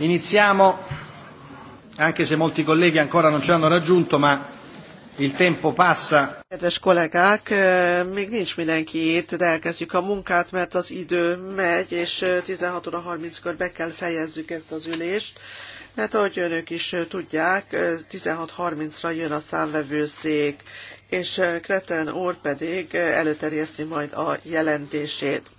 Iniziamo, anche se molti colleghi ancora non ci hanno raggiunto, ma il tempo passa. Kedves kollégák, még nincs mindenki itt, de elkezdjük a munkát, mert az idő megy, és 16 óra 30-kor be kell fejezzük ezt az ülést. Mert ahogy önök is tudják, 16.30-ra jön a számvevőszék, és Kreten úr pedig előterjeszti majd a jelentését.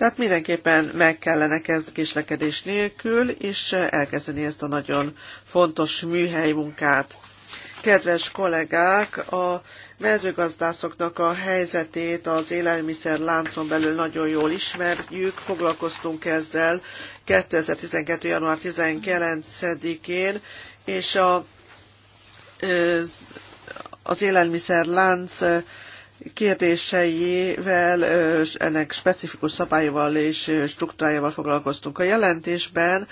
Tehát mindenképpen meg kellene kezdeni kislekedés nélkül, és elkezdeni ezt a nagyon fontos műhely munkát. Kedves kollégák, a mezőgazdászoknak a helyzetét az élelmiszer láncon belül nagyon jól ismerjük, foglalkoztunk ezzel 2012. január 19-én, és a, az élelmiszer lánc kérdéseivel, ennek specifikus szabályaival és struktúrájával foglalkoztunk. A jelentésben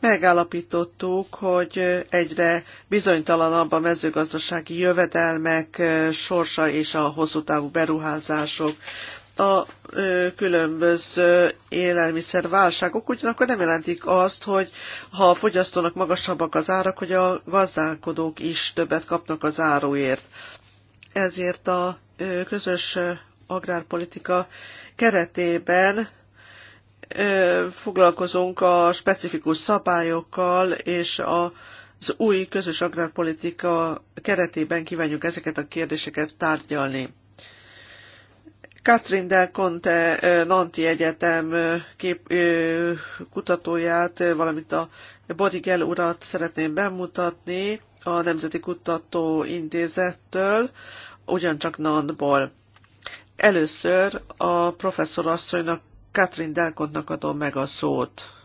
megállapítottuk, hogy egyre bizonytalanabb a mezőgazdasági jövedelmek sorsa és a hosszú távú beruházások. A különböző élelmiszerválságok, ugyanakkor nem jelentik azt, hogy ha a fogyasztónak magasabbak az árak, hogy a gazdálkodók is többet kapnak az áruért. Ezért a közös agrárpolitika keretében foglalkozunk a specifikus szabályokkal, és az új közös agrárpolitika keretében kívánjuk ezeket a kérdéseket tárgyalni. Catherine Del Conte Nanti Egyetem kép, kutatóját, valamint a Bodigel urat szeretném bemutatni a Nemzeti Kutató Intézettől, ugyancsak Nantból. Először a professzor asszonynak, Catherine Delkontnak adom meg a szót.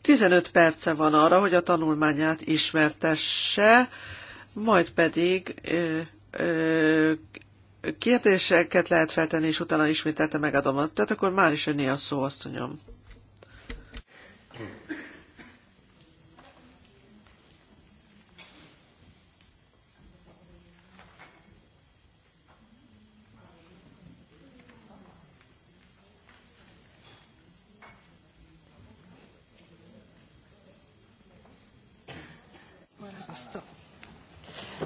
15 perce van arra, hogy a tanulmányát ismertesse, majd pedig ö, ö, kérdéseket lehet feltenni, és utána ismételte megadom. Tehát akkor már is önné a szó, asszonyom.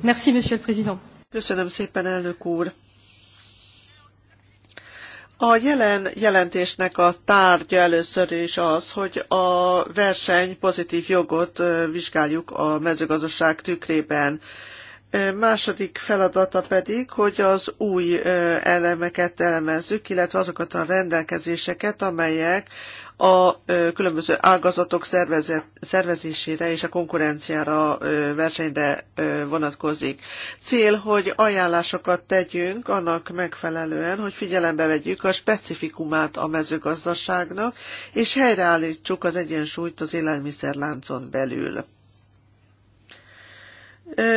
Merci, Monsieur le Président. Köszönöm szépen, elnök úr. A jelen jelentésnek a tárgya először is az, hogy a verseny pozitív jogot vizsgáljuk a mezőgazdaság tükrében. Második feladata pedig, hogy az új elemeket elemezzük, illetve azokat a rendelkezéseket, amelyek a különböző ágazatok szervezet, szervezésére és a konkurenciára, versenyre vonatkozik. Cél, hogy ajánlásokat tegyünk annak megfelelően, hogy figyelembe vegyük a specifikumát a mezőgazdaságnak, és helyreállítsuk az egyensúlyt az élelmiszerláncon belül.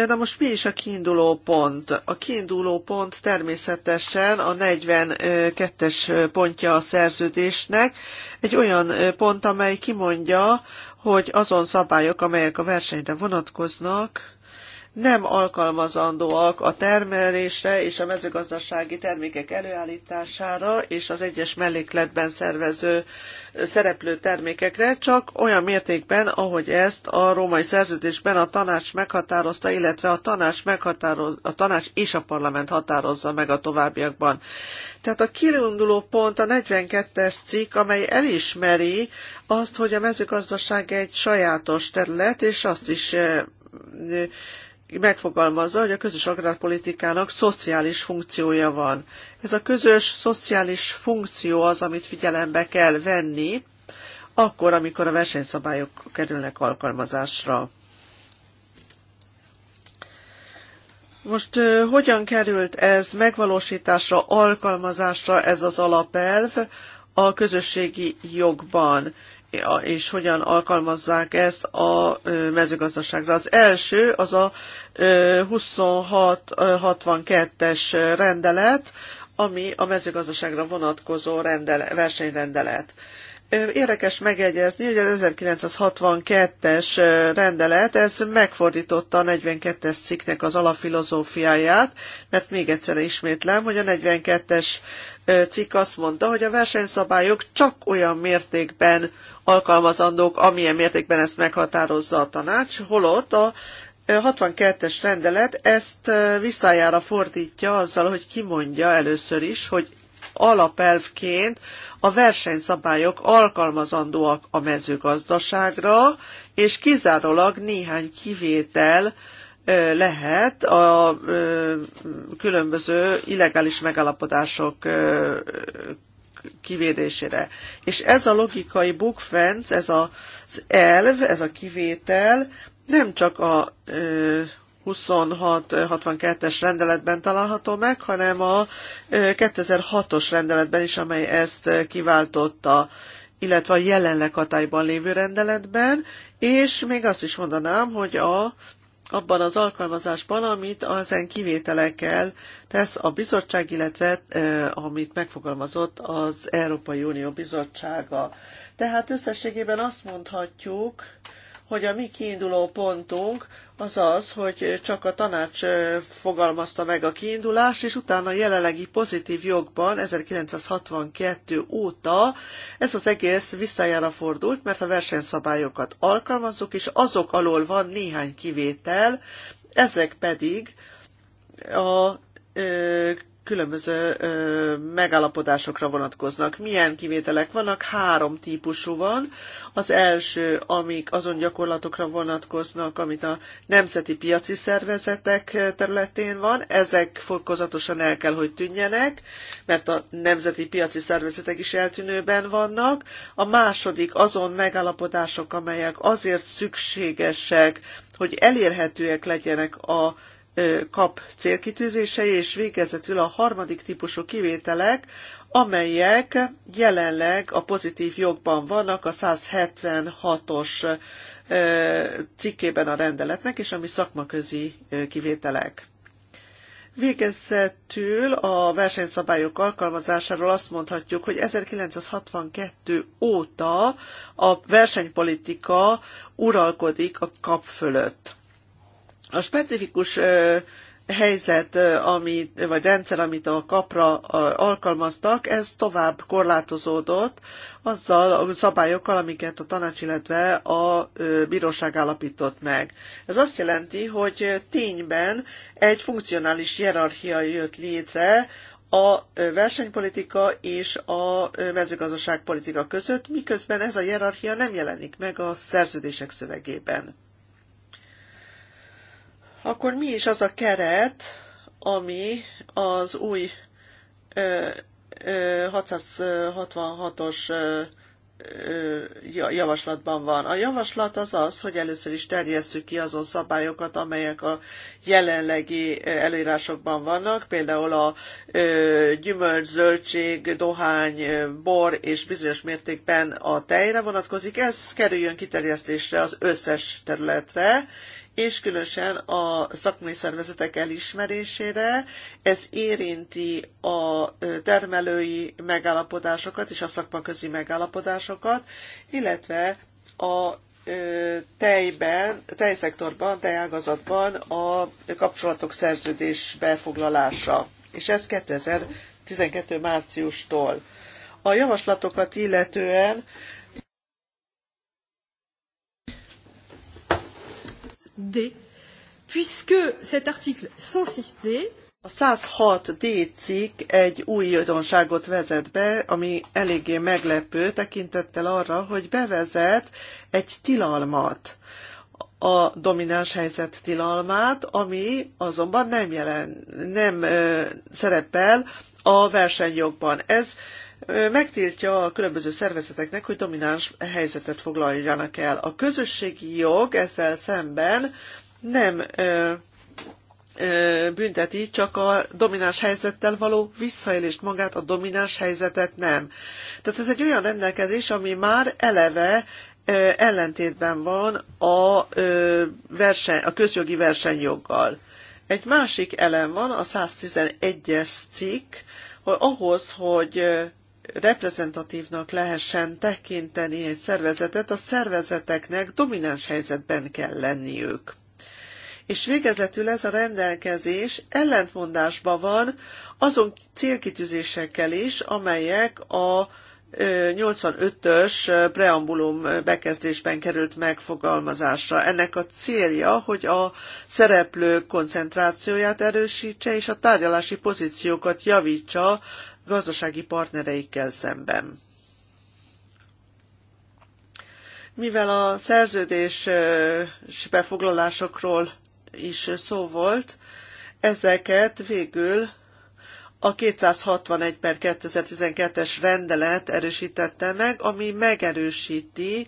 Na most mi is a kiinduló pont? A kiinduló pont természetesen a 42-es pontja a szerződésnek, egy olyan pont, amely kimondja, hogy azon szabályok, amelyek a versenyre vonatkoznak, nem alkalmazandóak a termelésre és a mezőgazdasági termékek előállítására és az egyes mellékletben szervező szereplő termékekre, csak olyan mértékben, ahogy ezt a római szerződésben a tanács meghatározta, illetve a tanács, meghatároz, a tanács és a parlament határozza meg a továbbiakban. Tehát a kirinduló pont a 42-es cikk, amely elismeri azt, hogy a mezőgazdaság egy sajátos terület, és azt is eh, megfogalmazza, hogy a közös agrárpolitikának szociális funkciója van. Ez a közös szociális funkció az, amit figyelembe kell venni, akkor, amikor a versenyszabályok kerülnek alkalmazásra. Most hogyan került ez megvalósításra, alkalmazásra ez az alapelv a közösségi jogban? és hogyan alkalmazzák ezt a mezőgazdaságra. Az első az a 2662-es rendelet, ami a mezőgazdaságra vonatkozó rendele, versenyrendelet. Érdekes megegyezni, hogy az 1962-es rendelet, ez megfordította a 42-es cikknek az alapfilozófiáját, mert még egyszer ismétlem, hogy a 42-es cikk azt mondta, hogy a versenyszabályok csak olyan mértékben alkalmazandók, amilyen mértékben ezt meghatározza a tanács, holott a 62-es rendelet ezt visszájára fordítja azzal, hogy kimondja először is, hogy alapelvként a versenyszabályok alkalmazandóak a mezőgazdaságra, és kizárólag néhány kivétel lehet a különböző illegális megállapodások kivédésére. És ez a logikai bookfence, ez az elv, ez a kivétel nem csak a 2662-es rendeletben található meg, hanem a 2006-os rendeletben is, amely ezt kiváltotta, illetve a jelenleg hatályban lévő rendeletben, és még azt is mondanám, hogy a abban az alkalmazásban, amit ezen kivételekkel tesz a bizottság, illetve eh, amit megfogalmazott az Európai Unió bizottsága. Tehát összességében azt mondhatjuk, hogy a mi kiinduló pontunk az az, hogy csak a tanács fogalmazta meg a kiindulást, és utána a jelenlegi pozitív jogban 1962 óta ez az egész visszajára fordult, mert a versenyszabályokat alkalmazzuk, és azok alól van néhány kivétel, ezek pedig a különböző ö, megállapodásokra vonatkoznak. Milyen kivételek vannak? Három típusú van. Az első, amik azon gyakorlatokra vonatkoznak, amit a nemzeti piaci szervezetek területén van, ezek fokozatosan el kell, hogy tűnjenek, mert a nemzeti piaci szervezetek is eltűnőben vannak. A második azon megállapodások, amelyek azért szükségesek, hogy elérhetőek legyenek a kap célkitűzései, és végezetül a harmadik típusú kivételek, amelyek jelenleg a pozitív jogban vannak a 176-os cikkében a rendeletnek, és ami szakmaközi kivételek. Végezetül a versenyszabályok alkalmazásáról azt mondhatjuk, hogy 1962 óta a versenypolitika uralkodik a kap fölött. A specifikus helyzet, ami, vagy rendszer, amit a kapra alkalmaztak, ez tovább korlátozódott azzal a szabályokkal, amiket a tanács, illetve a bíróság állapított meg. Ez azt jelenti, hogy tényben egy funkcionális hierarchia jött létre, a versenypolitika és a mezőgazdaságpolitika között, miközben ez a hierarchia nem jelenik meg a szerződések szövegében akkor mi is az a keret, ami az új 666-os javaslatban van. A javaslat az az, hogy először is terjesszük ki azon szabályokat, amelyek a jelenlegi előírásokban vannak, például a gyümölcs, zöldség, dohány, bor és bizonyos mértékben a tejre vonatkozik. Ez kerüljön kiterjesztésre az összes területre, és különösen a szakmai szervezetek elismerésére. Ez érinti a termelői megállapodásokat és a szakmaközi megállapodásokat, illetve a tejben, tejszektorban, tejágazatban a kapcsolatok szerződés befoglalása. És ez 2012. márciustól. A javaslatokat illetően D, puisque cet article 106 D a 106D cikk egy új újdonságot vezet be, ami eléggé meglepő tekintettel arra, hogy bevezet egy tilalmat, a domináns helyzet tilalmát, ami azonban nem, jelen, nem ö, szerepel a versenyjogban. Ez megtiltja a különböző szervezeteknek, hogy domináns helyzetet foglaljanak el. A közösségi jog ezzel szemben nem bünteti, csak a domináns helyzettel való visszaélést magát, a domináns helyzetet nem. Tehát ez egy olyan rendelkezés, ami már eleve ellentétben van a, verseny, a közjogi versenyjoggal. Egy másik elem van, a 111-es cikk, hogy ahhoz, hogy reprezentatívnak lehessen tekinteni egy szervezetet, a szervezeteknek domináns helyzetben kell lenniük. És végezetül ez a rendelkezés ellentmondásban van azon célkitűzésekkel is, amelyek a 85-ös preambulum bekezdésben került megfogalmazásra. Ennek a célja, hogy a szereplők koncentrációját erősítse és a tárgyalási pozíciókat javítsa gazdasági partnereikkel szemben. Mivel a szerződés befoglalásokról is szó volt, ezeket végül a 261 per 2012-es rendelet erősítette meg, ami megerősíti,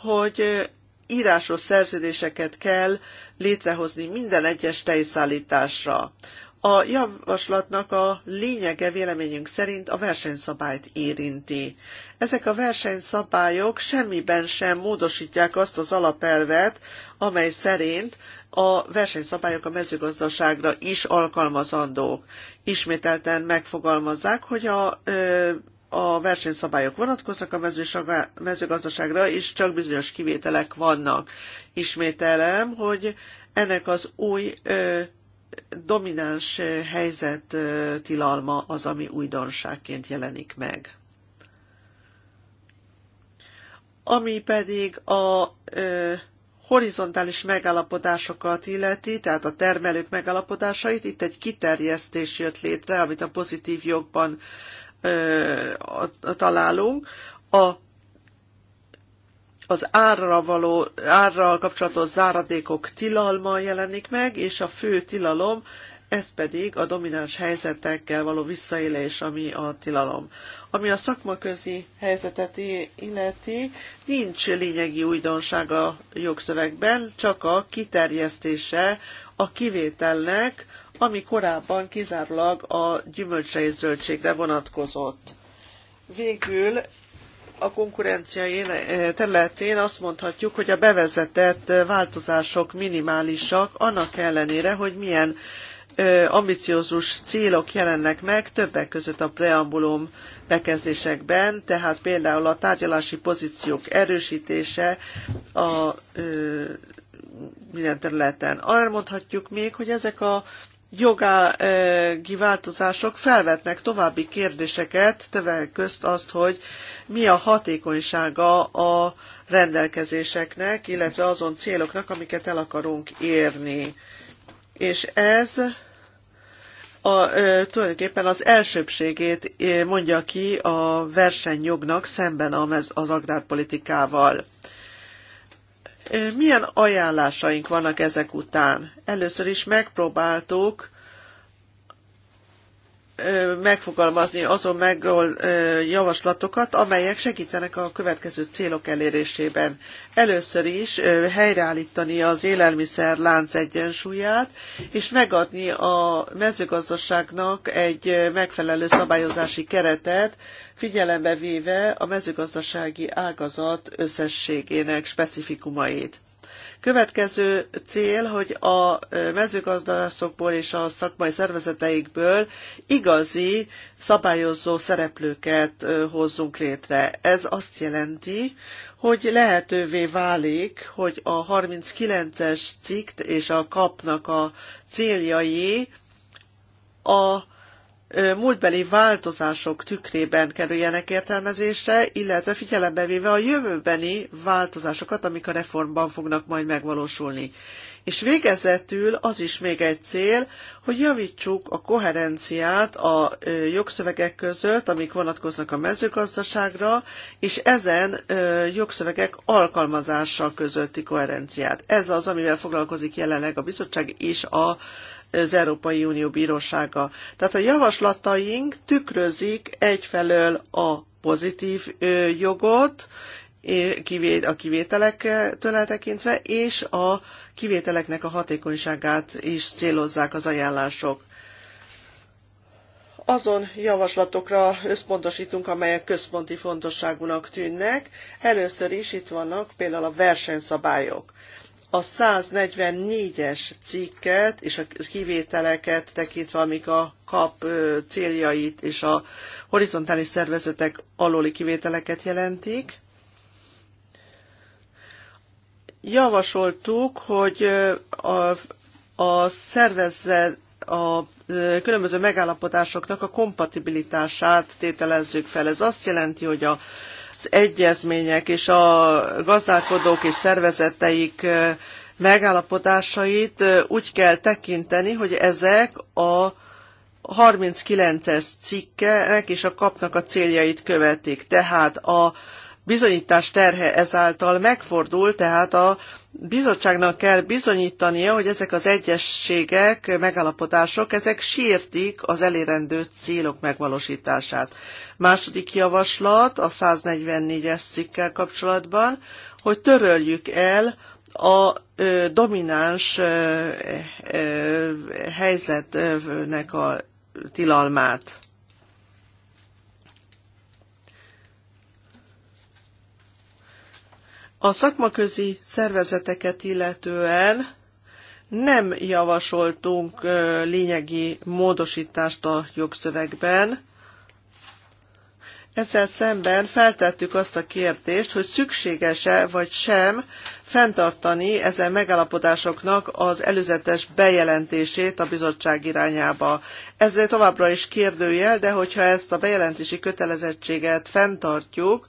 hogy írásos szerződéseket kell létrehozni minden egyes tejszállításra. A javaslatnak a lényege véleményünk szerint a versenyszabályt érinti. Ezek a versenyszabályok semmiben sem módosítják azt az alapelvet, amely szerint a versenyszabályok a mezőgazdaságra is alkalmazandók. Ismételten megfogalmazzák, hogy a ö, a versenyszabályok vonatkoznak a mezőgazdaságra, és csak bizonyos kivételek vannak. Ismételem, hogy ennek az új ö, domináns eh, helyzet eh, tilalma az, ami újdonságként jelenik meg. Ami pedig a ö, eh, horizontális megállapodásokat illeti, tehát a termelők megállapodásait, itt egy kiterjesztés jött létre, amit a pozitív jogban ö, találunk. A az árra való, árral kapcsolatos záradékok tilalma jelenik meg, és a fő tilalom, ez pedig a domináns helyzetekkel való visszaélés, ami a tilalom. Ami a szakmaközi helyzetet illeti, nincs lényegi újdonság a jogszövegben, csak a kiterjesztése a kivételnek, ami korábban kizárólag a gyümölcsre és zöldségre vonatkozott. Végül a konkurencia eh, területén azt mondhatjuk, hogy a bevezetett eh, változások minimálisak, annak ellenére, hogy milyen eh, ambiciózus célok jelennek meg többek között a preambulum bekezdésekben, tehát például a tárgyalási pozíciók erősítése a ö, minden területen. Arra mondhatjuk még, hogy ezek a jogági változások felvetnek további kérdéseket, többek közt azt, hogy mi a hatékonysága a rendelkezéseknek, illetve azon céloknak, amiket el akarunk érni. És ez a, tulajdonképpen az elsőbségét mondja ki a versenyjognak szemben az agrárpolitikával. Milyen ajánlásaink vannak ezek után? Először is megpróbáltuk megfogalmazni azon meg javaslatokat, amelyek segítenek a következő célok elérésében. Először is helyreállítani az élelmiszerlánc egyensúlyát, és megadni a mezőgazdaságnak egy megfelelő szabályozási keretet, figyelembe véve a mezőgazdasági ágazat összességének specifikumait. Következő cél, hogy a mezőgazdászokból és a szakmai szervezeteikből igazi szabályozó szereplőket hozzunk létre. Ez azt jelenti, hogy lehetővé válik, hogy a 39-es cikk és a kapnak a céljai a múltbeli változások tükrében kerüljenek értelmezésre, illetve figyelembe véve a jövőbeni változásokat, amik a reformban fognak majd megvalósulni. És végezetül az is még egy cél, hogy javítsuk a koherenciát a jogszövegek között, amik vonatkoznak a mezőgazdaságra, és ezen jogszövegek alkalmazása közötti koherenciát. Ez az, amivel foglalkozik jelenleg a bizottság és a az Európai Unió Bírósága. Tehát a javaslataink tükrözik egyfelől a pozitív jogot, a kivételektől eltekintve, és a kivételeknek a hatékonyságát is célozzák az ajánlások azon javaslatokra összpontosítunk, amelyek központi fontosságúnak tűnnek. Először is itt vannak például a versenyszabályok a 144-es cikket és a kivételeket tekintve, amik a kap céljait és a horizontális szervezetek alóli kivételeket jelentik. Javasoltuk, hogy a, a szervezet a különböző megállapodásoknak a kompatibilitását tételezzük fel. Ez azt jelenti, hogy a az egyezmények és a gazdálkodók és szervezeteik megállapodásait úgy kell tekinteni, hogy ezek a 39-es cikkenek és a kapnak a céljait követik. Tehát a bizonyítás terhe ezáltal megfordul, tehát a bizottságnak kell bizonyítania, hogy ezek az egyességek, megállapodások, ezek sértik az elérendő célok megvalósítását. Második javaslat a 144-es cikkel kapcsolatban, hogy töröljük el a domináns helyzetnek a tilalmát. A szakmaközi szervezeteket illetően nem javasoltunk lényegi módosítást a jogszövegben. Ezzel szemben feltettük azt a kérdést, hogy szükséges-e vagy sem fenntartani ezen megállapodásoknak az előzetes bejelentését a bizottság irányába. Ezzel továbbra is kérdőjel, de hogyha ezt a bejelentési kötelezettséget fenntartjuk,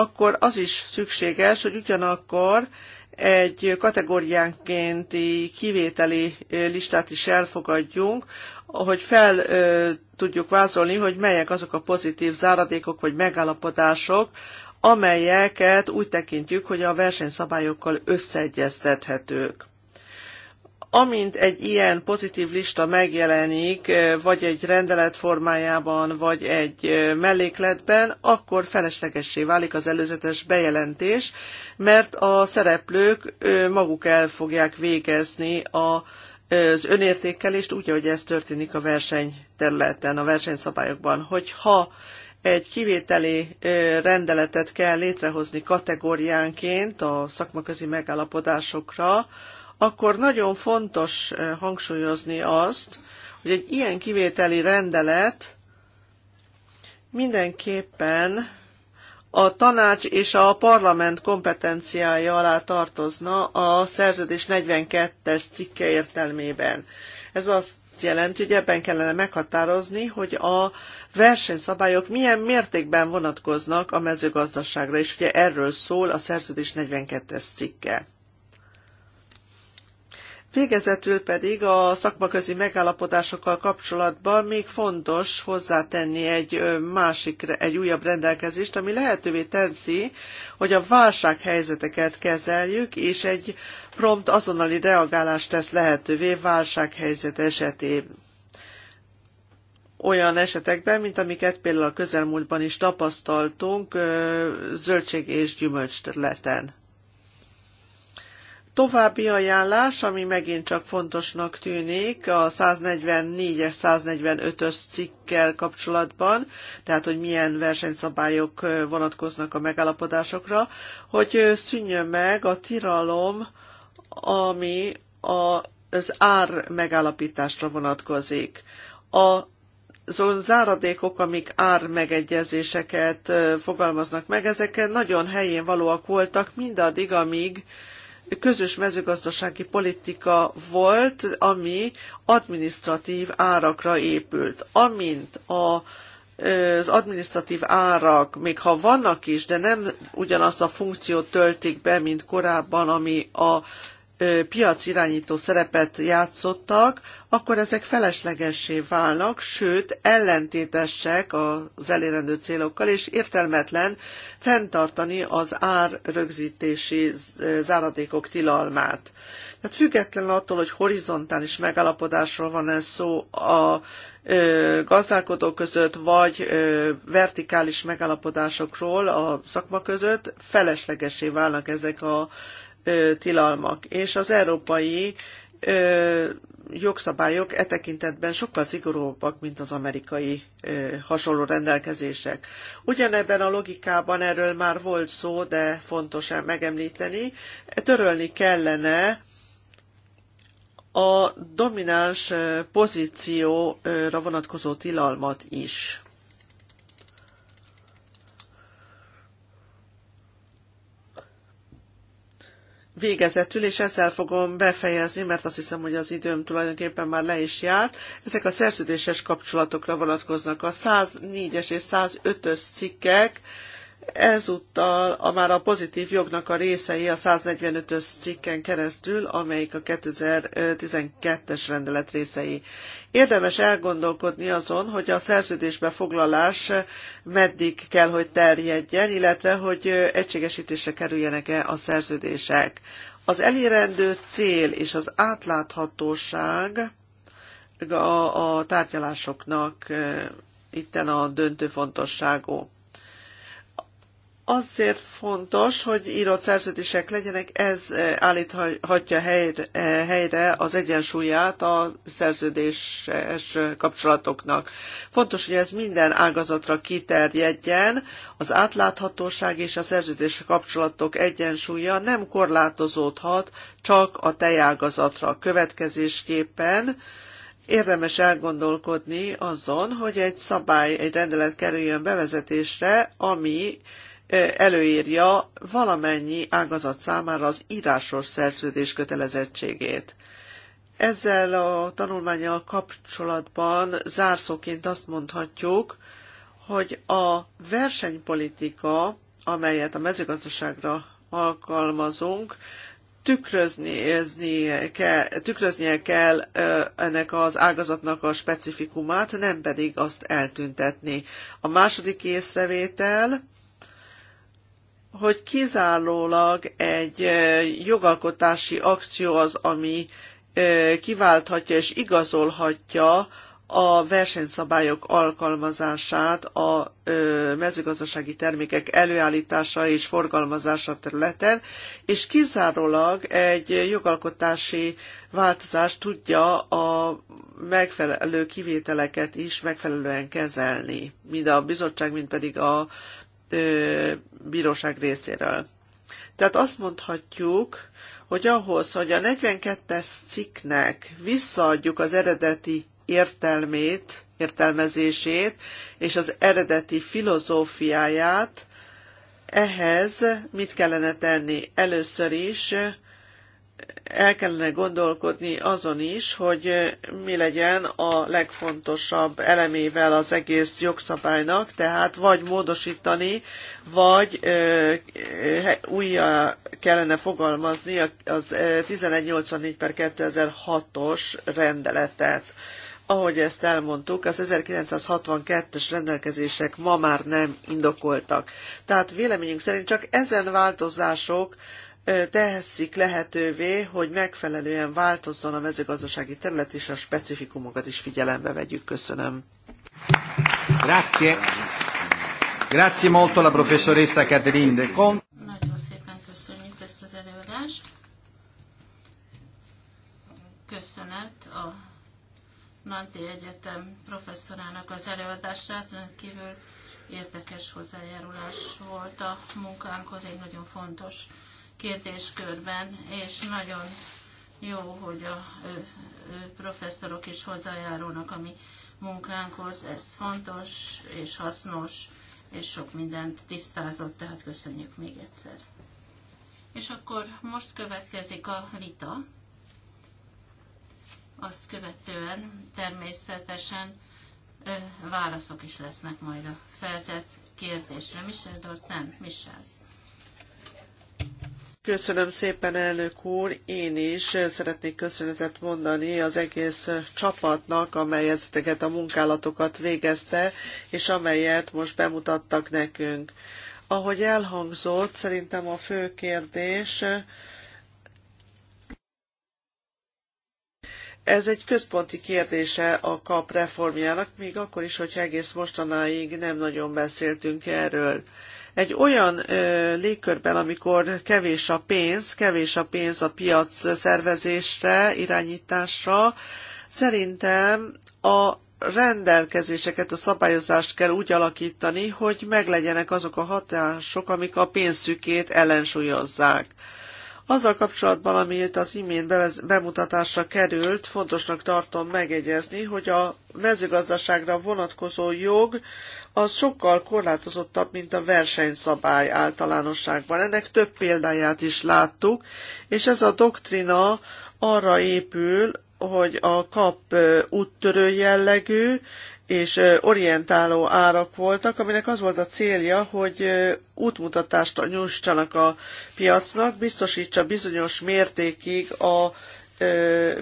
akkor az is szükséges, hogy ugyanakkor egy kategóriánkénti kivételi listát is elfogadjunk, hogy fel tudjuk vázolni, hogy melyek azok a pozitív záradékok vagy megállapodások, amelyeket úgy tekintjük, hogy a versenyszabályokkal összeegyeztethetők. Amint egy ilyen pozitív lista megjelenik, vagy egy rendelet formájában, vagy egy mellékletben, akkor feleslegessé válik az előzetes bejelentés, mert a szereplők maguk el fogják végezni az önértékelést úgy, ahogy ez történik a versenyterületen, a versenyszabályokban, hogyha egy kivételi rendeletet kell létrehozni kategóriánként a szakmaközi megállapodásokra, akkor nagyon fontos eh, hangsúlyozni azt, hogy egy ilyen kivételi rendelet mindenképpen a tanács és a parlament kompetenciája alá tartozna a szerződés 42-es cikke értelmében. Ez azt jelenti, hogy ebben kellene meghatározni, hogy a versenyszabályok milyen mértékben vonatkoznak a mezőgazdaságra, és ugye erről szól a szerződés 42-es cikke. Végezetül pedig a szakmaközi megállapodásokkal kapcsolatban még fontos hozzátenni egy másik, egy újabb rendelkezést, ami lehetővé teszi, hogy a válsághelyzeteket kezeljük, és egy prompt azonnali reagálást tesz lehetővé válsághelyzet esetén. Olyan esetekben, mint amiket például a közelmúltban is tapasztaltunk zöldség és gyümölcs területen további ajánlás, ami megint csak fontosnak tűnik, a 144-es, 145-ös cikkkel kapcsolatban, tehát hogy milyen versenyszabályok vonatkoznak a megállapodásokra, hogy szűnjön meg a tiralom, ami a, az ár megállapításra vonatkozik. A azon záradékok, amik megegyezéseket fogalmaznak meg, ezeken nagyon helyén valóak voltak mindaddig, amíg közös mezőgazdasági politika volt, ami administratív árakra épült. Amint a az administratív árak, még ha vannak is, de nem ugyanazt a funkciót töltik be, mint korábban, ami a piacirányító szerepet játszottak, akkor ezek feleslegessé válnak, sőt ellentétesek az elérendő célokkal, és értelmetlen fenntartani az ár rögzítési záradékok tilalmát. Tehát független attól, hogy horizontális megállapodásról van ez szó a ö, gazdálkodók között, vagy ö, vertikális megállapodásokról a szakma között, feleslegesé válnak ezek a ö, tilalmak, és az európai ö, jogszabályok e tekintetben sokkal szigorúbbak, mint az amerikai ö, hasonló rendelkezések. Ugyanebben a logikában erről már volt szó, de fontos -e megemlíteni, törölni kellene a domináns pozícióra vonatkozó tilalmat is. végezetül, és ezzel fogom befejezni, mert azt hiszem, hogy az időm tulajdonképpen már le is járt. Ezek a szerződéses kapcsolatokra vonatkoznak a 104-es és 105-ös cikkek, ezúttal a már a pozitív jognak a részei a 145-ös cikken keresztül, amelyik a 2012-es rendelet részei. Érdemes elgondolkodni azon, hogy a szerződésbe foglalás meddig kell, hogy terjedjen, illetve hogy egységesítésre kerüljenek-e a szerződések. Az elérendő cél és az átláthatóság a, a tárgyalásoknak eh, itten a döntő fontosságú azért fontos, hogy írott szerződések legyenek, ez eh, állíthatja helyre, eh, helyre az egyensúlyát a szerződéses kapcsolatoknak. Fontos, hogy ez minden ágazatra kiterjedjen, az átláthatóság és a szerződéses kapcsolatok egyensúlya nem korlátozódhat csak a tejágazatra. Következésképpen érdemes elgondolkodni azon, hogy egy szabály, egy rendelet kerüljön bevezetésre, ami előírja valamennyi ágazat számára az írásos szerződés kötelezettségét. Ezzel a tanulmányal kapcsolatban zárszóként azt mondhatjuk, hogy a versenypolitika, amelyet a mezőgazdaságra alkalmazunk, tükröznie kell, tükröznie kell ennek az ágazatnak a specifikumát, nem pedig azt eltüntetni. A második észrevétel hogy kizárólag egy jogalkotási akció az, ami kiválthatja és igazolhatja a versenyszabályok alkalmazását a mezőgazdasági termékek előállítása és forgalmazása területen, és kizárólag egy jogalkotási változás tudja a megfelelő kivételeket is megfelelően kezelni, mind a bizottság, mind pedig a bíróság részéről. Tehát azt mondhatjuk, hogy ahhoz, hogy a 42-es cikknek visszaadjuk az eredeti értelmét, értelmezését és az eredeti filozófiáját, ehhez mit kellene tenni? Először is el kellene gondolkodni azon is, hogy mi legyen a legfontosabb elemével az egész jogszabálynak, tehát vagy módosítani, vagy ö, újra kellene fogalmazni az 1184 per 2006-os rendeletet. Ahogy ezt elmondtuk, az 1962-es rendelkezések ma már nem indokoltak. Tehát véleményünk szerint csak ezen változások, teszik lehetővé, hogy megfelelően változzon a mezőgazdasági terület, és a specifikumokat is figyelembe vegyük. Köszönöm. Grazie. Grazie molto la professoressa Caterine de Con. Nagyon szépen köszönjük ezt az előadást. Köszönet a Nanti Egyetem professzorának az előadását, rendkívül érdekes hozzájárulás volt a munkánkhoz, egy nagyon fontos kérdéskörben, és nagyon jó, hogy a professzorok is hozzájárulnak a mi munkánkhoz. Ez fontos és hasznos, és sok mindent tisztázott, tehát köszönjük még egyszer. És akkor most következik a vita. Azt követően természetesen ö, válaszok is lesznek majd a feltett kérdésre. Michel Dorten, Michel. Köszönöm szépen, elnök úr! Én is szeretnék köszönetet mondani az egész csapatnak, amely ezeket a munkálatokat végezte, és amelyet most bemutattak nekünk. Ahogy elhangzott, szerintem a fő kérdés, Ez egy központi kérdése a KAP reformjának, még akkor is, hogyha egész mostanáig nem nagyon beszéltünk erről. Egy olyan ö, légkörben, amikor kevés a pénz, kevés a pénz a piac szervezésre, irányításra, szerintem a rendelkezéseket, a szabályozást kell úgy alakítani, hogy meglegyenek azok a hatások, amik a pénzszükét ellensúlyozzák. Azzal kapcsolatban, amit az imént bemutatásra került, fontosnak tartom megegyezni, hogy a mezőgazdaságra vonatkozó jog az sokkal korlátozottabb, mint a versenyszabály általánosságban. Ennek több példáját is láttuk, és ez a doktrina arra épül, hogy a kap úttörő jellegű, és orientáló árak voltak, aminek az volt a célja, hogy útmutatást nyújtsanak a piacnak, biztosítsa bizonyos mértékig a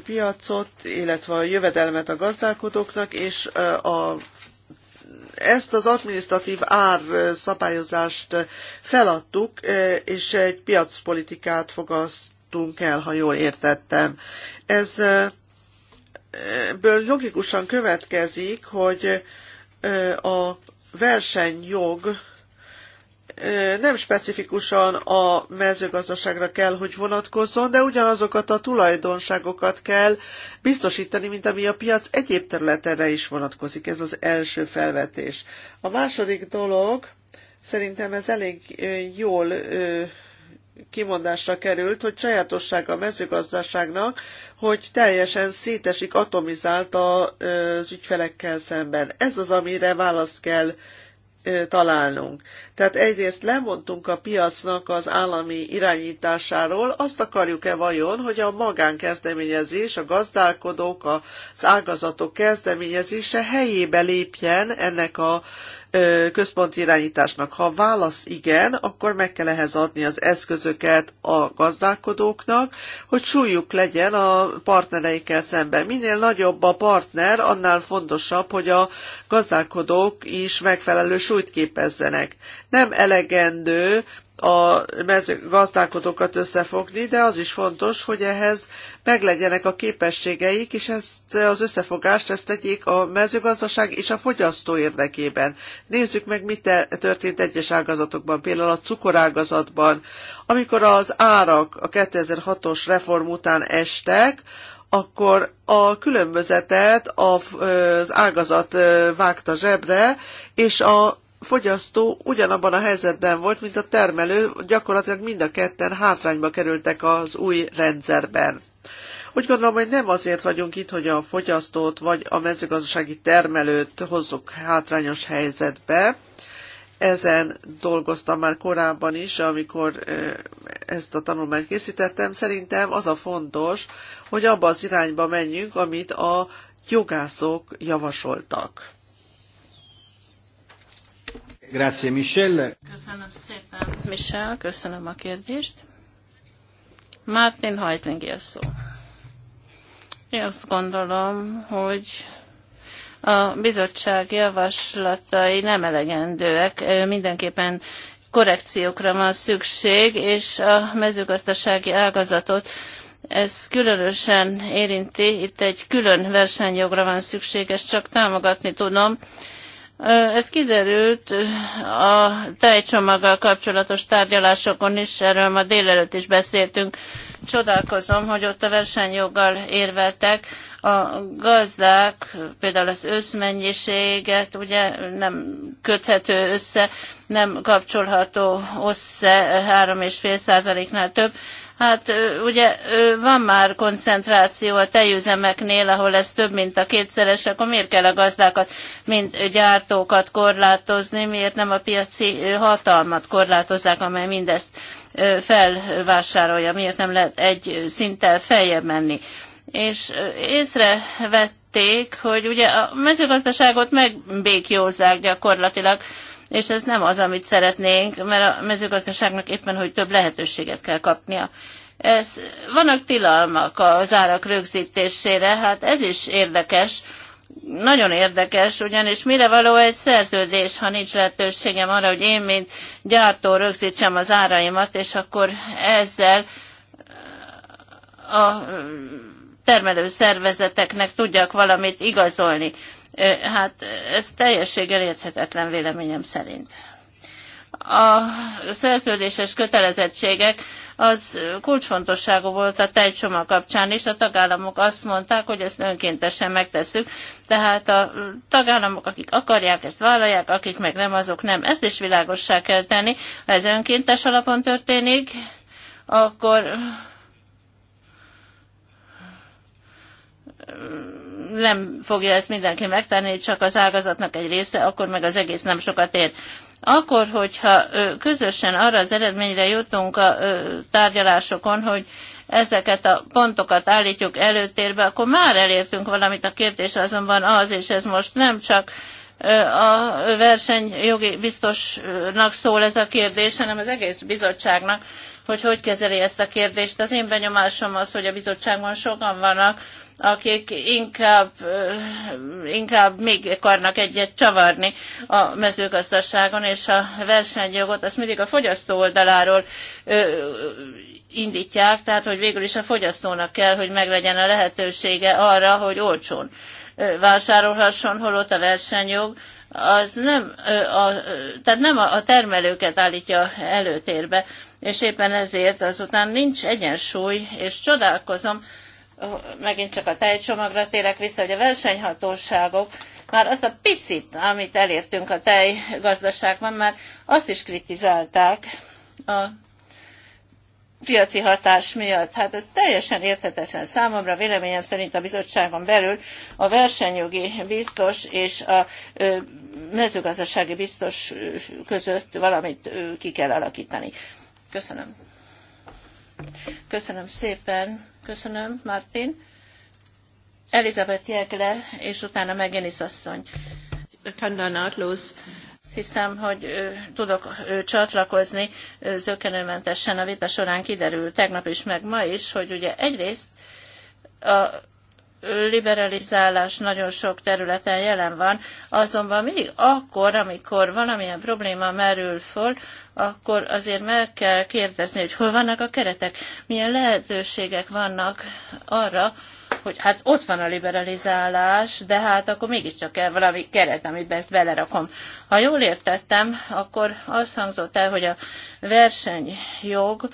piacot, illetve a jövedelmet a gazdálkodóknak, és a ezt az adminisztratív ár szabályozást feladtuk, és egy piacpolitikát fogasztunk el, ha jól értettem. Ez ebből logikusan következik, hogy a versenyjog nem specifikusan a mezőgazdaságra kell, hogy vonatkozzon, de ugyanazokat a tulajdonságokat kell biztosítani, mint ami a piac egyéb területére is vonatkozik. Ez az első felvetés. A második dolog, szerintem ez elég jól kimondásra került, hogy sajátosság a mezőgazdaságnak, hogy teljesen szétesik, atomizált az ügyfelekkel szemben. Ez az, amire választ kell találnunk. Tehát egyrészt lemondtunk a piacnak az állami irányításáról, azt akarjuk-e vajon, hogy a magánkezdeményezés, a gazdálkodók, az ágazatok kezdeményezése helyébe lépjen ennek a központi irányításnak. Ha a válasz igen, akkor meg kell ehhez adni az eszközöket a gazdálkodóknak, hogy súlyuk legyen a partnereikkel szemben. Minél nagyobb a partner, annál fontosabb, hogy a gazdálkodók is megfelelő súlyt képezzenek. Nem elegendő a gazdálkodókat összefogni, de az is fontos, hogy ehhez meglegyenek a képességeik, és ezt az összefogást ezt tegyék a mezőgazdaság és a fogyasztó érdekében. Nézzük meg, mit történt egyes ágazatokban, például a cukorágazatban. Amikor az árak a 2006-os reform után estek, akkor a különbözetet az ágazat vágta zsebre, és a fogyasztó ugyanabban a helyzetben volt, mint a termelő, gyakorlatilag mind a ketten hátrányba kerültek az új rendszerben. Úgy gondolom, hogy nem azért vagyunk itt, hogy a fogyasztót vagy a mezőgazdasági termelőt hozzuk hátrányos helyzetbe. Ezen dolgoztam már korábban is, amikor ezt a tanulmányt készítettem. Szerintem az a fontos, hogy abba az irányba menjünk, amit a jogászok javasoltak. Grazie, Köszönöm szépen, Michel, köszönöm a kérdést. Martin Heitinger szó. Én azt gondolom, hogy a bizottság javaslatai nem elegendőek, mindenképpen korrekciókra van szükség, és a mezőgazdasági ágazatot ez különösen érinti, itt egy külön versenyjogra van szükséges, csak támogatni tudom ez kiderült a tejcsomaggal kapcsolatos tárgyalásokon is, erről ma délelőtt is beszéltünk. Csodálkozom, hogy ott a versenyjoggal érveltek. A gazdák például az összmennyiséget ugye nem köthető össze, nem kapcsolható össze 35 százaléknál több, Hát ugye van már koncentráció a tejüzemeknél, ahol ez több, mint a kétszeres, akkor miért kell a gazdákat, mint gyártókat korlátozni, miért nem a piaci hatalmat korlátozzák, amely mindezt felvásárolja, miért nem lehet egy szinttel feljebb menni. És észrevették, hogy ugye a mezőgazdaságot megbékjózzák gyakorlatilag, és ez nem az, amit szeretnénk, mert a mezőgazdaságnak éppen, hogy több lehetőséget kell kapnia. Ez, vannak tilalmak az árak rögzítésére, hát ez is érdekes, nagyon érdekes, ugyanis mire való egy szerződés, ha nincs lehetőségem arra, hogy én, mint gyártó rögzítsem az áraimat, és akkor ezzel a termelő szervezeteknek tudjak valamit igazolni. Hát ez teljességgel érthetetlen véleményem szerint a szerződéses kötelezettségek az kulcsfontosságú volt a tejcsoma kapcsán is. A tagállamok azt mondták, hogy ezt önkéntesen megtesszük, tehát a tagállamok, akik akarják, ezt vállalják, akik meg nem, azok nem. Ezt is világossá kell tenni. Ha ez önkéntes alapon történik, akkor nem fogja ezt mindenki megtenni, csak az ágazatnak egy része, akkor meg az egész nem sokat ér. Akkor, hogyha közösen arra az eredményre jutunk a tárgyalásokon, hogy ezeket a pontokat állítjuk előtérbe, akkor már elértünk valamit. A kérdés azonban az, és ez most nem csak a versenyjogi biztosnak szól ez a kérdés, hanem az egész bizottságnak, hogy hogy kezeli ezt a kérdést. Az én benyomásom az, hogy a bizottságban sokan vannak, akik inkább, inkább még akarnak egyet csavarni a mezőgazdaságon, és a versenyjogot azt mindig a fogyasztó oldaláról indítják, tehát hogy végül is a fogyasztónak kell, hogy meglegyen a lehetősége arra, hogy olcsón vásárolhasson, holott a versenyjog, az nem, a, tehát nem a termelőket állítja előtérbe, és éppen ezért azután nincs egyensúly, és csodálkozom, megint csak a tejcsomagra térek vissza, hogy a versenyhatóságok már azt a picit, amit elértünk a tejgazdaságban, már azt is kritizálták a piaci hatás miatt. Hát ez teljesen érthetetlen számomra, véleményem szerint a bizottságon belül a versenyjogi biztos és a mezőgazdasági biztos között valamit ki kell alakítani. Köszönöm. Köszönöm szépen. Köszönöm, Martin. Elizabeth Jegle, és utána Megenis asszony. Kandan Atlusz. Hiszem, hogy ö, tudok ö, csatlakozni ö, zökenőmentesen a vita során kiderül tegnap is, meg ma is, hogy ugye egyrészt a liberalizálás nagyon sok területen jelen van, azonban mindig akkor, amikor valamilyen probléma merül föl, akkor azért meg kell kérdezni, hogy hol vannak a keretek, milyen lehetőségek vannak arra, hogy hát ott van a liberalizálás, de hát akkor mégiscsak kell valami keret, amiben ezt belerakom. Ha jól értettem, akkor azt hangzott el, hogy a versenyjog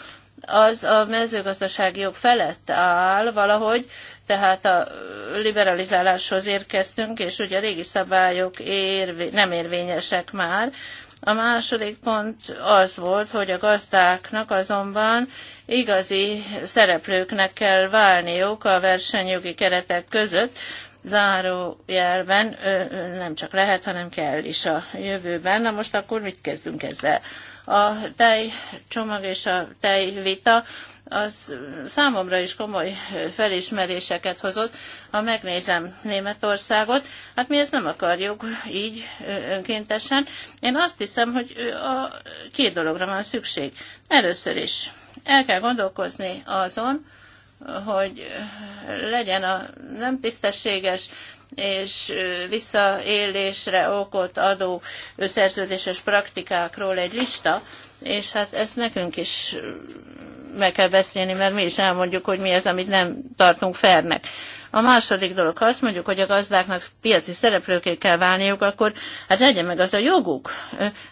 az a mezőgazdasági jog felett áll valahogy, tehát a liberalizáláshoz érkeztünk, és ugye a régi szabályok érvé, nem érvényesek már. A második pont az volt, hogy a gazdáknak azonban igazi szereplőknek kell válniuk a versenyjogi keretek között, zárójelben nem csak lehet, hanem kell is a jövőben. Na most akkor mit kezdünk ezzel? A tejcsomag és a tejvita az számomra is komoly felismeréseket hozott. Ha megnézem Németországot, hát mi ezt nem akarjuk így önkéntesen. Én azt hiszem, hogy a két dologra van szükség. Először is el kell gondolkozni azon, hogy legyen a nem tisztességes és visszaélésre okot adó szerződéses praktikákról egy lista, és hát ezt nekünk is meg kell beszélni, mert mi is elmondjuk, hogy mi ez, amit nem tartunk fernek. A második dolog, ha azt mondjuk, hogy a gazdáknak piaci szereplőké kell válniuk, akkor hát legyen meg az a joguk.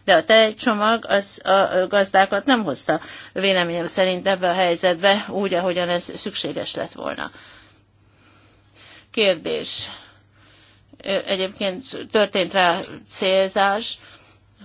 De a tejcsomag az a gazdákat nem hozta véleményem szerint ebbe a helyzetbe úgy, ahogyan ez szükséges lett volna. Kérdés. Egyébként történt rá célzás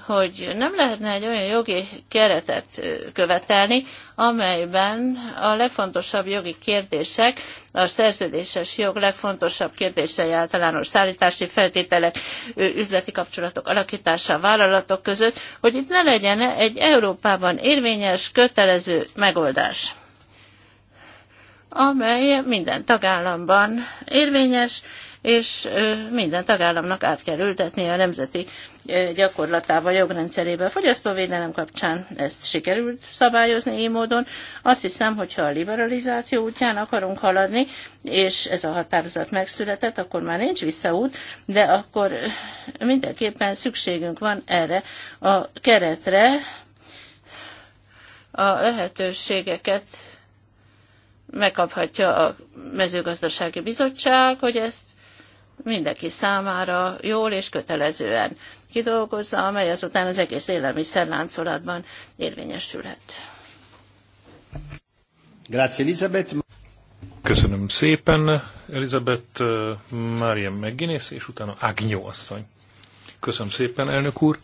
hogy nem lehetne egy olyan jogi keretet követelni, amelyben a legfontosabb jogi kérdések, a szerződéses jog legfontosabb kérdései általános szállítási feltételek, üzleti kapcsolatok alakítása a vállalatok között, hogy itt ne legyen egy Európában érvényes, kötelező megoldás amely minden tagállamban érvényes, és minden tagállamnak át kell ültetni a nemzeti gyakorlatával, jogrendszerével. Fogyasztóvédelem kapcsán ezt sikerült szabályozni így módon. Azt hiszem, hogyha a liberalizáció útján akarunk haladni, és ez a határozat megszületett, akkor már nincs visszaút, de akkor mindenképpen szükségünk van erre a keretre, a lehetőségeket megkaphatja a mezőgazdasági bizottság, hogy ezt mindenki számára jól és kötelezően kidolgozza, amely azután az egész élelmiszerláncolatban érvényesülhet. Grazie Elizabeth. Köszönöm szépen, Elizabeth eh, Mária McGuinness, és utána Ágnyó asszony. Köszönöm szépen, elnök úr.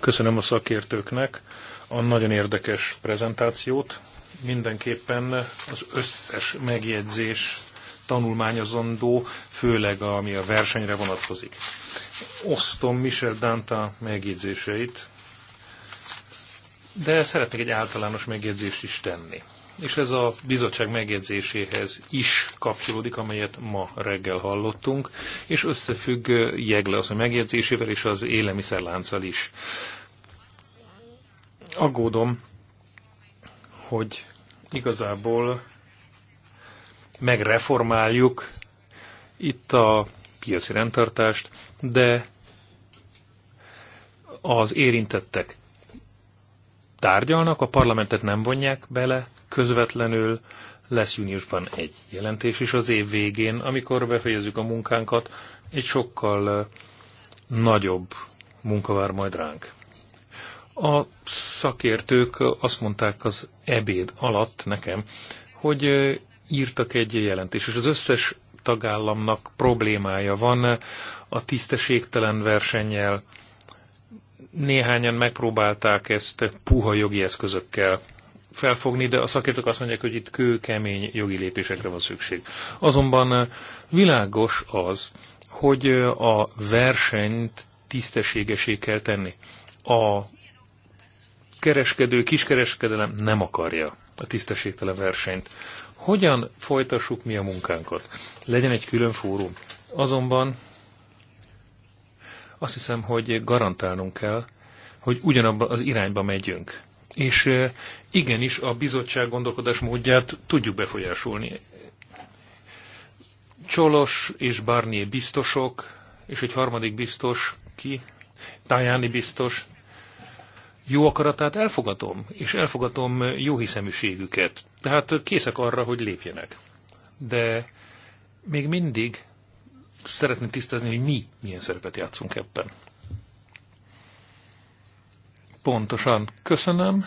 Köszönöm a szakértőknek a nagyon érdekes prezentációt. Mindenképpen az összes megjegyzés tanulmányozandó, főleg ami a versenyre vonatkozik. Osztom Michel Danta megjegyzéseit, de szeretnék egy általános megjegyzést is tenni. És ez a bizottság megjegyzéséhez is kapcsolódik, amelyet ma reggel hallottunk, és összefügg Jegle az a megjegyzésével és az élelmiszerlánccal is. Aggódom, hogy igazából megreformáljuk itt a piaci rendtartást, de az érintettek tárgyalnak, a parlamentet nem vonják bele, közvetlenül lesz júniusban egy jelentés is az év végén, amikor befejezzük a munkánkat, egy sokkal nagyobb munka vár majd ránk. A szakértők azt mondták az ebéd alatt nekem, hogy írtak egy jelentést, és az összes tagállamnak problémája van a tisztességtelen versennyel. Néhányan megpróbálták ezt puha jogi eszközökkel felfogni, de a szakértők azt mondják, hogy itt kőkemény jogi lépésekre van szükség. Azonban világos az, hogy a versenyt tisztességesé kell tenni. A kereskedő, kiskereskedelem nem akarja a tisztességtelen versenyt hogyan folytassuk mi a munkánkat. Legyen egy külön fórum. Azonban azt hiszem, hogy garantálnunk kell, hogy ugyanabban az irányba megyünk. És igenis a bizottság gondolkodás módját tudjuk befolyásolni. Csolos és Barnier biztosok, és egy harmadik biztos, ki? Tajani biztos jó akaratát elfogadom, és elfogadom jó hiszeműségüket. Tehát készek arra, hogy lépjenek. De még mindig szeretném tisztázni, hogy mi milyen szerepet játszunk ebben. Pontosan. Köszönöm.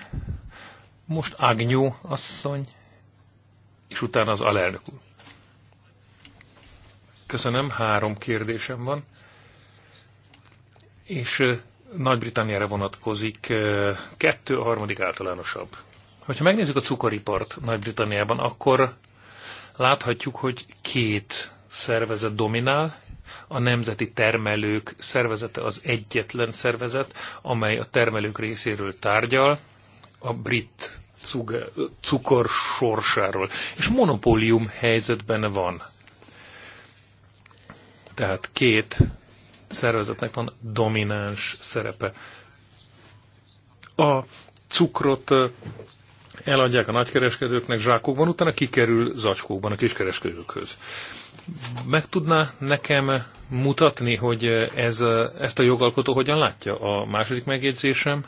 Most Ágnyó asszony, és utána az alelnök úr. Köszönöm, három kérdésem van. És nagy-Britanniára vonatkozik, kettő a harmadik általánosabb. Hogyha megnézzük a cukoripart Nagy-Britanniában, akkor láthatjuk, hogy két szervezet dominál, a Nemzeti Termelők Szervezete az egyetlen szervezet, amely a termelők részéről tárgyal, a brit cukor sorsáról. És monopólium helyzetben van. Tehát két szervezetnek van domináns szerepe. A cukrot eladják a nagykereskedőknek zsákokban, utána kikerül zacskókban a kiskereskedőkhöz. Meg tudná nekem mutatni, hogy ez, ezt a jogalkotó hogyan látja? A második megjegyzésem.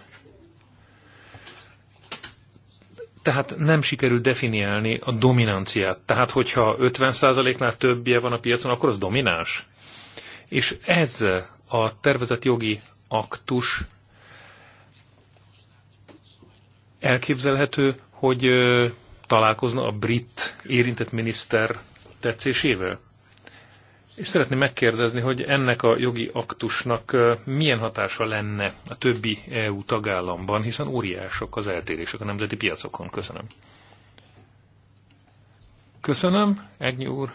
Tehát nem sikerül definiálni a dominanciát. Tehát, hogyha 50%-nál többje van a piacon, akkor az domináns? És ez a tervezett jogi aktus elképzelhető, hogy találkozna a brit érintett miniszter tetszésével? És szeretném megkérdezni, hogy ennek a jogi aktusnak milyen hatása lenne a többi EU tagállamban, hiszen óriások az eltérések a nemzeti piacokon. Köszönöm. Köszönöm, Egnyi úr,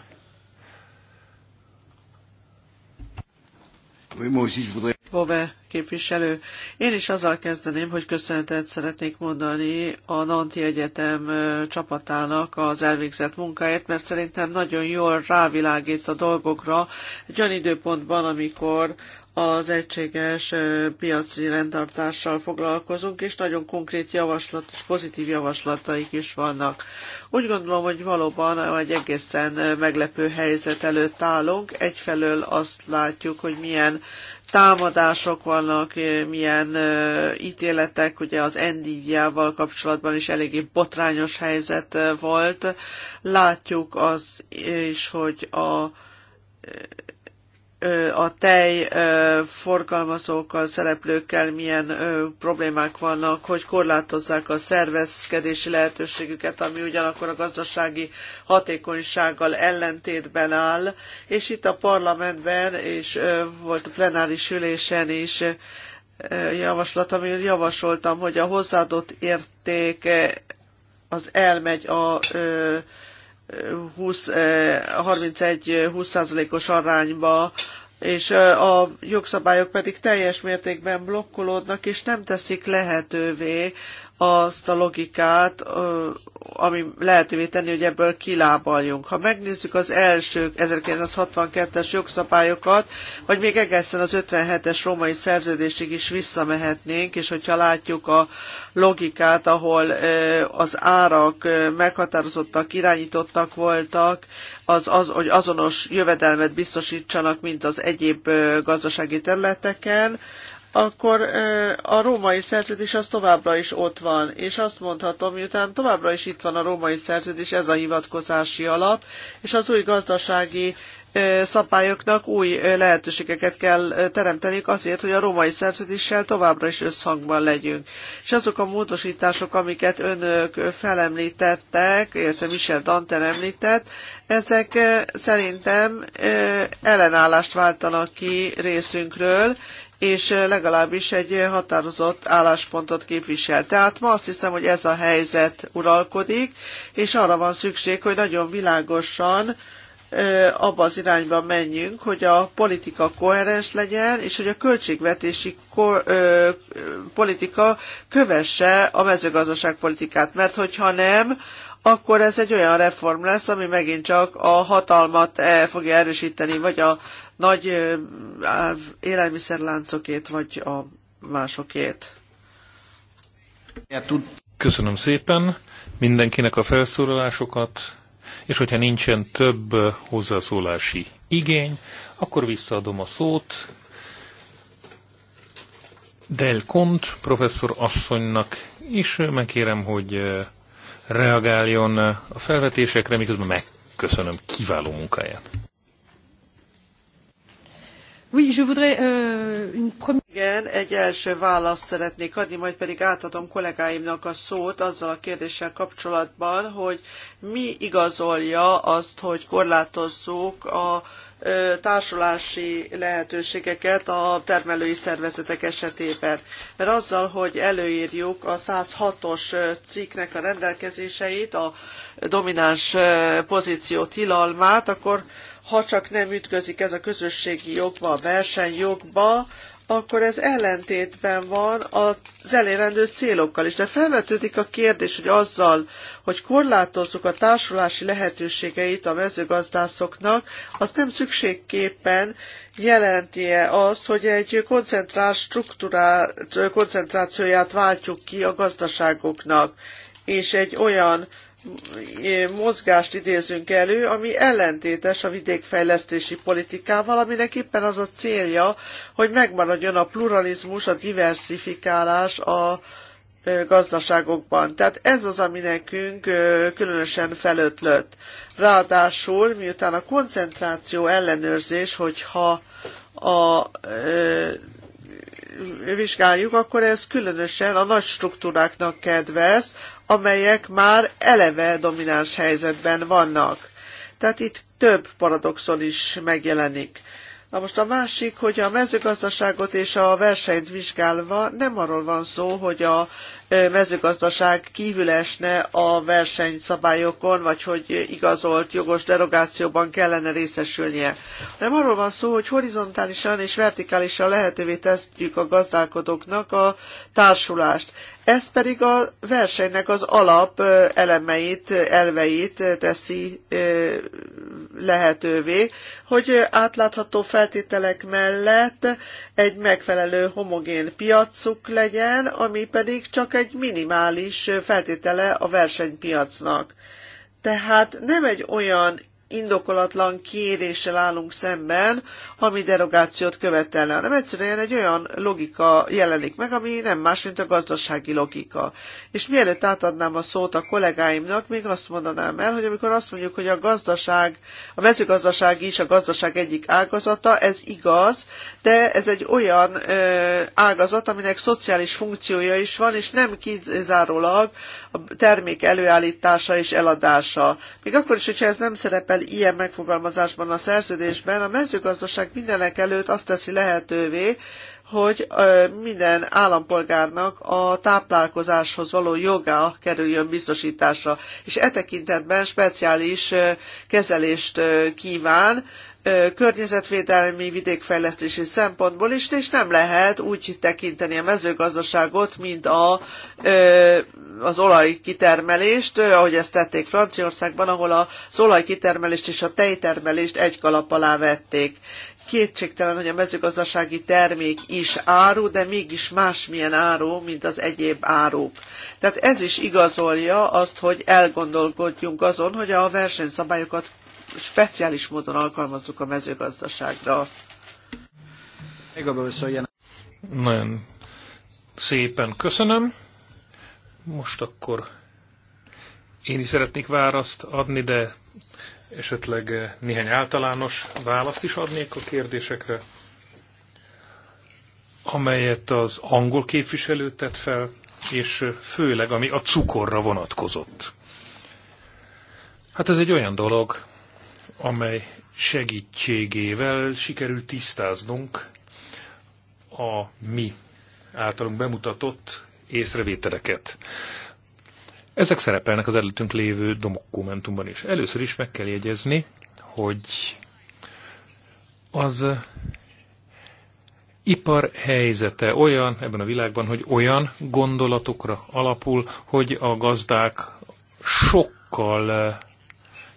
Bove képviselő. Én is azzal kezdeném, hogy köszönetet szeretnék mondani a Nanti Egyetem csapatának az elvégzett munkáért, mert szerintem nagyon jól rávilágít a dolgokra egy olyan időpontban, amikor az egységes piaci rendtartással foglalkozunk, és nagyon konkrét javaslat és pozitív javaslataik is vannak. Úgy gondolom, hogy valóban egy egészen meglepő helyzet előtt állunk. Egyfelől azt látjuk, hogy milyen támadások vannak, milyen ítéletek, ugye az val kapcsolatban is eléggé botrányos helyzet volt. Látjuk az is, hogy a a tej forgalmazókkal, szereplőkkel milyen problémák vannak, hogy korlátozzák a szervezkedési lehetőségüket, ami ugyanakkor a gazdasági hatékonysággal ellentétben áll, és itt a parlamentben, és volt a plenáris ülésen is javaslat, amit javasoltam, hogy a hozzáadott érték az elmegy a 31-20%-os eh, arányba, és eh, a jogszabályok pedig teljes mértékben blokkolódnak, és nem teszik lehetővé azt a logikát, ami lehetővé tenni, hogy ebből kilábaljunk. Ha megnézzük az első 1962-es jogszabályokat, vagy még egészen az 57-es római szerződésig is visszamehetnénk, és hogyha látjuk a logikát, ahol az árak meghatározottak, irányítottak voltak, az, az, hogy azonos jövedelmet biztosítsanak, mint az egyéb gazdasági területeken, akkor a római szerződés az továbbra is ott van, és azt mondhatom, miután továbbra is itt van a római szerződés, ez a hivatkozási alap, és az új gazdasági szabályoknak új lehetőségeket kell teremteniük azért, hogy a római szerződéssel továbbra is összhangban legyünk. És azok a módosítások, amiket önök felemlítettek, illetve Michel Danter említett, ezek szerintem ellenállást váltanak ki részünkről, és legalábbis egy határozott álláspontot képvisel. Tehát ma azt hiszem, hogy ez a helyzet uralkodik, és arra van szükség, hogy nagyon világosan abba az irányba menjünk, hogy a politika koherens legyen, és hogy a költségvetési ko- ö, politika kövesse a politikát, mert hogyha nem, akkor ez egy olyan reform lesz, ami megint csak a hatalmat eh, fogja erősíteni, vagy a nagy élelmiszerláncokét, vagy a másokét. Köszönöm szépen mindenkinek a felszólalásokat, és hogyha nincsen több hozzászólási igény, akkor visszaadom a szót Del Kont professzor asszonynak, és megkérem, hogy reagáljon a felvetésekre, miközben megköszönöm kiváló munkáját. Oui, je voudrais euh, une première... Igen, egy első választ szeretnék adni, majd pedig átadom kollégáimnak a szót azzal a kérdéssel kapcsolatban, hogy mi igazolja azt, hogy korlátozzuk a társulási lehetőségeket a termelői szervezetek esetében. Mert azzal, hogy előírjuk a 106-os cikknek a rendelkezéseit, a domináns pozíció tilalmát, akkor ha csak nem ütközik ez a közösségi jogba, a versenyjogba, akkor ez ellentétben van az elérendő célokkal is. De felvetődik a kérdés, hogy azzal, hogy korlátozzuk a társulási lehetőségeit a mezőgazdászoknak, az nem szükségképpen jelenti-e azt, hogy egy koncentrált struktúrát, koncentrációját váltjuk ki a gazdaságoknak, és egy olyan mozgást idézünk elő, ami ellentétes a vidékfejlesztési politikával, aminek éppen az a célja, hogy megmaradjon a pluralizmus, a diversifikálás a gazdaságokban. Tehát ez az, ami nekünk különösen felötlött. Ráadásul, miután a koncentráció ellenőrzés, hogyha a vizsgáljuk, akkor ez különösen a nagy struktúráknak kedvez, amelyek már eleve domináns helyzetben vannak. Tehát itt több paradoxon is megjelenik. Na most a másik, hogy a mezőgazdaságot és a versenyt vizsgálva nem arról van szó, hogy a mezőgazdaság kívül esne a versenyszabályokon, vagy hogy igazolt jogos derogációban kellene részesülnie, hanem arról van szó, hogy horizontálisan és vertikálisan lehetővé tesztjük a gazdálkodóknak a társulást. Ez pedig a versenynek az alap elemeit, elveit teszi lehetővé, hogy átlátható feltételek mellett egy megfelelő homogén piacuk legyen, ami pedig csak egy minimális feltétele a versenypiacnak. Tehát nem egy olyan indokolatlan kéréssel állunk szemben, ami derogációt követelne, hanem egyszerűen egy olyan logika jelenik meg, ami nem más, mint a gazdasági logika. És mielőtt átadnám a szót a kollégáimnak, még azt mondanám el, hogy amikor azt mondjuk, hogy a gazdaság, a mezőgazdaság is a gazdaság egyik ágazata, ez igaz, de ez egy olyan ö, ágazat, aminek szociális funkciója is van, és nem kizárólag a termék előállítása és eladása. Még akkor is, hogyha ez nem szerepel ilyen megfogalmazásban a szerződésben, a mezőgazdaság mindenek előtt azt teszi lehetővé, hogy minden állampolgárnak a táplálkozáshoz való joga kerüljön biztosításra, és e tekintetben speciális kezelést kíván, környezetvédelmi, vidékfejlesztési szempontból is, és nem lehet úgy tekinteni a mezőgazdaságot, mint a, az olajkitermelést, ahogy ezt tették Franciaországban, ahol az olajkitermelést és a tejtermelést egy kalap alá vették. Kétségtelen, hogy a mezőgazdasági termék is áru, de mégis másmilyen áru, mint az egyéb áruk. Tehát ez is igazolja azt, hogy elgondolkodjunk azon, hogy a versenyszabályokat speciális módon alkalmazzuk a mezőgazdaságra. Nagyon szépen köszönöm. Most akkor én is szeretnék választ adni, de esetleg néhány általános választ is adnék a kérdésekre, amelyet az angol képviselő tett fel, és főleg ami a cukorra vonatkozott. Hát ez egy olyan dolog, amely segítségével sikerült tisztáznunk a mi általunk bemutatott észrevételeket. Ezek szerepelnek az előttünk lévő dokumentumban is. Először is meg kell jegyezni, hogy az ipar helyzete olyan ebben a világban, hogy olyan gondolatokra alapul, hogy a gazdák sokkal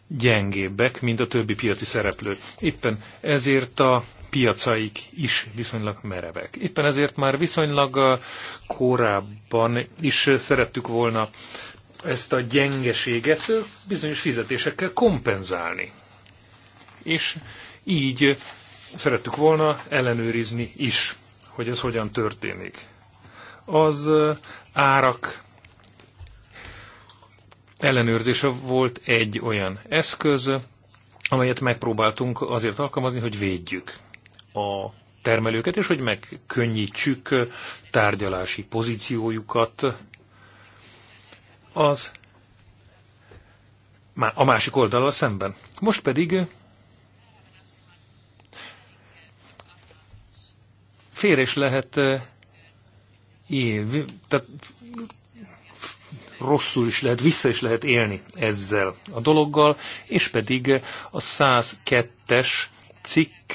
gyengébbek, mint a többi piaci szereplő. Éppen ezért a piacaik is viszonylag merevek. Éppen ezért már viszonylag korábban is szerettük volna ezt a gyengeséget bizonyos fizetésekkel kompenzálni. És így szerettük volna ellenőrizni is, hogy ez hogyan történik. Az árak ellenőrzése volt egy olyan eszköz, amelyet megpróbáltunk azért alkalmazni, hogy védjük a termelőket, és hogy megkönnyítsük tárgyalási pozíciójukat. Az a másik oldalal szemben. Most pedig félre is lehet eh, él, tehát rosszul is lehet, vissza is lehet élni ezzel a dologgal, és pedig a 102-es cikk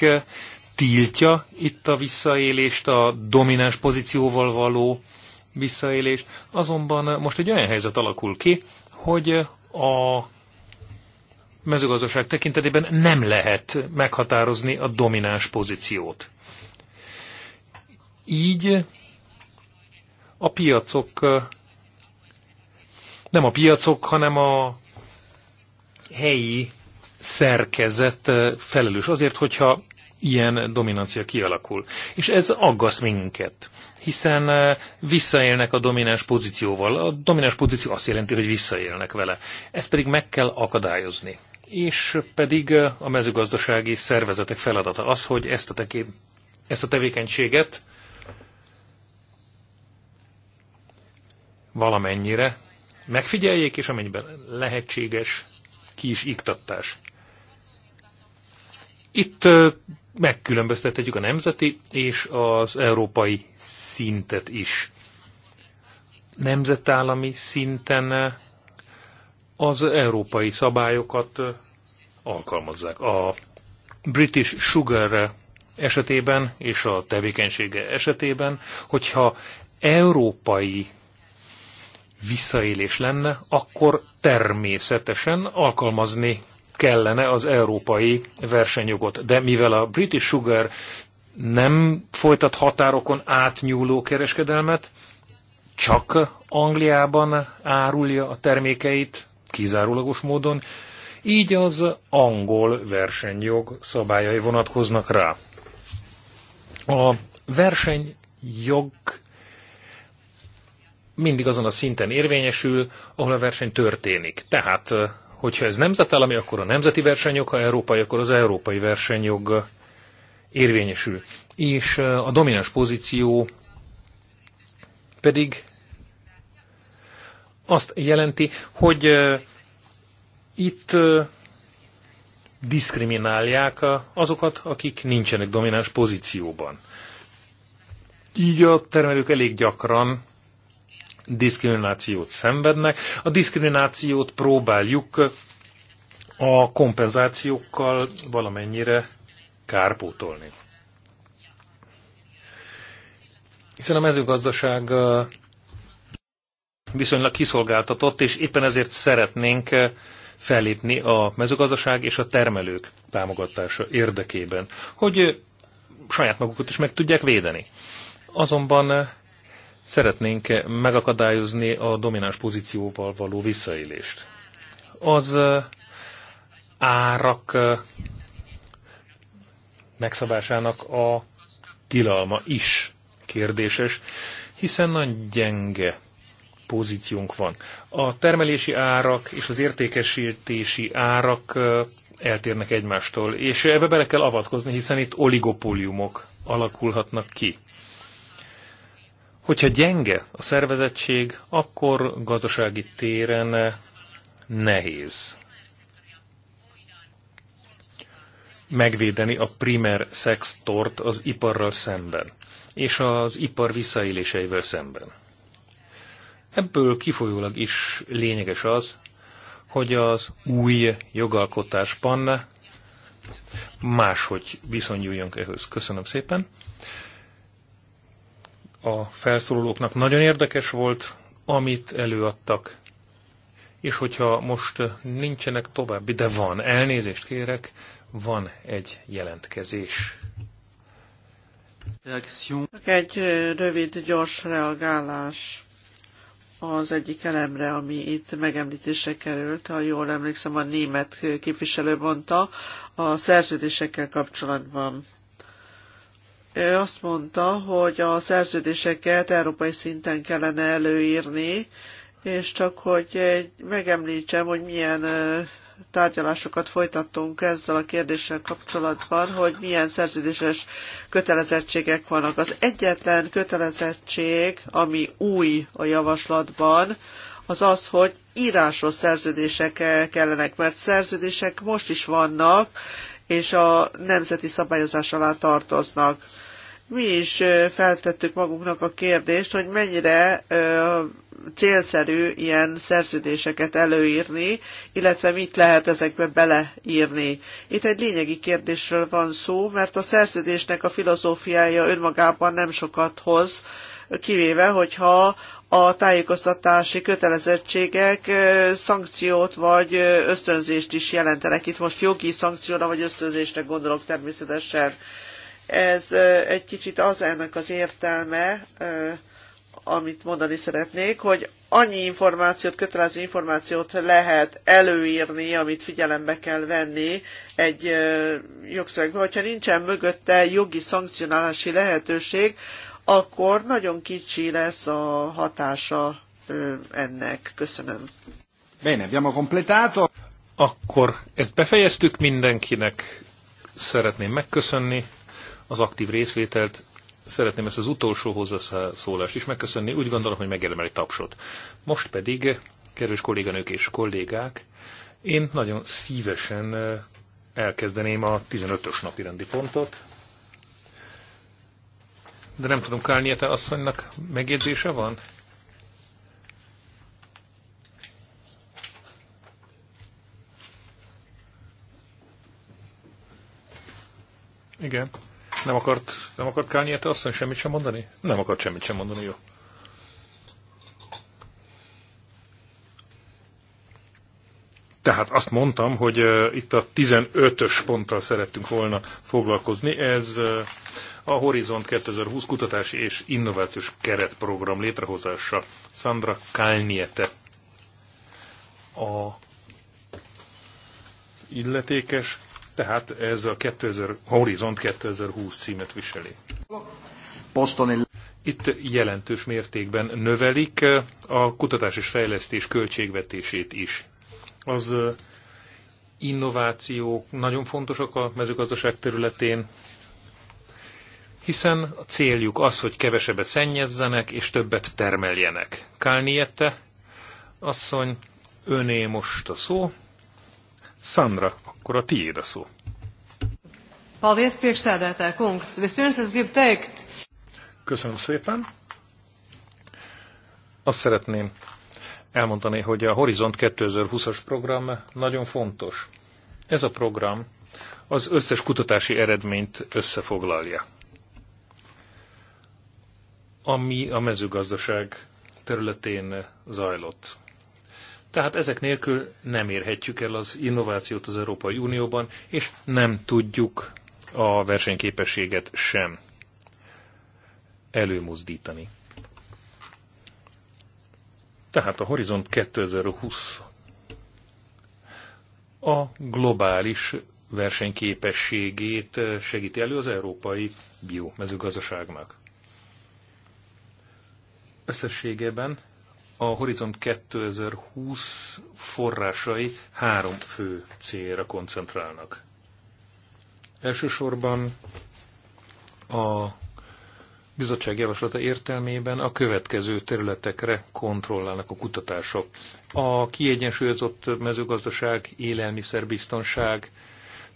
tiltja itt a visszaélést, a domináns pozícióval való visszaélést. Azonban most egy olyan helyzet alakul ki, hogy a mezőgazdaság tekintetében nem lehet meghatározni a domináns pozíciót. Így a piacok nem a piacok, hanem a helyi szerkezet felelős azért, hogyha ilyen dominancia kialakul. És ez aggaszt minket, hiszen visszaélnek a domináns pozícióval. A domináns pozíció azt jelenti, hogy visszaélnek vele. Ezt pedig meg kell akadályozni. És pedig a mezőgazdasági szervezetek feladata az, hogy ezt a, teké, ezt a tevékenységet valamennyire megfigyeljék, és amennyiben lehetséges, ki is iktatás. Itt megkülönböztethetjük a nemzeti és az európai szintet is. Nemzetállami szinten az európai szabályokat alkalmazzák. A British Sugar esetében és a tevékenysége esetében, hogyha európai visszaélés lenne, akkor természetesen alkalmazni kellene az európai versenyjogot. De mivel a British Sugar nem folytat határokon átnyúló kereskedelmet, csak Angliában árulja a termékeit kizárólagos módon, így az angol versenyjog szabályai vonatkoznak rá. A versenyjog mindig azon a szinten érvényesül, ahol a verseny történik. Tehát, hogyha ez nemzetállami, akkor a nemzeti versenyjog, ha európai, akkor az európai versenyjog érvényesül. És a domináns pozíció pedig azt jelenti, hogy itt diszkriminálják azokat, akik nincsenek domináns pozícióban. Így a termelők elég gyakran diszkriminációt szenvednek. A diszkriminációt próbáljuk a kompenzációkkal valamennyire kárpótolni. Hiszen a mezőgazdaság viszonylag kiszolgáltatott, és éppen ezért szeretnénk fellépni a mezőgazdaság és a termelők támogatása érdekében, hogy saját magukat is meg tudják védeni. Azonban Szeretnénk megakadályozni a domináns pozícióval való visszaélést. Az árak megszabásának a tilalma is kérdéses, hiszen nagyon gyenge pozíciónk van. A termelési árak és az értékesítési árak eltérnek egymástól, és ebbe bele kell avatkozni, hiszen itt oligopóliumok alakulhatnak ki. Hogyha gyenge a szervezettség, akkor gazdasági téren nehéz megvédeni a primer sextort az iparral szemben, és az ipar visszaéléseivel szemben. Ebből kifolyólag is lényeges az, hogy az új jogalkotásban máshogy viszonyuljunk ehhez. Köszönöm szépen a felszólalóknak. Nagyon érdekes volt, amit előadtak. És hogyha most nincsenek további, de van, elnézést kérek, van egy jelentkezés. Egy rövid, gyors reagálás az egyik elemre, ami itt megemlítése került, ha jól emlékszem, a német képviselő mondta a szerződésekkel kapcsolatban. Ő azt mondta, hogy a szerződéseket európai szinten kellene előírni, és csak hogy megemlítsem, hogy milyen tárgyalásokat folytattunk ezzel a kérdéssel kapcsolatban, hogy milyen szerződéses kötelezettségek vannak. Az egyetlen kötelezettség, ami új a javaslatban, az az, hogy írásos szerződések kellenek, mert szerződések most is vannak, és a nemzeti szabályozás alá tartoznak. Mi is feltettük magunknak a kérdést, hogy mennyire célszerű ilyen szerződéseket előírni, illetve mit lehet ezekbe beleírni. Itt egy lényegi kérdésről van szó, mert a szerződésnek a filozófiája önmagában nem sokat hoz, kivéve, hogyha a tájékoztatási kötelezettségek szankciót vagy ösztönzést is jelentenek. Itt most jogi szankcióra vagy ösztönzésre gondolok természetesen. Ez egy kicsit az ennek az értelme, amit mondani szeretnék, hogy annyi információt, kötelező információt lehet előírni, amit figyelembe kell venni egy jogszövegben. Hogyha nincsen mögötte jogi szankcionálási lehetőség, akkor nagyon kicsi lesz a hatása ennek. Köszönöm. Bene, abbiamo completato. Akkor ezt befejeztük mindenkinek. Szeretném megköszönni az aktív részvételt. Szeretném ezt az utolsó hozzászólást is megköszönni. Úgy gondolom, hogy megérdemel egy tapsot. Most pedig, kedves kolléganők és kollégák, én nagyon szívesen elkezdeném a 15-ös napi rendi pontot. De nem tudom, Kálnyete asszonynak megjegyzése van? Igen. Nem akart, nem akart Kálnyete asszony semmit sem mondani? Nem akart semmit sem mondani, jó. Tehát azt mondtam, hogy uh, itt a 15-ös ponttal szerettünk volna foglalkozni. Ez uh, a Horizont 2020 kutatási és innovációs keretprogram létrehozása. Sandra Kalniete a illetékes, tehát ez a 2000, Horizont 2020 címet viseli. Itt jelentős mértékben növelik a kutatás és fejlesztés költségvetését is. Az innovációk nagyon fontosak a mezőgazdaság területén, hiszen a céljuk az, hogy kevesebbet szennyezzenek és többet termeljenek. Kálniette, asszony, öné most a szó. Sandra, akkor a tiéd a szó. Köszönöm szépen. Azt szeretném elmondani, hogy a Horizont 2020-as program nagyon fontos. Ez a program az összes kutatási eredményt összefoglalja ami a mezőgazdaság területén zajlott. Tehát ezek nélkül nem érhetjük el az innovációt az Európai Unióban, és nem tudjuk a versenyképességet sem előmozdítani. Tehát a Horizont 2020 a globális versenyképességét segíti elő az európai biomezőgazdaságnak. Összességében a Horizont 2020 forrásai három fő célra koncentrálnak. Elsősorban a bizottság javaslata értelmében a következő területekre kontrollálnak a kutatások. A kiegyensúlyozott mezőgazdaság, élelmiszerbiztonság,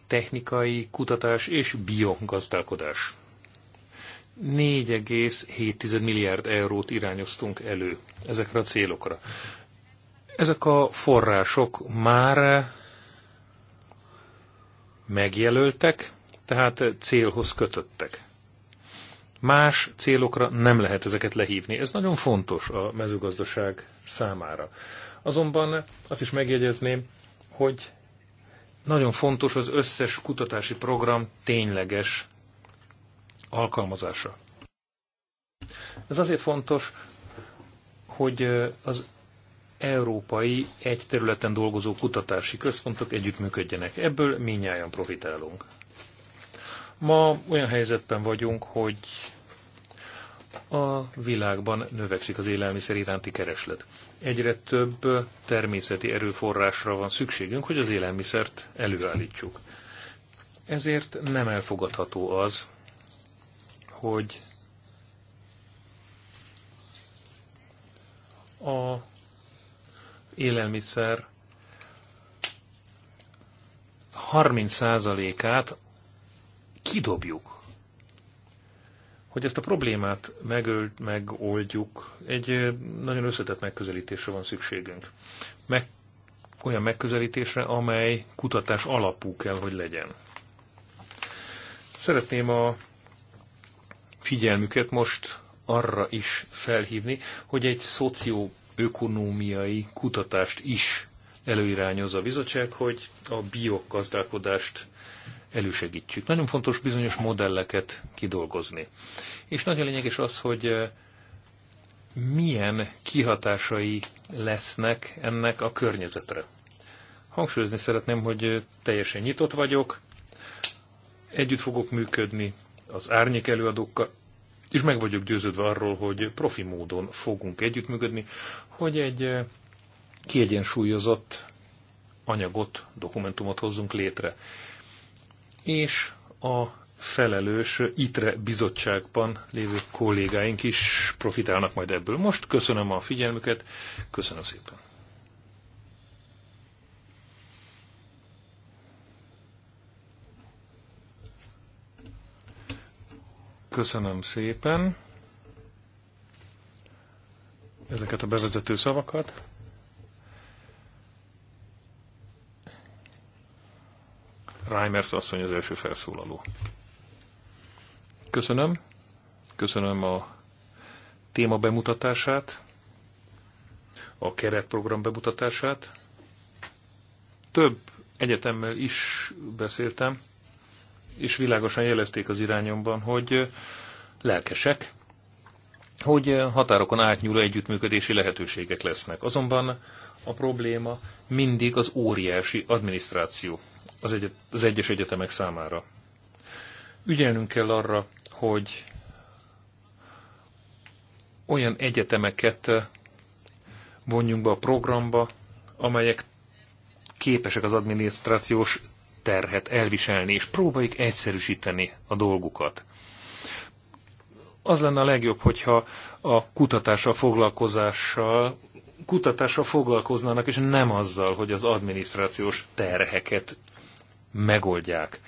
technikai kutatás és biogazdálkodás. 4,7 milliárd eurót irányoztunk elő ezekre a célokra. Ezek a források már megjelöltek, tehát célhoz kötöttek. Más célokra nem lehet ezeket lehívni. Ez nagyon fontos a mezőgazdaság számára. Azonban azt is megjegyezném, hogy nagyon fontos az összes kutatási program tényleges alkalmazása. Ez azért fontos, hogy az európai egy területen dolgozó kutatási központok együttműködjenek. Ebből minnyáján profitálunk. Ma olyan helyzetben vagyunk, hogy a világban növekszik az élelmiszer iránti kereslet. Egyre több természeti erőforrásra van szükségünk, hogy az élelmiszert előállítsuk. Ezért nem elfogadható az, hogy a élelmiszer 30%-át kidobjuk. Hogy ezt a problémát megölt, megoldjuk, egy nagyon összetett megközelítésre van szükségünk. Meg, olyan megközelítésre, amely kutatás alapú kell, hogy legyen. Szeretném a figyelmüket most arra is felhívni, hogy egy szocioökonómiai kutatást is előirányoz a bizottság, hogy a biogazdálkodást elősegítsük. Nagyon fontos bizonyos modelleket kidolgozni. És nagyon lényeges az, hogy eh, milyen kihatásai lesznek ennek a környezetre. Hangsúlyozni szeretném, hogy eh, teljesen nyitott vagyok, együtt fogok működni az árnyék előadókkal, és meg vagyok győződve arról, hogy profi módon fogunk együttműködni, hogy egy eh, kiegyensúlyozott anyagot, dokumentumot hozzunk létre. És a felelős ITRE bizottságban lévő kollégáink is profitálnak majd ebből. Most köszönöm a figyelmüket, köszönöm szépen. Köszönöm szépen ezeket a bevezető szavakat. Reimers asszony az első felszólaló. Köszönöm. Köszönöm a téma bemutatását, a keretprogram bemutatását. Több egyetemmel is beszéltem, és világosan jelezték az irányomban, hogy lelkesek, hogy határokon átnyúló együttműködési lehetőségek lesznek. Azonban a probléma mindig az óriási adminisztráció az, egy, az egyes egyetemek számára. Ügyelnünk kell arra, hogy olyan egyetemeket vonjunk be a programba, amelyek képesek az adminisztrációs terhet elviselni, és próbáljuk egyszerűsíteni a dolgukat. Az lenne a legjobb, hogyha a kutatással foglalkozással kutatással foglalkoznának, és nem azzal, hogy az adminisztrációs terheket megoldják.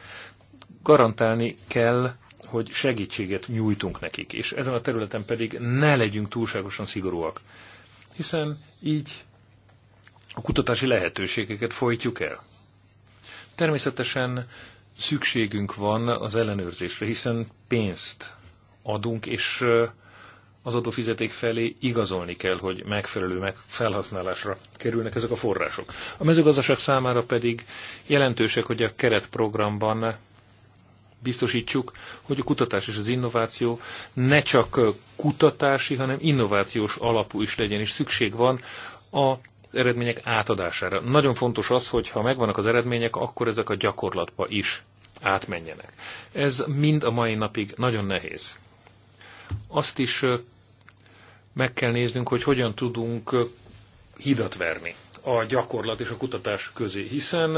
Garantálni kell, hogy segítséget nyújtunk nekik, és ezen a területen pedig ne legyünk túlságosan szigorúak, hiszen így a kutatási lehetőségeket folytjuk el. Természetesen szükségünk van az ellenőrzésre, hiszen pénzt adunk, és az adófizeték felé igazolni kell, hogy megfelelő meg felhasználásra kerülnek ezek a források. A mezőgazdaság számára pedig jelentősek, hogy a keretprogramban biztosítsuk, hogy a kutatás és az innováció ne csak kutatási, hanem innovációs alapú is legyen, és szükség van a eredmények átadására. Nagyon fontos az, hogy ha megvannak az eredmények, akkor ezek a gyakorlatba is átmenjenek. Ez mind a mai napig nagyon nehéz. Azt is meg kell néznünk, hogy hogyan tudunk hidat verni a gyakorlat és a kutatás közé, hiszen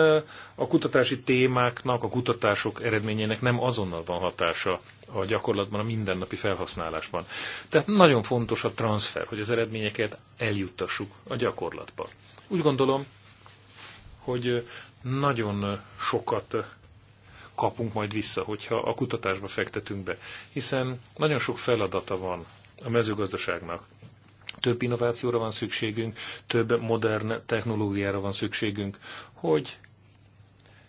a kutatási témáknak, a kutatások eredményének nem azonnal van hatása a gyakorlatban, a mindennapi felhasználásban. Tehát nagyon fontos a transfer, hogy az eredményeket eljuttassuk a gyakorlatba. Úgy gondolom, hogy nagyon sokat kapunk majd vissza, hogyha a kutatásba fektetünk be. Hiszen nagyon sok feladata van a mezőgazdaságnak. Több innovációra van szükségünk, több modern technológiára van szükségünk, hogy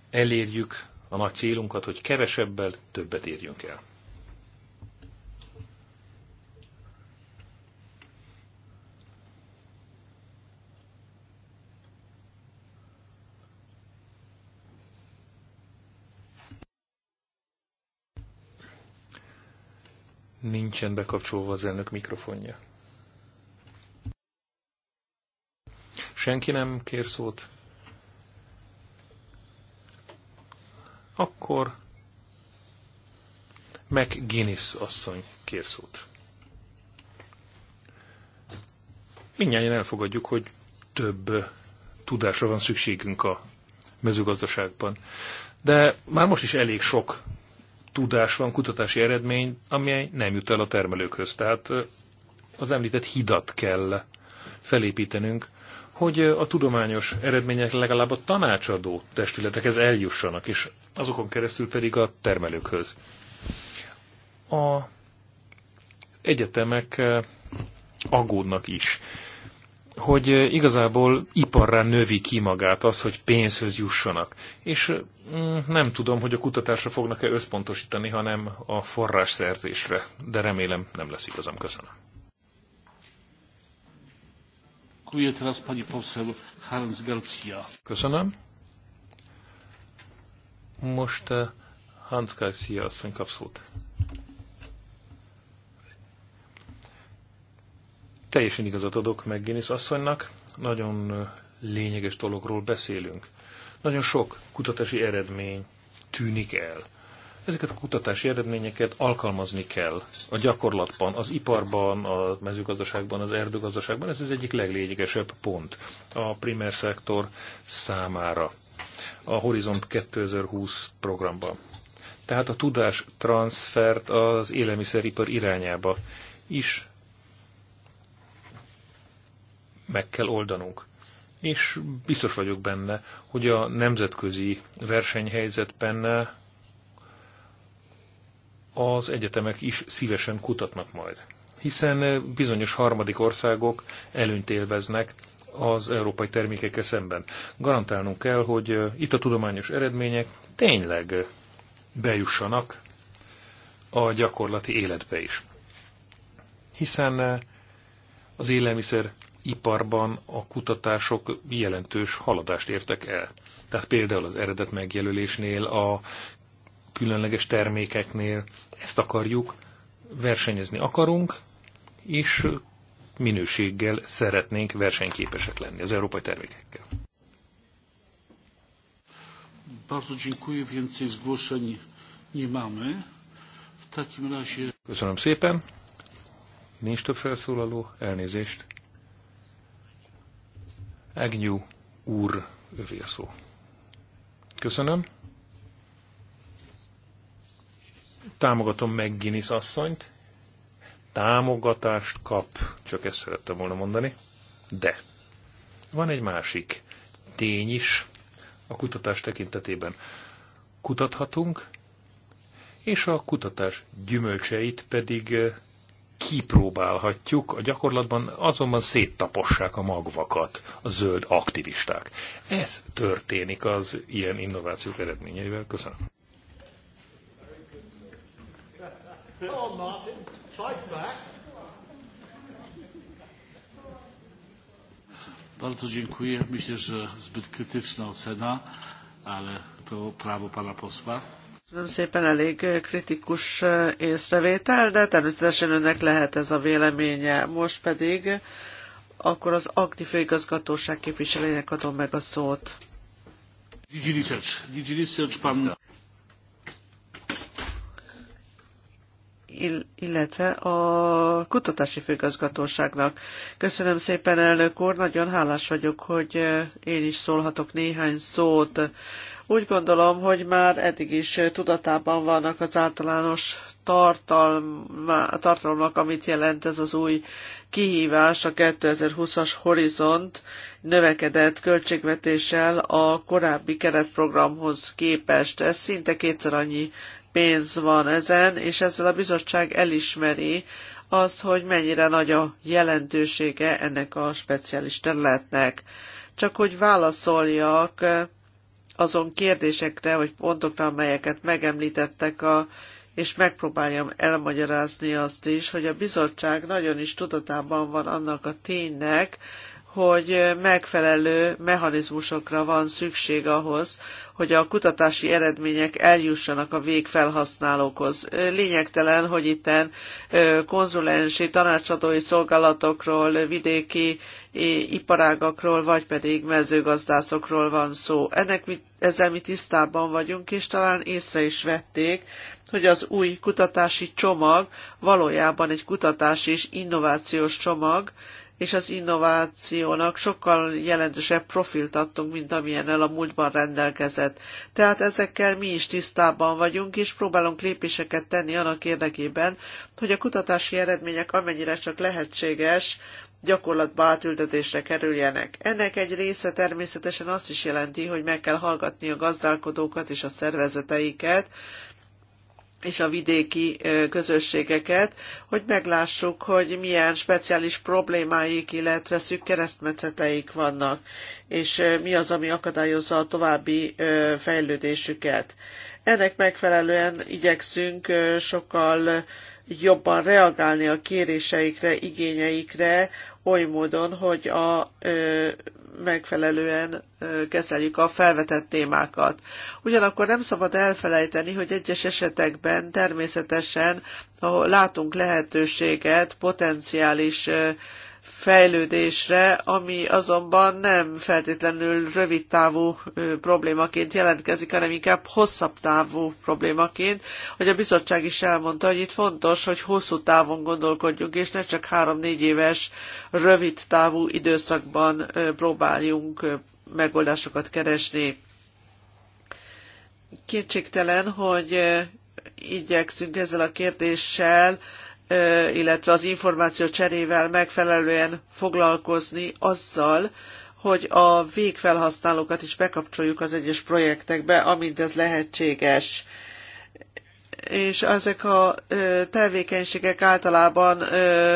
elérjük a nagy célunkat, hogy kevesebbel többet érjünk el. Nincsen bekapcsolva az elnök mikrofonja. Senki nem kér szót? Akkor meg Guinness asszony kér szót. Mindjárt elfogadjuk, hogy több tudásra van szükségünk a mezőgazdaságban. De már most is elég sok tudás van, kutatási eredmény, amely nem jut el a termelőkhöz. Tehát az említett hidat kell felépítenünk, hogy a tudományos eredmények legalább a tanácsadó testületekhez eljussanak, és azokon keresztül pedig a termelőkhöz. A egyetemek aggódnak is hogy igazából iparra növi ki magát az, hogy pénzhöz jussanak. És mm, nem tudom, hogy a kutatásra fognak-e összpontosítani, hanem a forrásszerzésre, de remélem nem lesz igazam. Köszönöm. Köszönöm. Most Hans Garcia asszony kap Teljesen igazat adok meg Guinness asszonynak, nagyon lényeges dologról beszélünk. Nagyon sok kutatási eredmény tűnik el. Ezeket a kutatási eredményeket alkalmazni kell a gyakorlatban, az iparban, a mezőgazdaságban, az erdőgazdaságban. Ez az egyik leglényegesebb pont a primer szektor számára a Horizon 2020 programban. Tehát a tudás transfert az élelmiszeripar irányába is meg kell oldanunk. És biztos vagyok benne, hogy a nemzetközi versenyhelyzetben az egyetemek is szívesen kutatnak majd. Hiszen bizonyos harmadik országok előnyt élveznek az európai termékekkel szemben. Garantálnunk kell, hogy itt a tudományos eredmények tényleg bejussanak a gyakorlati életbe is. Hiszen az élelmiszer iparban a kutatások jelentős haladást értek el. Tehát például az eredet megjelölésnél, a különleges termékeknél ezt akarjuk, versenyezni akarunk, és minőséggel szeretnénk versenyképesek lenni az európai termékekkel. Bardzo dziękuję, więcej zgłoszeń nie mamy. W takim razie... Köszönöm szépen. Nincs több felszólaló, elnézést. Egnyú úr, övé a szó. Köszönöm. Támogatom meg Guinness asszonyt. Támogatást kap, csak ezt szerettem volna mondani. De van egy másik tény is a kutatás tekintetében. Kutathatunk, és a kutatás gyümölcseit pedig kipróbálhatjuk a gyakorlatban, azonban széttapossák a magvakat a zöld aktivisták. Ez történik az ilyen innovációk eredményeivel. Köszönöm. Bardzo dziękuję. Myślę, że zbyt krytyczna ocena, ale to prawo pana posła. Köszönöm szépen, elég kritikus észrevétel, de természetesen önnek lehet ez a véleménye. Most pedig akkor az Agni főigazgatóság képviselőjének adom meg a szót. illetve a kutatási főgazgatóságnak. Köszönöm szépen, elnök úr, nagyon hálás vagyok, hogy én is szólhatok néhány szót. Úgy gondolom, hogy már eddig is tudatában vannak az általános tartalma, tartalmak, amit jelent ez az új kihívás a 2020-as horizont növekedett költségvetéssel a korábbi keretprogramhoz képest. Ez szinte kétszer annyi pénz van ezen, és ezzel a bizottság elismeri azt, hogy mennyire nagy a jelentősége ennek a speciális területnek. Csak hogy válaszoljak azon kérdésekre vagy pontokra, amelyeket megemlítettek a és megpróbáljam elmagyarázni azt is, hogy a bizottság nagyon is tudatában van annak a ténynek, hogy megfelelő mechanizmusokra van szükség ahhoz, hogy a kutatási eredmények eljussanak a végfelhasználókhoz. Lényegtelen, hogy itten konzulensi tanácsadói szolgálatokról, vidéki iparágakról, vagy pedig mezőgazdászokról van szó. Ennek mi, ezzel mi tisztában vagyunk, és talán észre is vették, hogy az új kutatási csomag valójában egy kutatási és innovációs csomag, és az innovációnak sokkal jelentősebb profilt adtunk, mint amilyennel a múltban rendelkezett. Tehát ezekkel mi is tisztában vagyunk, és próbálunk lépéseket tenni annak érdekében, hogy a kutatási eredmények amennyire csak lehetséges, gyakorlatba átültetésre kerüljenek. Ennek egy része természetesen azt is jelenti, hogy meg kell hallgatni a gazdálkodókat és a szervezeteiket, és a vidéki közösségeket, hogy meglássuk, hogy milyen speciális problémáik, illetve szűk keresztmetszeteik vannak, és mi az, ami akadályozza a további fejlődésüket. Ennek megfelelően igyekszünk sokkal jobban reagálni a kéréseikre, igényeikre, oly módon, hogy a megfelelően kezeljük a felvetett témákat. Ugyanakkor nem szabad elfelejteni, hogy egyes esetekben természetesen ahol látunk lehetőséget, potenciális fejlődésre, ami azonban nem feltétlenül rövid távú problémaként jelentkezik, hanem inkább hosszabb távú problémaként, hogy a bizottság is elmondta, hogy itt fontos, hogy hosszú távon gondolkodjunk, és ne csak három-négy éves rövid távú időszakban próbáljunk megoldásokat keresni. Kétségtelen, hogy igyekszünk ezzel a kérdéssel illetve az információ cserével megfelelően foglalkozni azzal, hogy a végfelhasználókat is bekapcsoljuk az egyes projektekbe, amint ez lehetséges és ezek a tevékenységek általában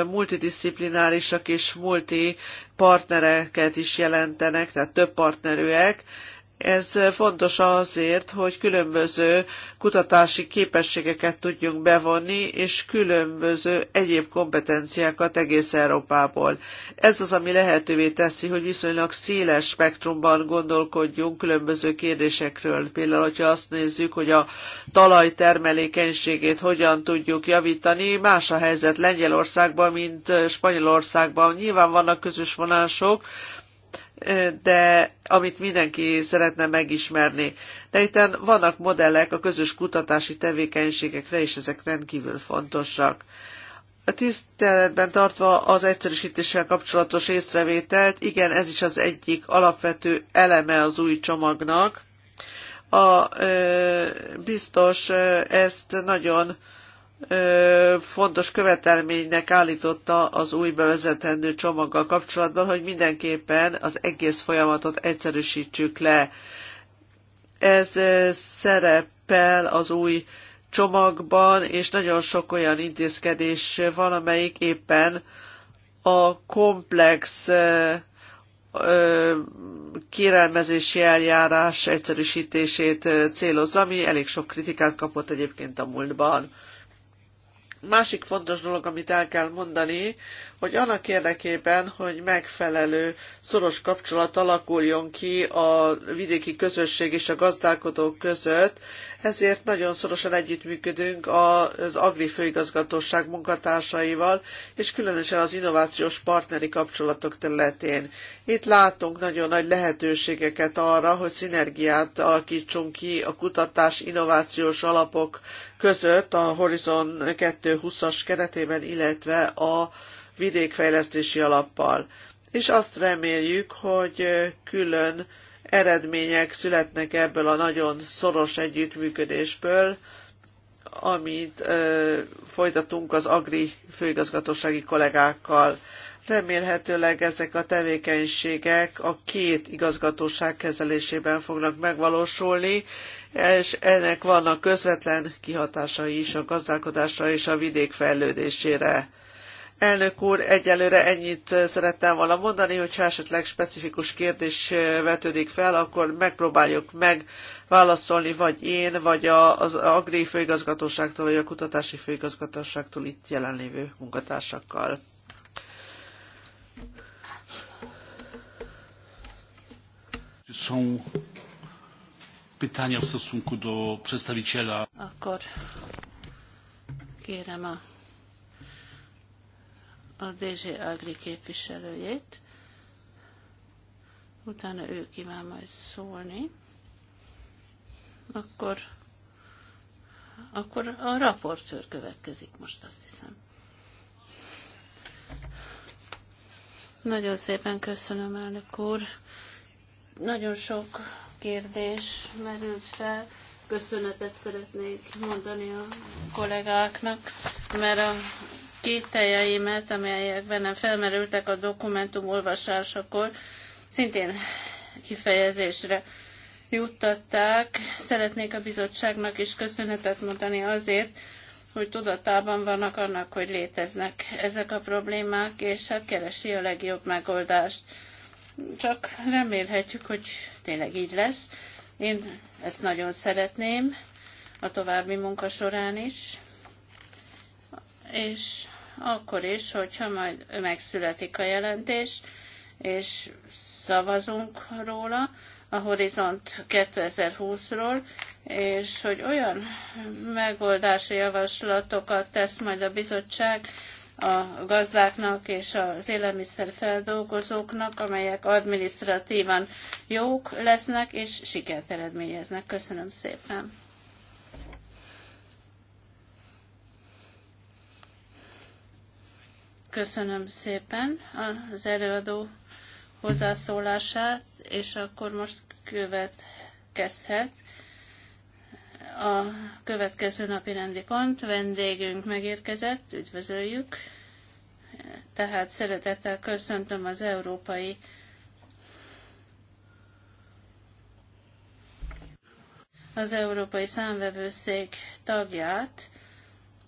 multidisziplinárisak és multi partnereket is jelentenek, tehát több partnerűek, ez fontos azért, hogy különböző kutatási képességeket tudjunk bevonni, és különböző egyéb kompetenciákat egész Európából. Ez az, ami lehetővé teszi, hogy viszonylag széles spektrumban gondolkodjunk különböző kérdésekről. Például, hogyha azt nézzük, hogy a talaj termelékenységét hogyan tudjuk javítani, más a helyzet Lengyelországban, mint Spanyolországban. Nyilván vannak közös vonások, de amit mindenki szeretne megismerni. De itt vannak modellek a közös kutatási tevékenységekre, és ezek rendkívül fontosak. A tiszteletben tartva az egyszerűsítéssel kapcsolatos észrevételt, igen, ez is az egyik alapvető eleme az új csomagnak. A ö, biztos ö, ezt nagyon fontos követelménynek állította az új bevezetendő csomaggal kapcsolatban, hogy mindenképpen az egész folyamatot egyszerűsítsük le. Ez szerepel az új csomagban, és nagyon sok olyan intézkedés van, amelyik éppen a komplex kérelmezési eljárás egyszerűsítését célozza, ami elég sok kritikát kapott egyébként a múltban másik fontos dolog, amit el kell mondani, hogy annak érdekében, hogy megfelelő szoros kapcsolat alakuljon ki a vidéki közösség és a gazdálkodók között, ezért nagyon szorosan együttműködünk az Agri Főigazgatóság munkatársaival, és különösen az innovációs partneri kapcsolatok területén. Itt látunk nagyon nagy lehetőségeket arra, hogy szinergiát alakítsunk ki a kutatás innovációs alapok között a Horizon 220-as keretében, illetve a vidékfejlesztési alappal. És azt reméljük, hogy külön eredmények születnek ebből a nagyon szoros együttműködésből, amit ö, folytatunk az Agri főigazgatósági kollégákkal. Remélhetőleg ezek a tevékenységek a két igazgatóság kezelésében fognak megvalósulni, és ennek vannak közvetlen kihatásai is a gazdálkodásra és a vidék fejlődésére. Elnök úr, egyelőre ennyit szerettem volna mondani, hogyha esetleg specifikus kérdés vetődik fel, akkor megpróbáljuk megválaszolni vagy én, vagy az Agri főigazgatóságtól, vagy a Kutatási főigazgatóságtól itt jelenlévő munkatársakkal. Akkor kérem a a DG Agri képviselőjét. Utána ő kíván majd szólni. Akkor, akkor a raportőr következik most, azt hiszem. Nagyon szépen köszönöm, elnök úr. Nagyon sok kérdés merült fel. Köszönetet szeretnék mondani a kollégáknak, mert a kételjeimet, amelyek bennem felmerültek a dokumentum olvasásakor, szintén kifejezésre juttatták. Szeretnék a bizottságnak is köszönetet mondani azért, hogy tudatában vannak annak, hogy léteznek ezek a problémák, és hát keresi a legjobb megoldást. Csak remélhetjük, hogy tényleg így lesz. Én ezt nagyon szeretném a további munka során is. És akkor is, hogyha majd megszületik a jelentés, és szavazunk róla a Horizont 2020-ról, és hogy olyan megoldási javaslatokat tesz majd a bizottság a gazdáknak és az élelmiszerfeldolgozóknak, amelyek administratívan jók lesznek és sikert eredményeznek. Köszönöm szépen! Köszönöm szépen az előadó hozzászólását, és akkor most következhet a következő napi rendi pont. Vendégünk megérkezett, üdvözöljük. Tehát szeretettel köszöntöm az Európai az Európai Számvevőszék tagját,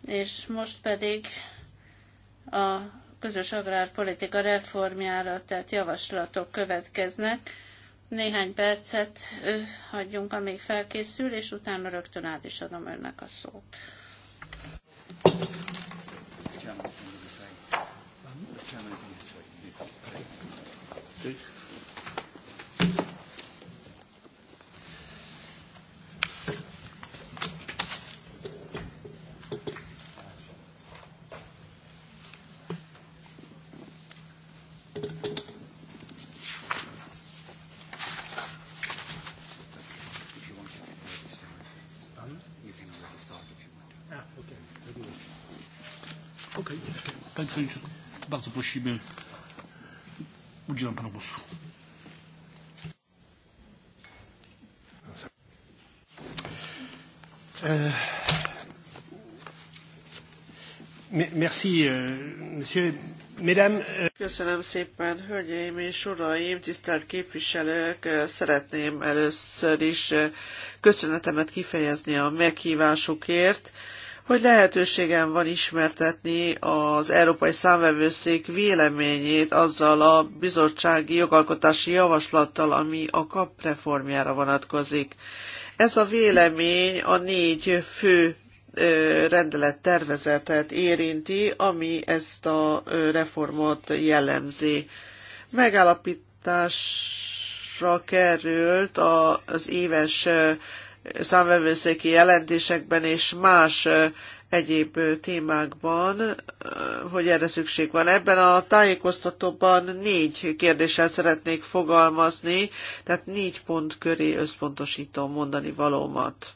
és most pedig a közös agrárpolitika reformjára tett javaslatok következnek. Néhány percet hagyjunk, amíg felkészül, és utána rögtön át is adom önnek a szót. prosimy. Udzielam panu głosu. E, merci, e, monsieur. E- Köszönöm szépen, hölgyeim és uraim, tisztelt képviselők! Szeretném először is köszönetemet kifejezni a meghívásukért hogy lehetőségem van ismertetni az Európai Számvevőszék véleményét azzal a bizottsági jogalkotási javaslattal, ami a KAP reformjára vonatkozik. Ez a vélemény a négy fő rendelet tervezetet érinti, ami ezt a reformot jellemzi. Megállapításra került az éves számvevőszéki jelentésekben és más egyéb témákban, hogy erre szükség van. Ebben a tájékoztatóban négy kérdéssel szeretnék fogalmazni, tehát négy pont köré összpontosítom mondani valómat.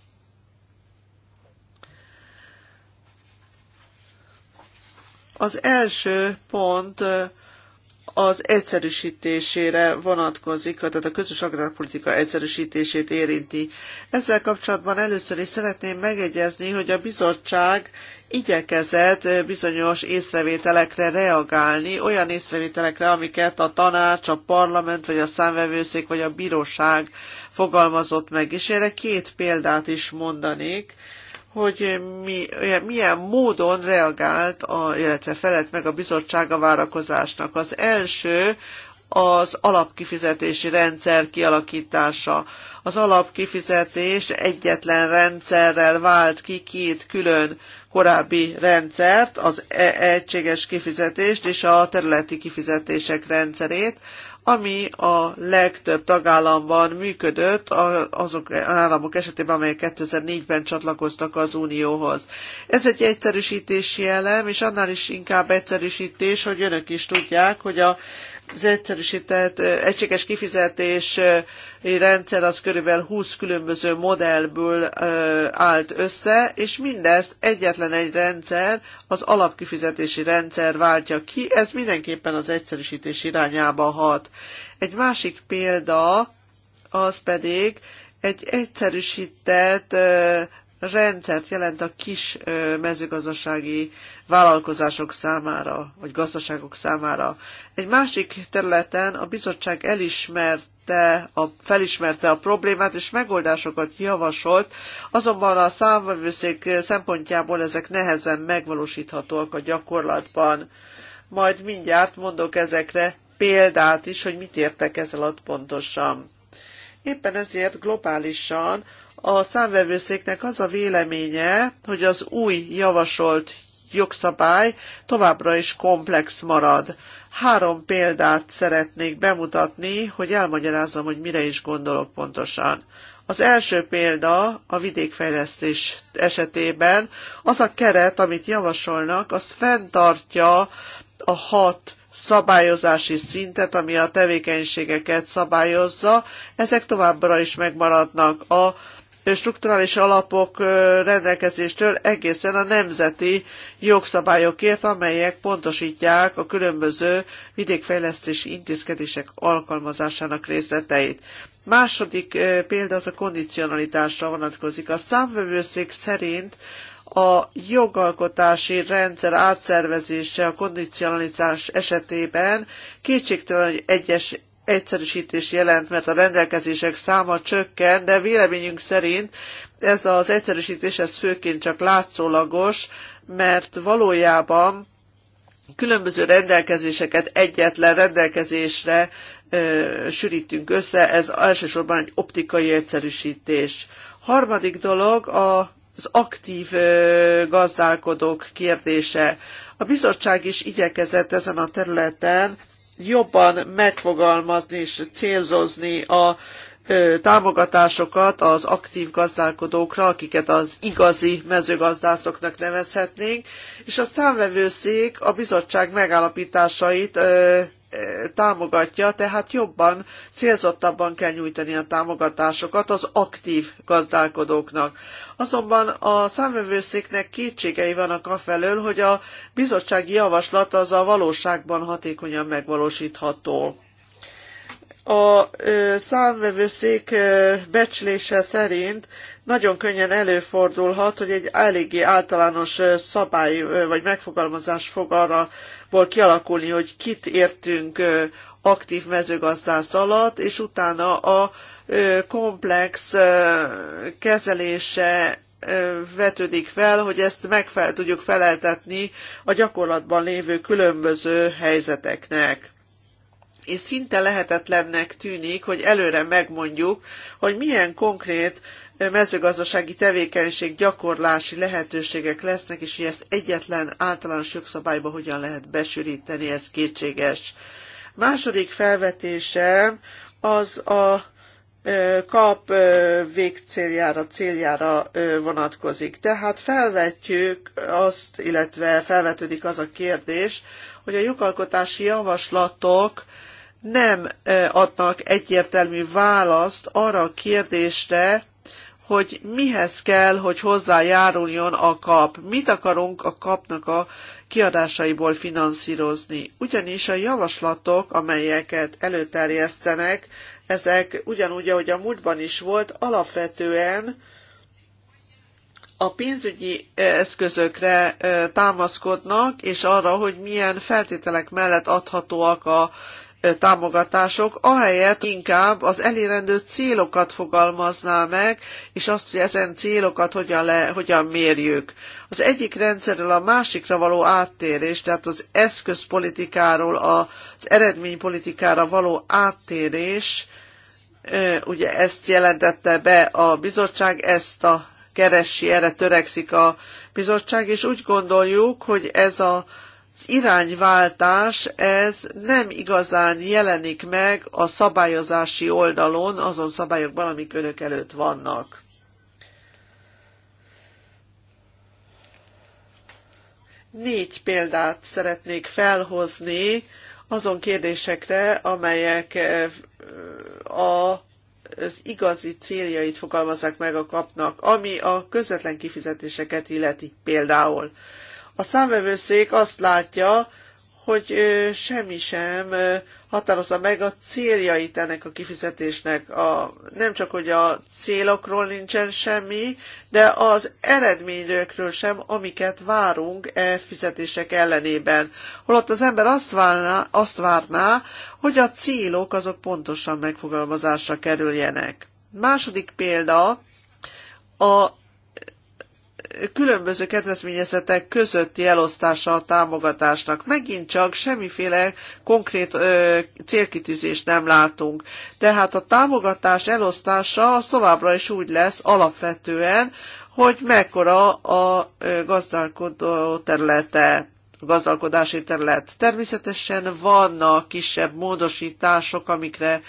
Az első pont az egyszerűsítésére vonatkozik, tehát a közös agrárpolitika egyszerűsítését érinti. Ezzel kapcsolatban először is szeretném megegyezni, hogy a bizottság igyekezett bizonyos észrevételekre reagálni, olyan észrevételekre, amiket a tanács, a parlament, vagy a számvevőszék, vagy a bíróság fogalmazott meg. És erre két példát is mondanék hogy mi, milyen módon reagált, a, illetve felett meg a bizottság a várakozásnak. Az első az alapkifizetési rendszer kialakítása. Az alapkifizetés egyetlen rendszerrel vált ki két külön korábbi rendszert, az e-, egységes kifizetést és a területi kifizetések rendszerét, ami a legtöbb tagállamban működött azok államok esetében, amelyek 2004-ben csatlakoztak az Unióhoz. Ez egy egyszerűsítési elem, és annál is inkább egyszerűsítés, hogy önök is tudják, hogy a az egyszerűsített egységes kifizetési rendszer az körülbelül 20 különböző modellből állt össze, és mindezt egyetlen egy rendszer, az alapkifizetési rendszer váltja ki, ez mindenképpen az egyszerűsítés irányába hat. Egy másik példa az pedig egy egyszerűsített rendszert jelent a kis mezőgazdasági vállalkozások számára, vagy gazdaságok számára. Egy másik területen a bizottság elismerte, a, felismerte a problémát és megoldásokat javasolt, azonban a számvevőszék szempontjából ezek nehezen megvalósíthatóak a gyakorlatban. Majd mindjárt mondok ezekre példát is, hogy mit értek ezzel alatt pontosan. Éppen ezért globálisan a számvevőszéknek az a véleménye, hogy az új javasolt jogszabály továbbra is komplex marad. Három példát szeretnék bemutatni, hogy elmagyarázzam, hogy mire is gondolok pontosan. Az első példa a vidékfejlesztés esetében az a keret, amit javasolnak, az fenntartja a hat szabályozási szintet, ami a tevékenységeket szabályozza, ezek továbbra is megmaradnak a strukturális alapok rendelkezéstől egészen a nemzeti jogszabályokért, amelyek pontosítják a különböző vidékfejlesztési intézkedések alkalmazásának részleteit. Második példa az a kondicionalitásra vonatkozik. A számvevőszék szerint a jogalkotási rendszer átszervezése a kondicionalizás esetében kétségtelen, hogy egyes egyszerűsítés jelent, mert a rendelkezések száma csökken, de véleményünk szerint ez az egyszerűsítés ez főként csak látszólagos, mert valójában különböző rendelkezéseket egyetlen rendelkezésre ö, sűrítünk össze, ez elsősorban egy optikai egyszerűsítés. Harmadik dolog a az aktív gazdálkodók kérdése. A bizottság is igyekezett ezen a területen jobban megfogalmazni és célzozni a támogatásokat az aktív gazdálkodókra, akiket az igazi mezőgazdászoknak nevezhetnénk, és a számvevőszék a bizottság megállapításait támogatja, tehát jobban, célzottabban kell nyújtani a támogatásokat az aktív gazdálkodóknak. Azonban a számövőszéknek kétségei vannak afelől, hogy a bizottsági javaslat az a valóságban hatékonyan megvalósítható. A számvevőszék becslése szerint nagyon könnyen előfordulhat, hogy egy eléggé általános szabály vagy megfogalmazás fog arra ból kialakulni, hogy kit értünk aktív mezőgazdász alatt, és utána a komplex kezelése vetődik fel, hogy ezt meg tudjuk feleltetni a gyakorlatban lévő különböző helyzeteknek és szinte lehetetlennek tűnik, hogy előre megmondjuk, hogy milyen konkrét mezőgazdasági tevékenység gyakorlási lehetőségek lesznek, és hogy ezt egyetlen általános jogszabályba hogyan lehet besűríteni, ez kétséges. Második felvetésem az a kap végcéljára, céljára vonatkozik. Tehát felvetjük azt, illetve felvetődik az a kérdés, hogy a jogalkotási javaslatok nem adnak egyértelmű választ arra a kérdésre, hogy mihez kell, hogy hozzájáruljon a kap, mit akarunk a kapnak a kiadásaiból finanszírozni. Ugyanis a javaslatok, amelyeket előterjesztenek, ezek ugyanúgy, ahogy a múltban is volt, alapvetően a pénzügyi eh, eszközökre eh, támaszkodnak, és arra, hogy milyen feltételek mellett adhatóak a támogatások, ahelyett inkább az elérendő célokat fogalmazná meg, és azt, hogy ezen célokat hogyan, le, hogyan mérjük. Az egyik rendszerről a másikra való áttérés, tehát az eszközpolitikáról az eredménypolitikára való áttérés, ugye ezt jelentette be a bizottság, ezt a keresi, erre törekszik a bizottság, és úgy gondoljuk, hogy ez a irányváltás ez nem igazán jelenik meg a szabályozási oldalon, azon szabályokban, amik önök előtt vannak. Négy példát szeretnék felhozni azon kérdésekre, amelyek eh, a az igazi céljait fogalmazzák meg a kapnak, ami a közvetlen kifizetéseket illeti például. A számvevőszék azt látja, hogy semmi sem határozza meg a céljait ennek a kifizetésnek. A, nem csak, hogy a célokról nincsen semmi, de az eredményekről sem, amiket várunk e fizetések ellenében. Holott az ember azt, válná, azt várná, hogy a célok azok pontosan megfogalmazásra kerüljenek. Második példa, a különböző kedvezményezetek közötti elosztása a támogatásnak. Megint csak semmiféle konkrét ö, célkitűzést nem látunk. Tehát a támogatás elosztása az továbbra is úgy lesz alapvetően, hogy mekkora a gazdálkodó területe gazdálkodási terület. Természetesen vannak kisebb módosítások, amikre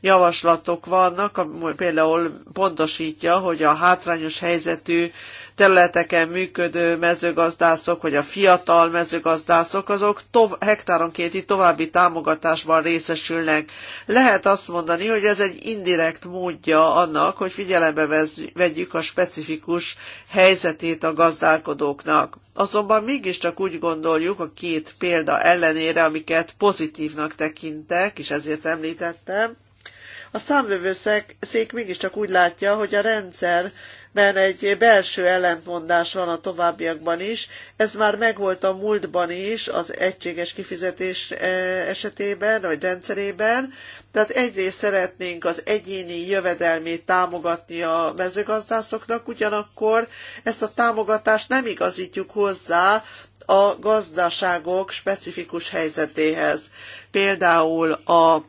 javaslatok vannak, ami például pontosítja, hogy a hátrányos helyzetű területeken működő mezőgazdászok, vagy a fiatal mezőgazdászok, azok tov- hektáronkéti további támogatásban részesülnek. Lehet azt mondani, hogy ez egy indirekt módja annak, hogy figyelembe vegyük a specifikus helyzetét a gazdálkodóknak. Azonban mégiscsak úgy gondoljuk a két példa ellenére, amiket pozitívnak tekintek, és ezért említettem, a számvevőszék mégiscsak úgy látja, hogy a rendszer mert egy belső ellentmondás van a továbbiakban is. Ez már megvolt a múltban is az egységes kifizetés e, esetében, vagy rendszerében. Tehát egyrészt szeretnénk az egyéni jövedelmét támogatni a mezőgazdászoknak, ugyanakkor ezt a támogatást nem igazítjuk hozzá a gazdaságok specifikus helyzetéhez. Például a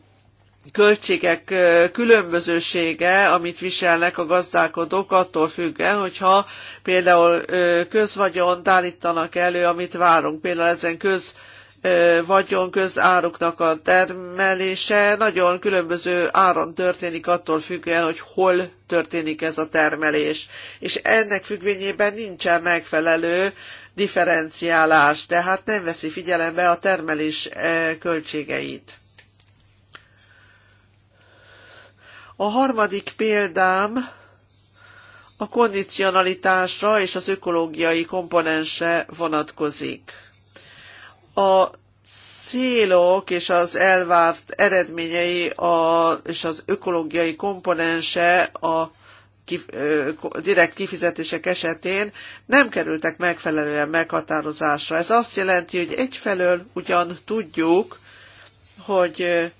költségek különbözősége, amit viselnek a gazdálkodók, attól függen, hogyha például közvagyont állítanak elő, amit várunk. Például ezen köz vagyon közáruknak a termelése nagyon különböző áron történik attól függően, hogy hol történik ez a termelés. És ennek függvényében nincsen megfelelő differenciálás, tehát nem veszi figyelembe a termelés költségeit. A harmadik példám a kondicionalitásra és az ökológiai komponense vonatkozik. A célok és az elvárt eredményei a, és az ökológiai komponense a direkt kifizetések esetén nem kerültek megfelelően meghatározásra. Ez azt jelenti, hogy egyfelől ugyan tudjuk, hogy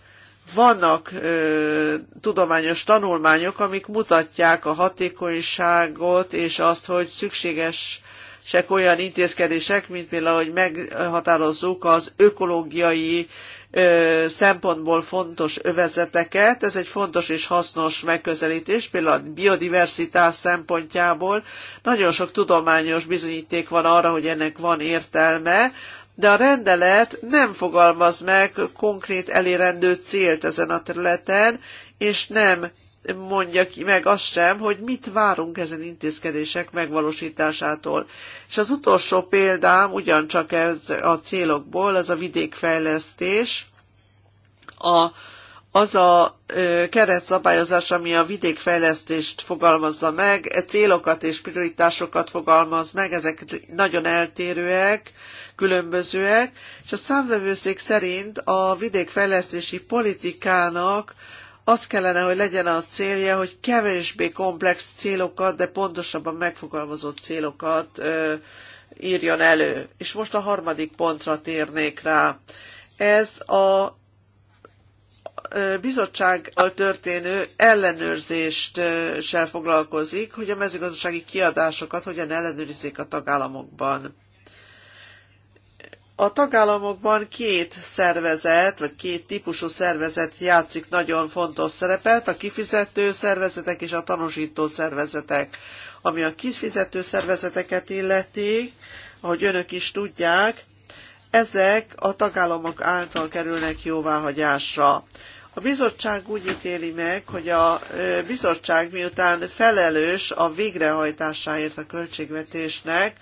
vannak ö, tudományos tanulmányok, amik mutatják a hatékonyságot és azt, hogy szükséges sek olyan intézkedések, mint például, hogy meghatározzuk az ökológiai ö, szempontból fontos övezeteket. Ez egy fontos és hasznos megközelítés, például a biodiversitás szempontjából. Nagyon sok tudományos bizonyíték van arra, hogy ennek van értelme de a rendelet nem fogalmaz meg konkrét elérendő célt ezen a területen, és nem mondja ki meg azt sem, hogy mit várunk ezen intézkedések megvalósításától. És az utolsó példám ugyancsak ez a célokból, az a vidékfejlesztés, a, az a ö, keretszabályozás, ami a vidékfejlesztést fogalmazza meg, e célokat és prioritásokat fogalmaz meg, ezek nagyon eltérőek, különbözőek, és a számvevőszék szerint a vidékfejlesztési politikának az kellene, hogy legyen a célja, hogy kevésbé komplex célokat, de pontosabban megfogalmazott célokat ö, írjon elő. És most a harmadik pontra térnék rá. Ez a bizottsággal történő ellenőrzéssel foglalkozik, hogy a mezőgazdasági kiadásokat hogyan ellenőrizzék a tagállamokban. A tagállamokban két szervezet, vagy két típusú szervezet játszik nagyon fontos szerepet, a kifizető szervezetek és a tanúsító szervezetek. Ami a kifizető szervezeteket illeti, ahogy önök is tudják, ezek a tagállamok által kerülnek jóváhagyásra. A bizottság úgy ítéli meg, hogy a bizottság miután felelős a végrehajtásáért a költségvetésnek,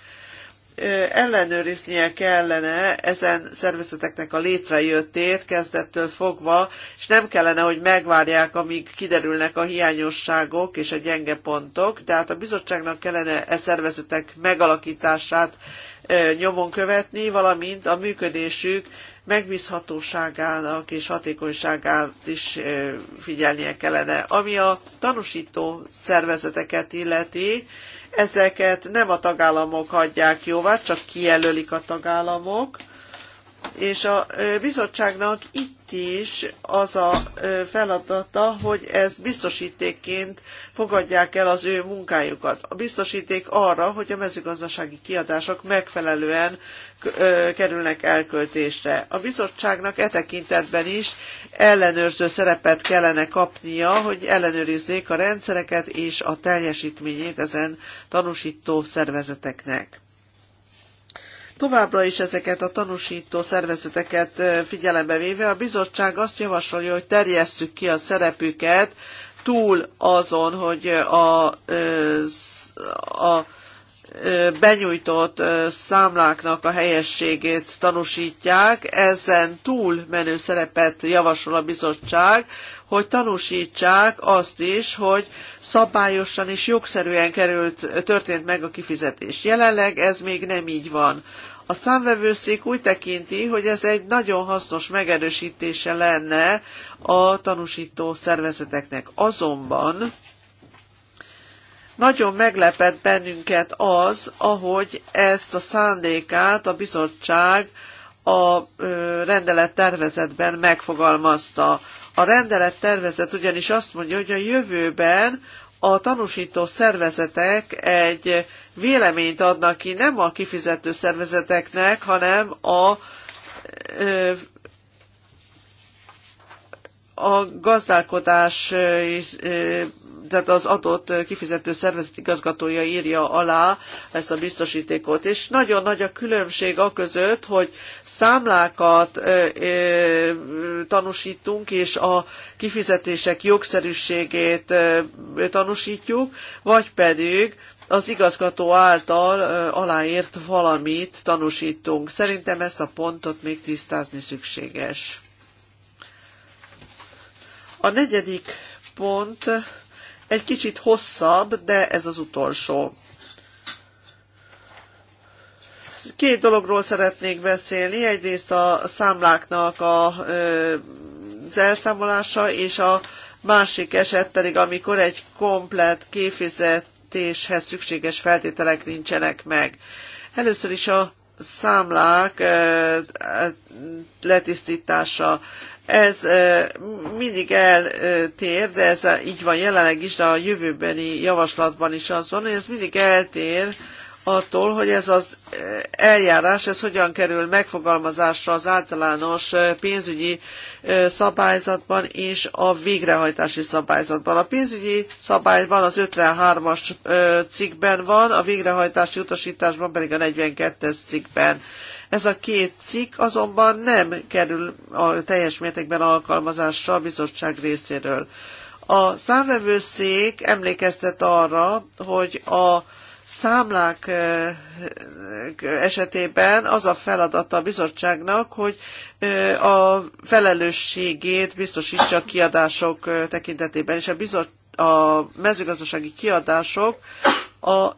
ellenőriznie kellene ezen szervezeteknek a létrejöttét kezdettől fogva, és nem kellene, hogy megvárják, amíg kiderülnek a hiányosságok és a gyenge pontok, tehát a bizottságnak kellene e szervezetek megalakítását nyomon követni, valamint a működésük megbízhatóságának és hatékonyságát is figyelnie kellene. Ami a tanúsító szervezeteket illeti, Ezeket nem a tagállamok adják jóvá, csak kijelölik a tagállamok, és a bizottságnak itt is az a feladata, hogy ezt biztosítékként fogadják el az ő munkájukat. A biztosíték arra, hogy a mezőgazdasági kiadások megfelelően kerülnek elköltésre. A bizottságnak e tekintetben is ellenőrző szerepet kellene kapnia, hogy ellenőrizzék a rendszereket és a teljesítményét ezen tanúsító szervezeteknek. Továbbra is ezeket a tanúsító szervezeteket figyelembe véve a bizottság azt javasolja, hogy terjesszük ki a szerepüket túl azon, hogy a, a benyújtott számláknak a helyességét tanúsítják, ezen túl menő szerepet javasol a bizottság, hogy tanúsítsák azt is, hogy szabályosan és jogszerűen került, történt meg a kifizetés. Jelenleg ez még nem így van. A számvevőszék úgy tekinti, hogy ez egy nagyon hasznos megerősítése lenne a tanúsító szervezeteknek. Azonban nagyon meglepett bennünket az, ahogy ezt a szándékát a bizottság a rendelet tervezetben megfogalmazta. A rendelet tervezet ugyanis azt mondja, hogy a jövőben a tanúsító szervezetek egy véleményt adnak ki nem a kifizető szervezeteknek, hanem a a gazdálkodás, tehát az adott kifizető szervezet igazgatója írja alá ezt a biztosítékot. És nagyon nagy a különbség a között, hogy számlákat tanúsítunk, és a kifizetések jogszerűségét tanúsítjuk, vagy pedig az igazgató által aláírt valamit tanúsítunk. Szerintem ezt a pontot még tisztázni szükséges. A negyedik pont egy kicsit hosszabb, de ez az utolsó. Két dologról szeretnék beszélni. Egyrészt a számláknak a, az elszámolása, és a másik eset pedig, amikor egy komplet kifizet fizetéshez szükséges feltételek nincsenek meg. Először is a számlák letisztítása. Ez mindig eltér, de ez így van jelenleg is, de a jövőbeni javaslatban is az van, hogy ez mindig eltér attól, hogy ez az eh, eljárás, ez hogyan kerül megfogalmazásra az általános eh, pénzügyi eh, szabályzatban és a végrehajtási szabályzatban. A pénzügyi szabályban az 53-as cikkben van, a végrehajtási utasításban pedig a 42-es cikkben. Ez a két cikk azonban nem kerül a teljes mértékben alkalmazásra a bizottság részéről. A számvevőszék emlékeztet arra, hogy a számlák esetében az a feladata a bizottságnak, hogy a felelősségét biztosítsa a kiadások tekintetében, és a, bizot, a mezőgazdasági kiadások a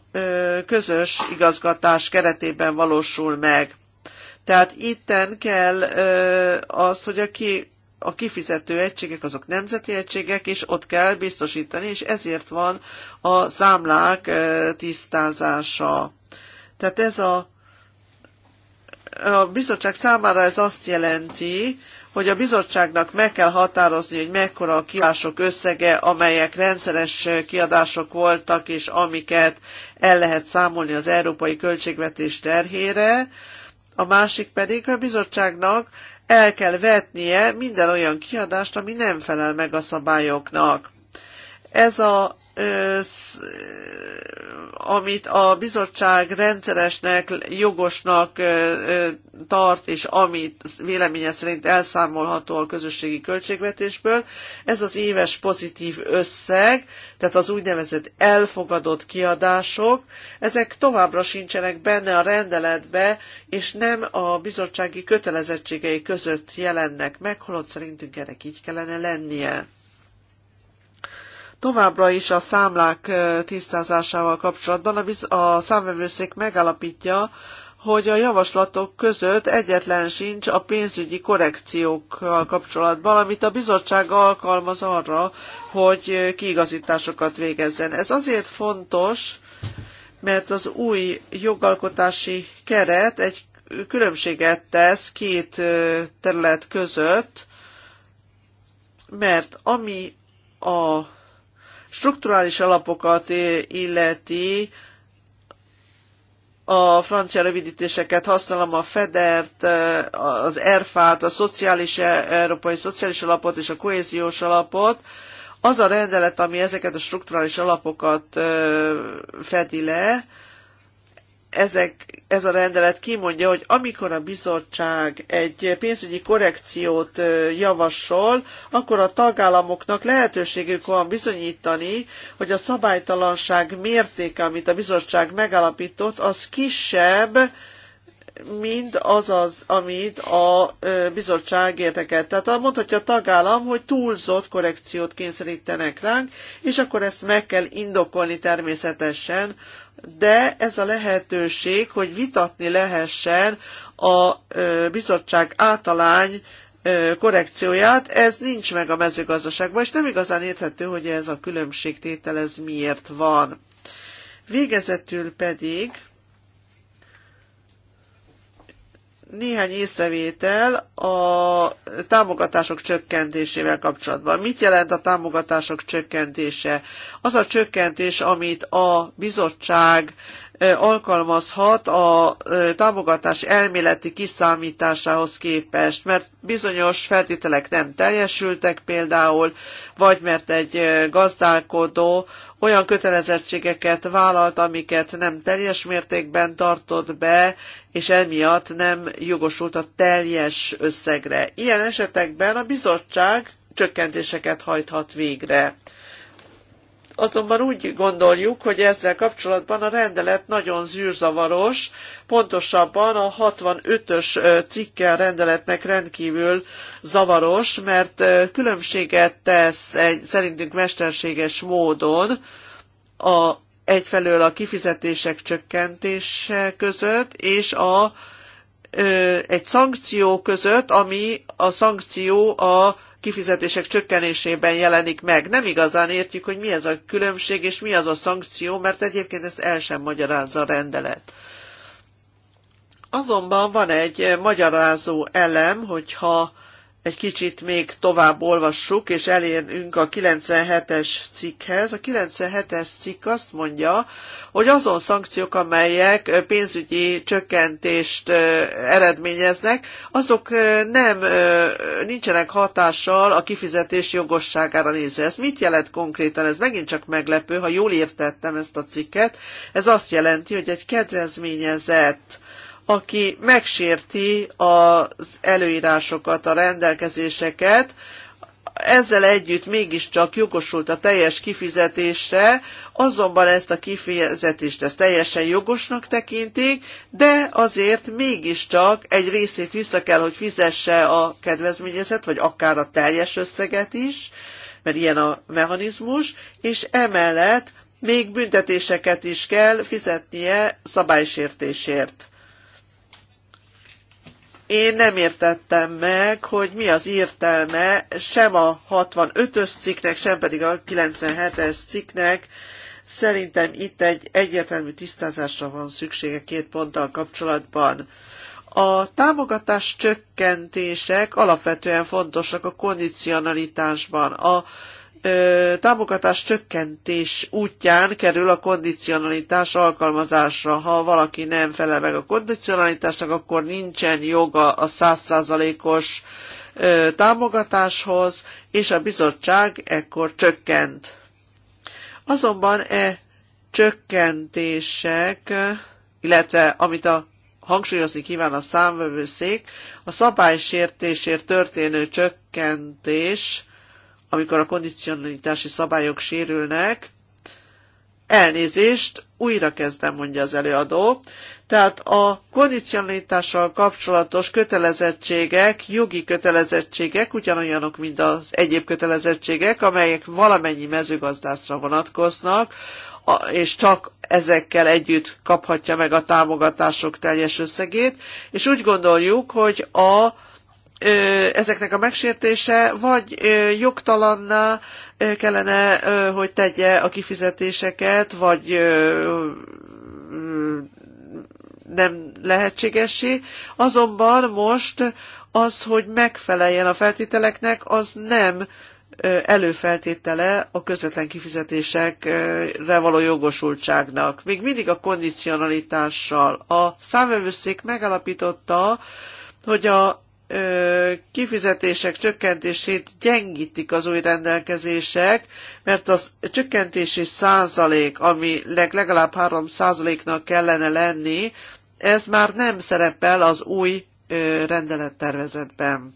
közös igazgatás keretében valósul meg. Tehát itten kell az, hogy a a kifizető egységek azok nemzeti egységek, és ott kell biztosítani, és ezért van a számlák tisztázása. Tehát ez a, a bizottság számára ez azt jelenti, hogy a bizottságnak meg kell határozni, hogy mekkora a kiadások összege, amelyek rendszeres kiadások voltak, és amiket el lehet számolni az európai költségvetés terhére. A másik pedig a bizottságnak el kell vetnie minden olyan kiadást, ami nem felel meg a szabályoknak. Ez a amit a bizottság rendszeresnek, jogosnak tart, és amit véleménye szerint elszámolható a közösségi költségvetésből, ez az éves pozitív összeg, tehát az úgynevezett elfogadott kiadások, ezek továbbra sincsenek benne a rendeletbe, és nem a bizottsági kötelezettségei között jelennek meg, holott szerintünk ennek így kellene lennie. Továbbra is a számlák tisztázásával kapcsolatban a, a számvevőszék megállapítja, hogy a javaslatok között egyetlen sincs a pénzügyi korrekciókkal kapcsolatban, amit a bizottság alkalmaz arra, hogy kiigazításokat végezzen. Ez azért fontos, mert az új jogalkotási keret egy különbséget tesz két terület között, mert ami a strukturális alapokat eh, illeti, a francia rövidítéseket használom, a FEDERT, eh, az ERFÁT, a Szociális eh, Európai Szociális Alapot és a Kohéziós Alapot, az a rendelet, ami ezeket a strukturális alapokat fedi le, ezek ez a rendelet kimondja, hogy amikor a bizottság egy pénzügyi korrekciót javasol, akkor a tagállamoknak lehetőségük van bizonyítani, hogy a szabálytalanság mértéke, amit a bizottság megállapított, az kisebb, mind az az, amit a bizottság érteket. Tehát mondhatja a tagállam, hogy túlzott korrekciót kényszerítenek ránk, és akkor ezt meg kell indokolni természetesen de ez a lehetőség, hogy vitatni lehessen a bizottság általány korrekcióját, ez nincs meg a mezőgazdaságban, és nem igazán érthető, hogy ez a különbségtétel ez miért van. Végezetül pedig néhány észrevétel a támogatások csökkentésével kapcsolatban. Mit jelent a támogatások csökkentése? Az a csökkentés, amit a bizottság alkalmazhat a támogatás elméleti kiszámításához képest, mert bizonyos feltételek nem teljesültek például, vagy mert egy gazdálkodó olyan kötelezettségeket vállalt, amiket nem teljes mértékben tartott be, és emiatt nem jogosult a teljes összegre. Ilyen esetekben a bizottság csökkentéseket hajthat végre. Azonban úgy gondoljuk, hogy ezzel kapcsolatban a rendelet nagyon zűrzavaros, pontosabban a 65-ös cikke a rendeletnek rendkívül zavaros, mert különbséget tesz egy, szerintünk mesterséges módon a egyfelől a kifizetések csökkentése között, és a, egy szankció között, ami a szankció a kifizetések csökkenésében jelenik meg. Nem igazán értjük, hogy mi ez a különbség és mi az a szankció, mert egyébként ezt el sem magyarázza a rendelet. Azonban van egy magyarázó elem, hogyha egy kicsit még tovább olvassuk, és elérünk a 97-es cikkhez. A 97-es cikk azt mondja, hogy azon szankciók, amelyek pénzügyi csökkentést eredményeznek, azok nem, nincsenek hatással a kifizetés jogosságára nézve. Ez mit jelent konkrétan? Ez megint csak meglepő, ha jól értettem ezt a cikket. Ez azt jelenti, hogy egy kedvezményezett aki megsérti az előírásokat, a rendelkezéseket, ezzel együtt mégiscsak jogosult a teljes kifizetésre, azonban ezt a kifizetést ezt teljesen jogosnak tekintik, de azért mégiscsak egy részét vissza kell, hogy fizesse a kedvezményezet, vagy akár a teljes összeget is, mert ilyen a mechanizmus, és emellett még büntetéseket is kell fizetnie szabálysértésért én nem értettem meg, hogy mi az értelme sem a 65-ös cikknek, sem pedig a 97-es cikknek. Szerintem itt egy egyértelmű tisztázásra van szüksége két ponttal kapcsolatban. A támogatás csökkentések alapvetően fontosak a kondicionalitásban. A támogatás csökkentés útján kerül a kondicionalitás alkalmazásra. Ha valaki nem felel meg a kondicionalitásnak, akkor nincsen joga a százszázalékos támogatáshoz, és a bizottság ekkor csökkent. Azonban e csökkentések, illetve amit a hangsúlyozni kíván a számvevőszék, a szabálysértésért történő csökkentés amikor a kondicionalitási szabályok sérülnek, elnézést, újra kezdem, mondja az előadó, tehát a kondicionalitással kapcsolatos kötelezettségek, jogi kötelezettségek ugyanolyanok, mint az egyéb kötelezettségek, amelyek valamennyi mezőgazdászra vonatkoznak, és csak ezekkel együtt kaphatja meg a támogatások teljes összegét, és úgy gondoljuk, hogy a ezeknek a megsértése, vagy jogtalanná kellene, hogy tegye a kifizetéseket, vagy nem lehetségesi. Azonban most az, hogy megfeleljen a feltételeknek, az nem előfeltétele a közvetlen kifizetésekre való jogosultságnak. Még mindig a kondicionalitással. A számvevőszék megalapította, hogy a kifizetések csökkentését gyengítik az új rendelkezések, mert a csökkentési százalék, ami legalább 3 százaléknak kellene lenni, ez már nem szerepel az új rendelettervezetben.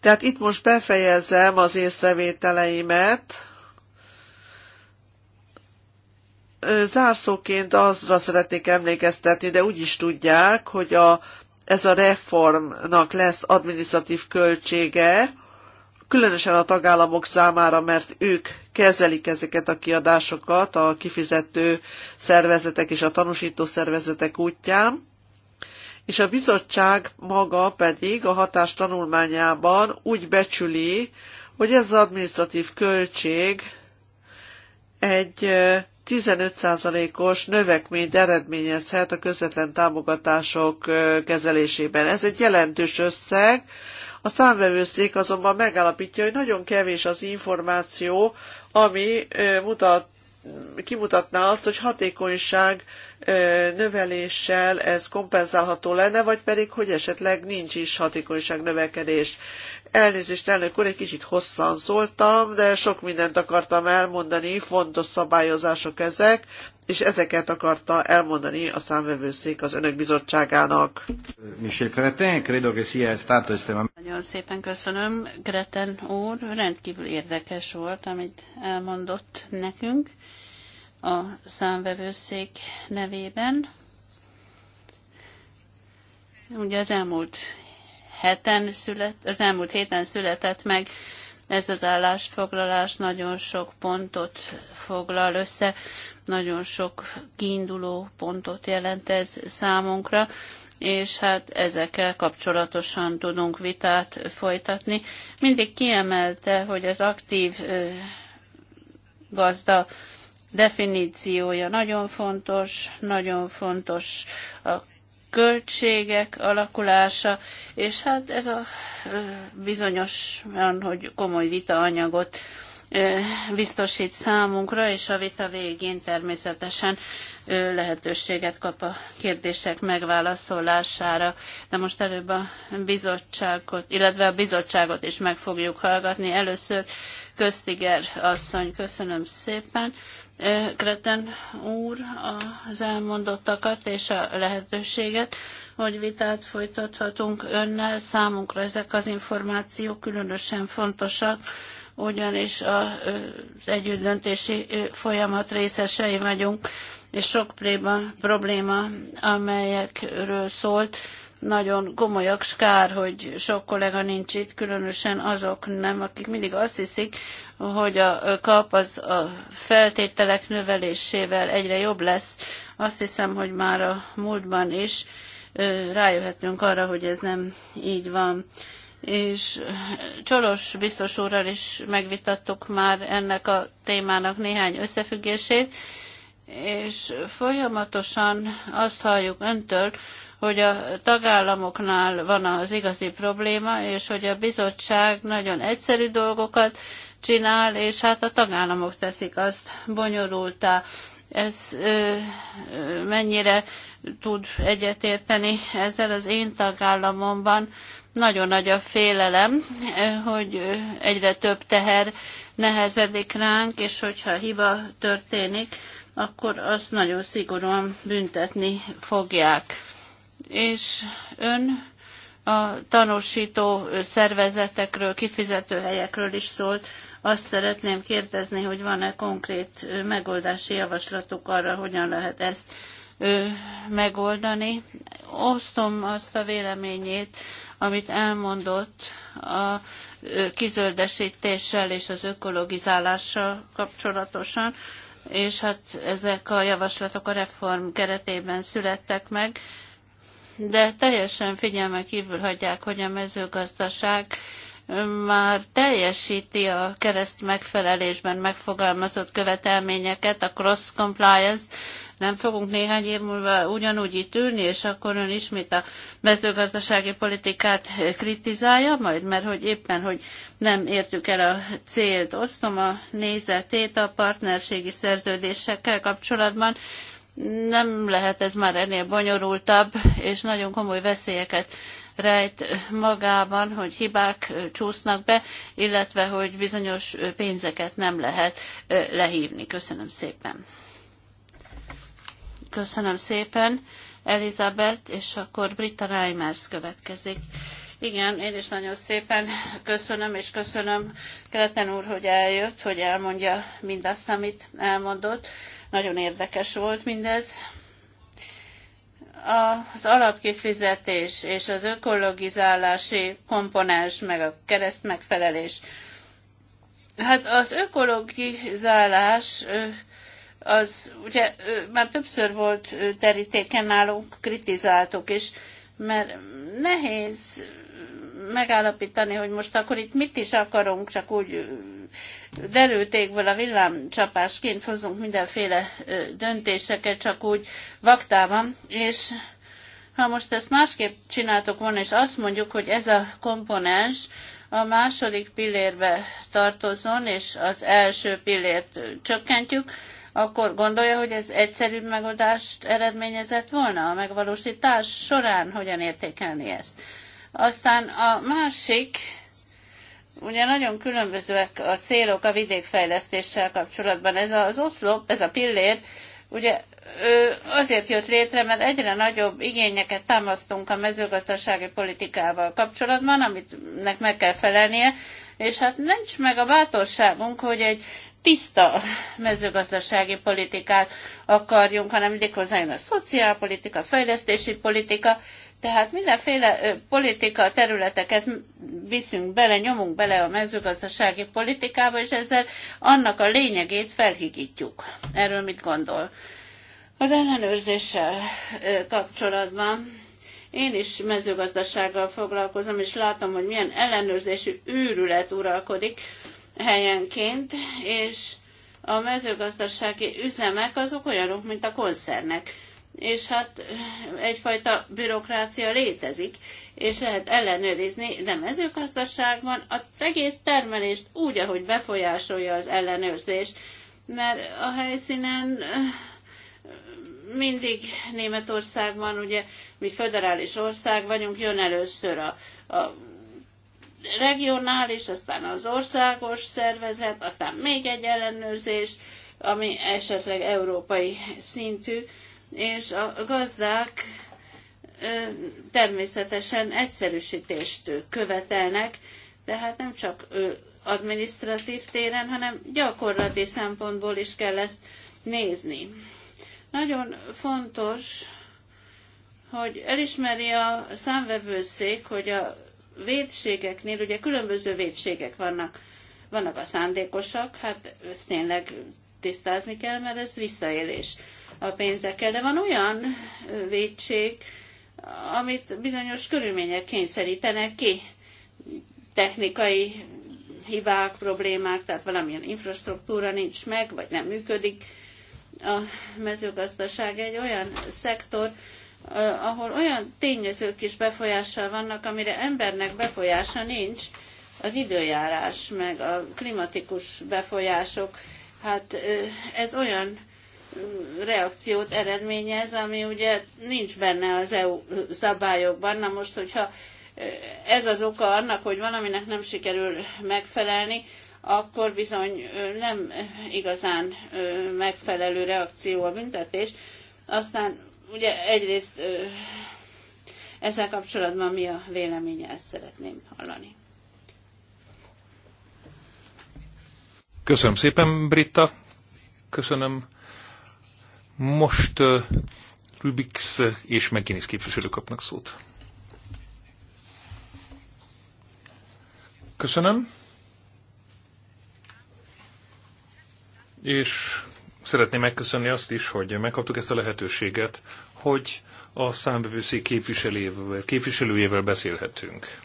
Tehát itt most befejezem az észrevételeimet. Zárszóként azra szeretnék emlékeztetni, de úgy is tudják, hogy a ez a reformnak lesz administratív költsége, különösen a tagállamok számára, mert ők kezelik ezeket a kiadásokat a kifizető szervezetek és a tanúsító szervezetek útján, és a bizottság maga pedig a hatás tanulmányában úgy becsüli, hogy ez az administratív költség egy 15%-os növekményt eredményezhet a közvetlen támogatások kezelésében. Ez egy jelentős összeg, a számvevőszék azonban megállapítja, hogy nagyon kevés az információ, ami mutat kimutatná azt, hogy hatékonyság növeléssel ez kompenzálható lenne, vagy pedig, hogy esetleg nincs is hatékonyság növekedés. Elnézést, elnök úr, egy kicsit hosszan szóltam, de sok mindent akartam elmondani, fontos szabályozások ezek, és ezeket akarta elmondani a számvevőszék az önök bizottságának. Michel Cretin, credo che sia stato Nagyon szépen köszönöm, Greten úr. Rendkívül érdekes volt, amit elmondott nekünk a számvevőszék nevében. Ugye az elmúlt heten szület, az elmúlt héten született meg ez az állásfoglalás nagyon sok pontot foglal össze, nagyon sok kiinduló pontot jelent ez számunkra, és hát ezekkel kapcsolatosan tudunk vitát folytatni. Mindig kiemelte, hogy az aktív gazda definíciója nagyon fontos, nagyon fontos a költségek alakulása, és hát ez a bizonyos, hogy komoly vitaanyagot biztosít számunkra, és a vita végén természetesen lehetőséget kap a kérdések megválaszolására. De most előbb a bizottságot, illetve a bizottságot is meg fogjuk hallgatni. Először Köztiger asszony, köszönöm szépen. Kreten eh, úr az elmondottakat és a lehetőséget, hogy vitát folytathatunk önnel. Számunkra ezek az információk különösen fontosak, ugyanis az eh, együttdöntési eh, folyamat részesei vagyunk, és sok probléma, amelyekről szólt, nagyon komolyak, s kár, hogy sok kollega nincs itt, különösen azok nem, akik mindig azt hiszik, hogy a kap az a feltételek növelésével egyre jobb lesz. Azt hiszem, hogy már a múltban is rájöhetünk arra, hogy ez nem így van. És Csolos biztos úrral is megvitattuk már ennek a témának néhány összefüggését, és folyamatosan azt halljuk öntől, hogy a tagállamoknál van az igazi probléma, és hogy a bizottság nagyon egyszerű dolgokat csinál, és hát a tagállamok teszik azt bonyolultá. Ez ö, ö, mennyire tud egyetérteni ezzel az én tagállamomban. Nagyon nagy a félelem, hogy egyre több teher nehezedik ránk, és hogyha hiba történik, akkor azt nagyon szigorúan büntetni fogják és ön a tanúsító szervezetekről, kifizető helyekről is szólt. Azt szeretném kérdezni, hogy van-e konkrét megoldási javaslatuk arra, hogyan lehet ezt megoldani. Osztom azt a véleményét, amit elmondott a kizöldesítéssel és az ökologizálással kapcsolatosan, és hát ezek a javaslatok a reform keretében születtek meg de teljesen figyelmen kívül hagyják, hogy a mezőgazdaság hm, már teljesíti a kereszt megfelelésben megfogalmazott követelményeket, a cross compliance, nem fogunk néhány év múlva ugyanúgy itt ülni, és akkor ön ismét a mezőgazdasági politikát kritizálja majd, mert hogy éppen, hogy nem értük el a célt. Osztom a nézetét a partnerségi szerződésekkel kapcsolatban, nem lehet ez már ennél bonyolultabb, és nagyon komoly veszélyeket rejt magában, hogy hibák csúsznak be, illetve hogy bizonyos pénzeket nem lehet lehívni. Köszönöm szépen. Köszönöm szépen, Elizabeth, és akkor Britta Reimers következik. Igen, én is nagyon szépen köszönöm, és köszönöm Keleten úr, hogy eljött, hogy elmondja mindazt, amit elmondott. Nagyon érdekes volt mindez. Az alapkifizetés és az ökologizálási komponens, meg a keresztmegfelelés. megfelelés. Hát az ökologizálás az ugye már többször volt terítéken nálunk, kritizáltuk is, mert nehéz megállapítani, hogy most akkor itt mit is akarunk, csak úgy derültékből a villámcsapásként hozunk mindenféle döntéseket, csak úgy vaktában, és ha most ezt másképp csináltok volna, és azt mondjuk, hogy ez a komponens a második pillérbe tartozon, és az első pillért csökkentjük, akkor gondolja, hogy ez egyszerűbb megoldást eredményezett volna a megvalósítás során, hogyan értékelni ezt. Aztán a másik Ugye nagyon különbözőek a célok a vidékfejlesztéssel kapcsolatban. Ez az oszlop, ez a pillér, ugye ő azért jött létre, mert egyre nagyobb igényeket támasztunk a mezőgazdasági politikával kapcsolatban, amitnek meg kell felelnie, és hát nincs meg a bátorságunk, hogy egy tiszta mezőgazdasági politikát akarjunk, hanem mindig hozzájön a szociálpolitika, a fejlesztési politika, tehát mindenféle politika területeket viszünk bele, nyomunk bele a mezőgazdasági politikába, és ezzel annak a lényegét felhigítjuk. Erről mit gondol? Az ellenőrzéssel kapcsolatban én is mezőgazdasággal foglalkozom, és látom, hogy milyen ellenőrzési űrület uralkodik helyenként, és a mezőgazdasági üzemek azok olyanok, mint a konszernek és hát eh, egyfajta bürokrácia létezik, és lehet ellenőrizni, de mezőgazdaságban az egész termelést úgy, ahogy befolyásolja az ellenőrzés, mert a helyszínen eh, mindig Németországban, ugye mi föderális ország vagyunk, jön először a, a regionális, aztán az országos szervezet, aztán még egy ellenőrzés, ami esetleg európai szintű, és a gazdák természetesen egyszerűsítést követelnek, tehát nem csak administratív téren, hanem gyakorlati szempontból is kell ezt nézni. Nagyon fontos, hogy elismeri a számvevőszék, hogy a védségeknél, ugye különböző védségek vannak, vannak a szándékosak, hát ezt tényleg tisztázni kell, mert ez visszaélés a pénzekkel, de van olyan védség, amit bizonyos körülmények kényszerítenek ki, technikai hibák, problémák, tehát valamilyen infrastruktúra nincs meg, vagy nem működik. A mezőgazdaság egy olyan szektor, ahol olyan tényezők is befolyással vannak, amire embernek befolyása nincs, az időjárás, meg a klimatikus befolyások, hát ez olyan reakciót eredményez, ami ugye nincs benne az EU szabályokban. Na most, hogyha eh, ez az oka annak, hogy valaminek nem sikerül megfelelni, akkor bizony eh, nem igazán eh, megfelelő reakció a büntetés. Aztán ugye egyrészt ezzel kapcsolatban mi a véleménye, ezt szeretném hallani. Köszönöm szépen, Britta. Köszönöm most Rubix és McGinnis képviselő kapnak szót. Köszönöm. És szeretném megköszönni azt is, hogy megkaptuk ezt a lehetőséget, hogy a számbevőszék képviselőjével, képviselőjével beszélhetünk.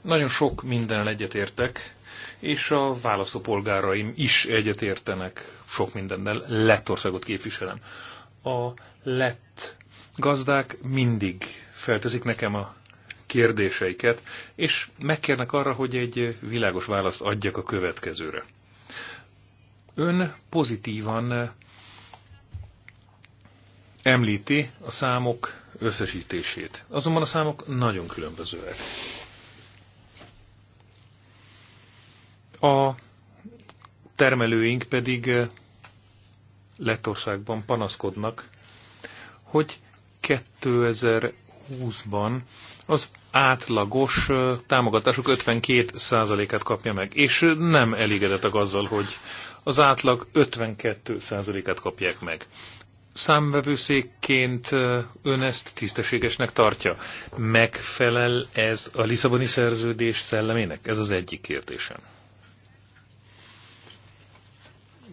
Nagyon sok minden egyetértek, és a válaszopolgáraim is egyetértenek sok mindennel Lettországot képviselem. A lett gazdák mindig feltezik nekem a kérdéseiket, és megkérnek arra, hogy egy világos választ adjak a következőre. Ön pozitívan eh, említi a számok összesítését. Azonban a számok nagyon különbözőek. A termelőink pedig eh, Lettországban panaszkodnak, hogy 2020-ban az átlagos támogatásuk 52%-át kapja meg, és nem elégedettek azzal, hogy az átlag 52%-át kapják meg. Számvevőszékként ön ezt tisztességesnek tartja. Megfelel ez a Lisszaboni szerződés szellemének? Ez az egyik kérdésem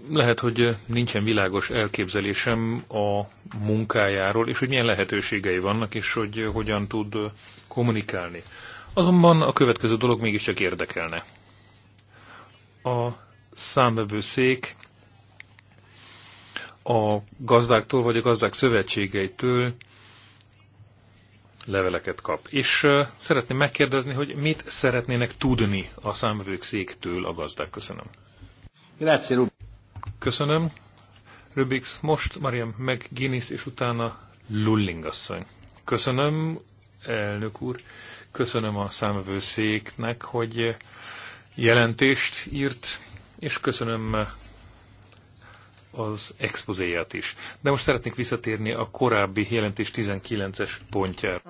lehet, hogy eh, nincsen világos elképzelésem a munkájáról, és hogy milyen lehetőségei vannak, és hogy eh, hogyan tud eh, kommunikálni. Azonban a következő dolog mégiscsak érdekelne. A számvevőszék a gazdáktól vagy a gazdák szövetségeitől leveleket kap. És szeretném megkérdezni, hogy mit szeretnének tudni a számvevők széktől a gazdák. Köszönöm. Grazie, Köszönöm. Rubix, most Mariam meg Guinness, és utána Lulling asszony. Köszönöm, elnök úr. Köszönöm a számvevőszéknek, hogy jelentést írt, és köszönöm az expozéját is. De most szeretnék visszatérni a korábbi jelentés 19-es pontjára.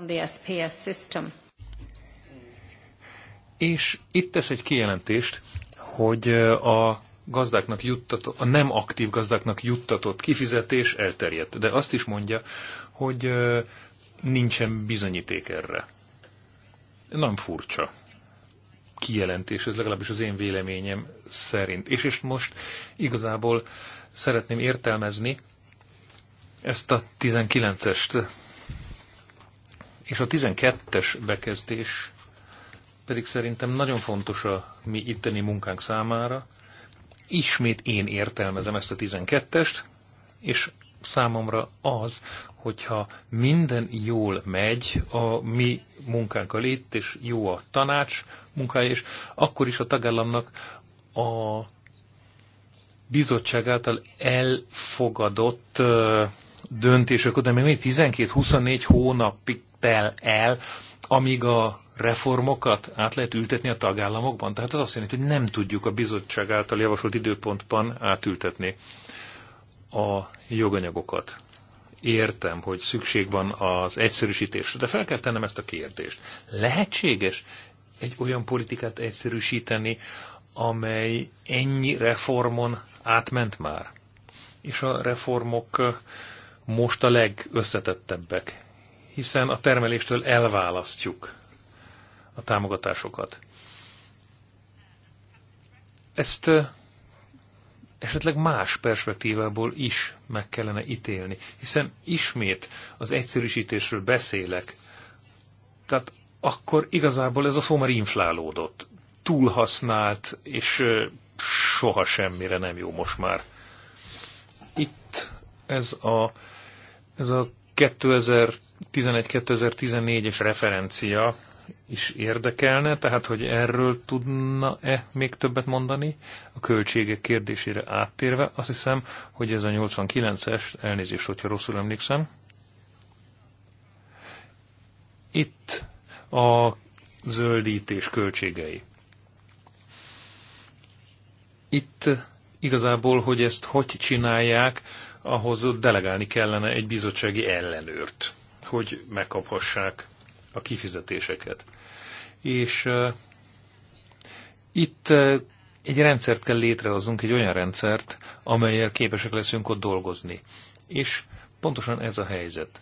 És itt tesz egy kijelentést, hogy a gazdáknak juttatott, a nem aktív gazdáknak juttatott kifizetés elterjedt. De azt is mondja, hogy nincsen bizonyíték erre. Nem furcsa kijelentés, ez legalábbis az én véleményem szerint. És, és most igazából szeretném értelmezni ezt a 19-est. És a 12-es bekezdés pedig szerintem nagyon fontos a mi itteni munkánk számára, ismét én értelmezem ezt a 12-est, és számomra az, hogyha minden jól megy a mi munkánkkal itt, és jó a tanács munkája, és akkor is a tagállamnak a bizottság által elfogadott döntések, de még 12-24 hónapig tel el, amíg a reformokat át lehet ültetni a tagállamokban? Tehát az azt jelenti, hogy nem tudjuk a bizottság által javasolt időpontban átültetni a joganyagokat. Értem, hogy szükség van az egyszerűsítésre, de fel kell tennem ezt a kérdést. Lehetséges egy olyan politikát egyszerűsíteni, amely ennyi reformon átment már? És a reformok most a legösszetettebbek, hiszen a termeléstől elválasztjuk a támogatásokat. Ezt esetleg más perspektívából is meg kellene ítélni, hiszen ismét az egyszerűsítésről beszélek, tehát akkor igazából ez a szó már inflálódott, túlhasznált, és soha semmire nem jó most már. Itt ez a, ez a 2011-2014-es referencia is érdekelne, tehát hogy erről tudna-e még többet mondani a költségek kérdésére áttérve. Azt hiszem, hogy ez a 89-es, elnézés, hogyha rosszul emlékszem. Itt a zöldítés költségei. Itt igazából, hogy ezt hogy csinálják, ahhoz delegálni kellene egy bizottsági ellenőrt, hogy megkaphassák a kifizetéseket és itt egy rendszert kell létrehozunk, egy olyan rendszert, amelyel képesek leszünk ott dolgozni. És pontosan ez a helyzet.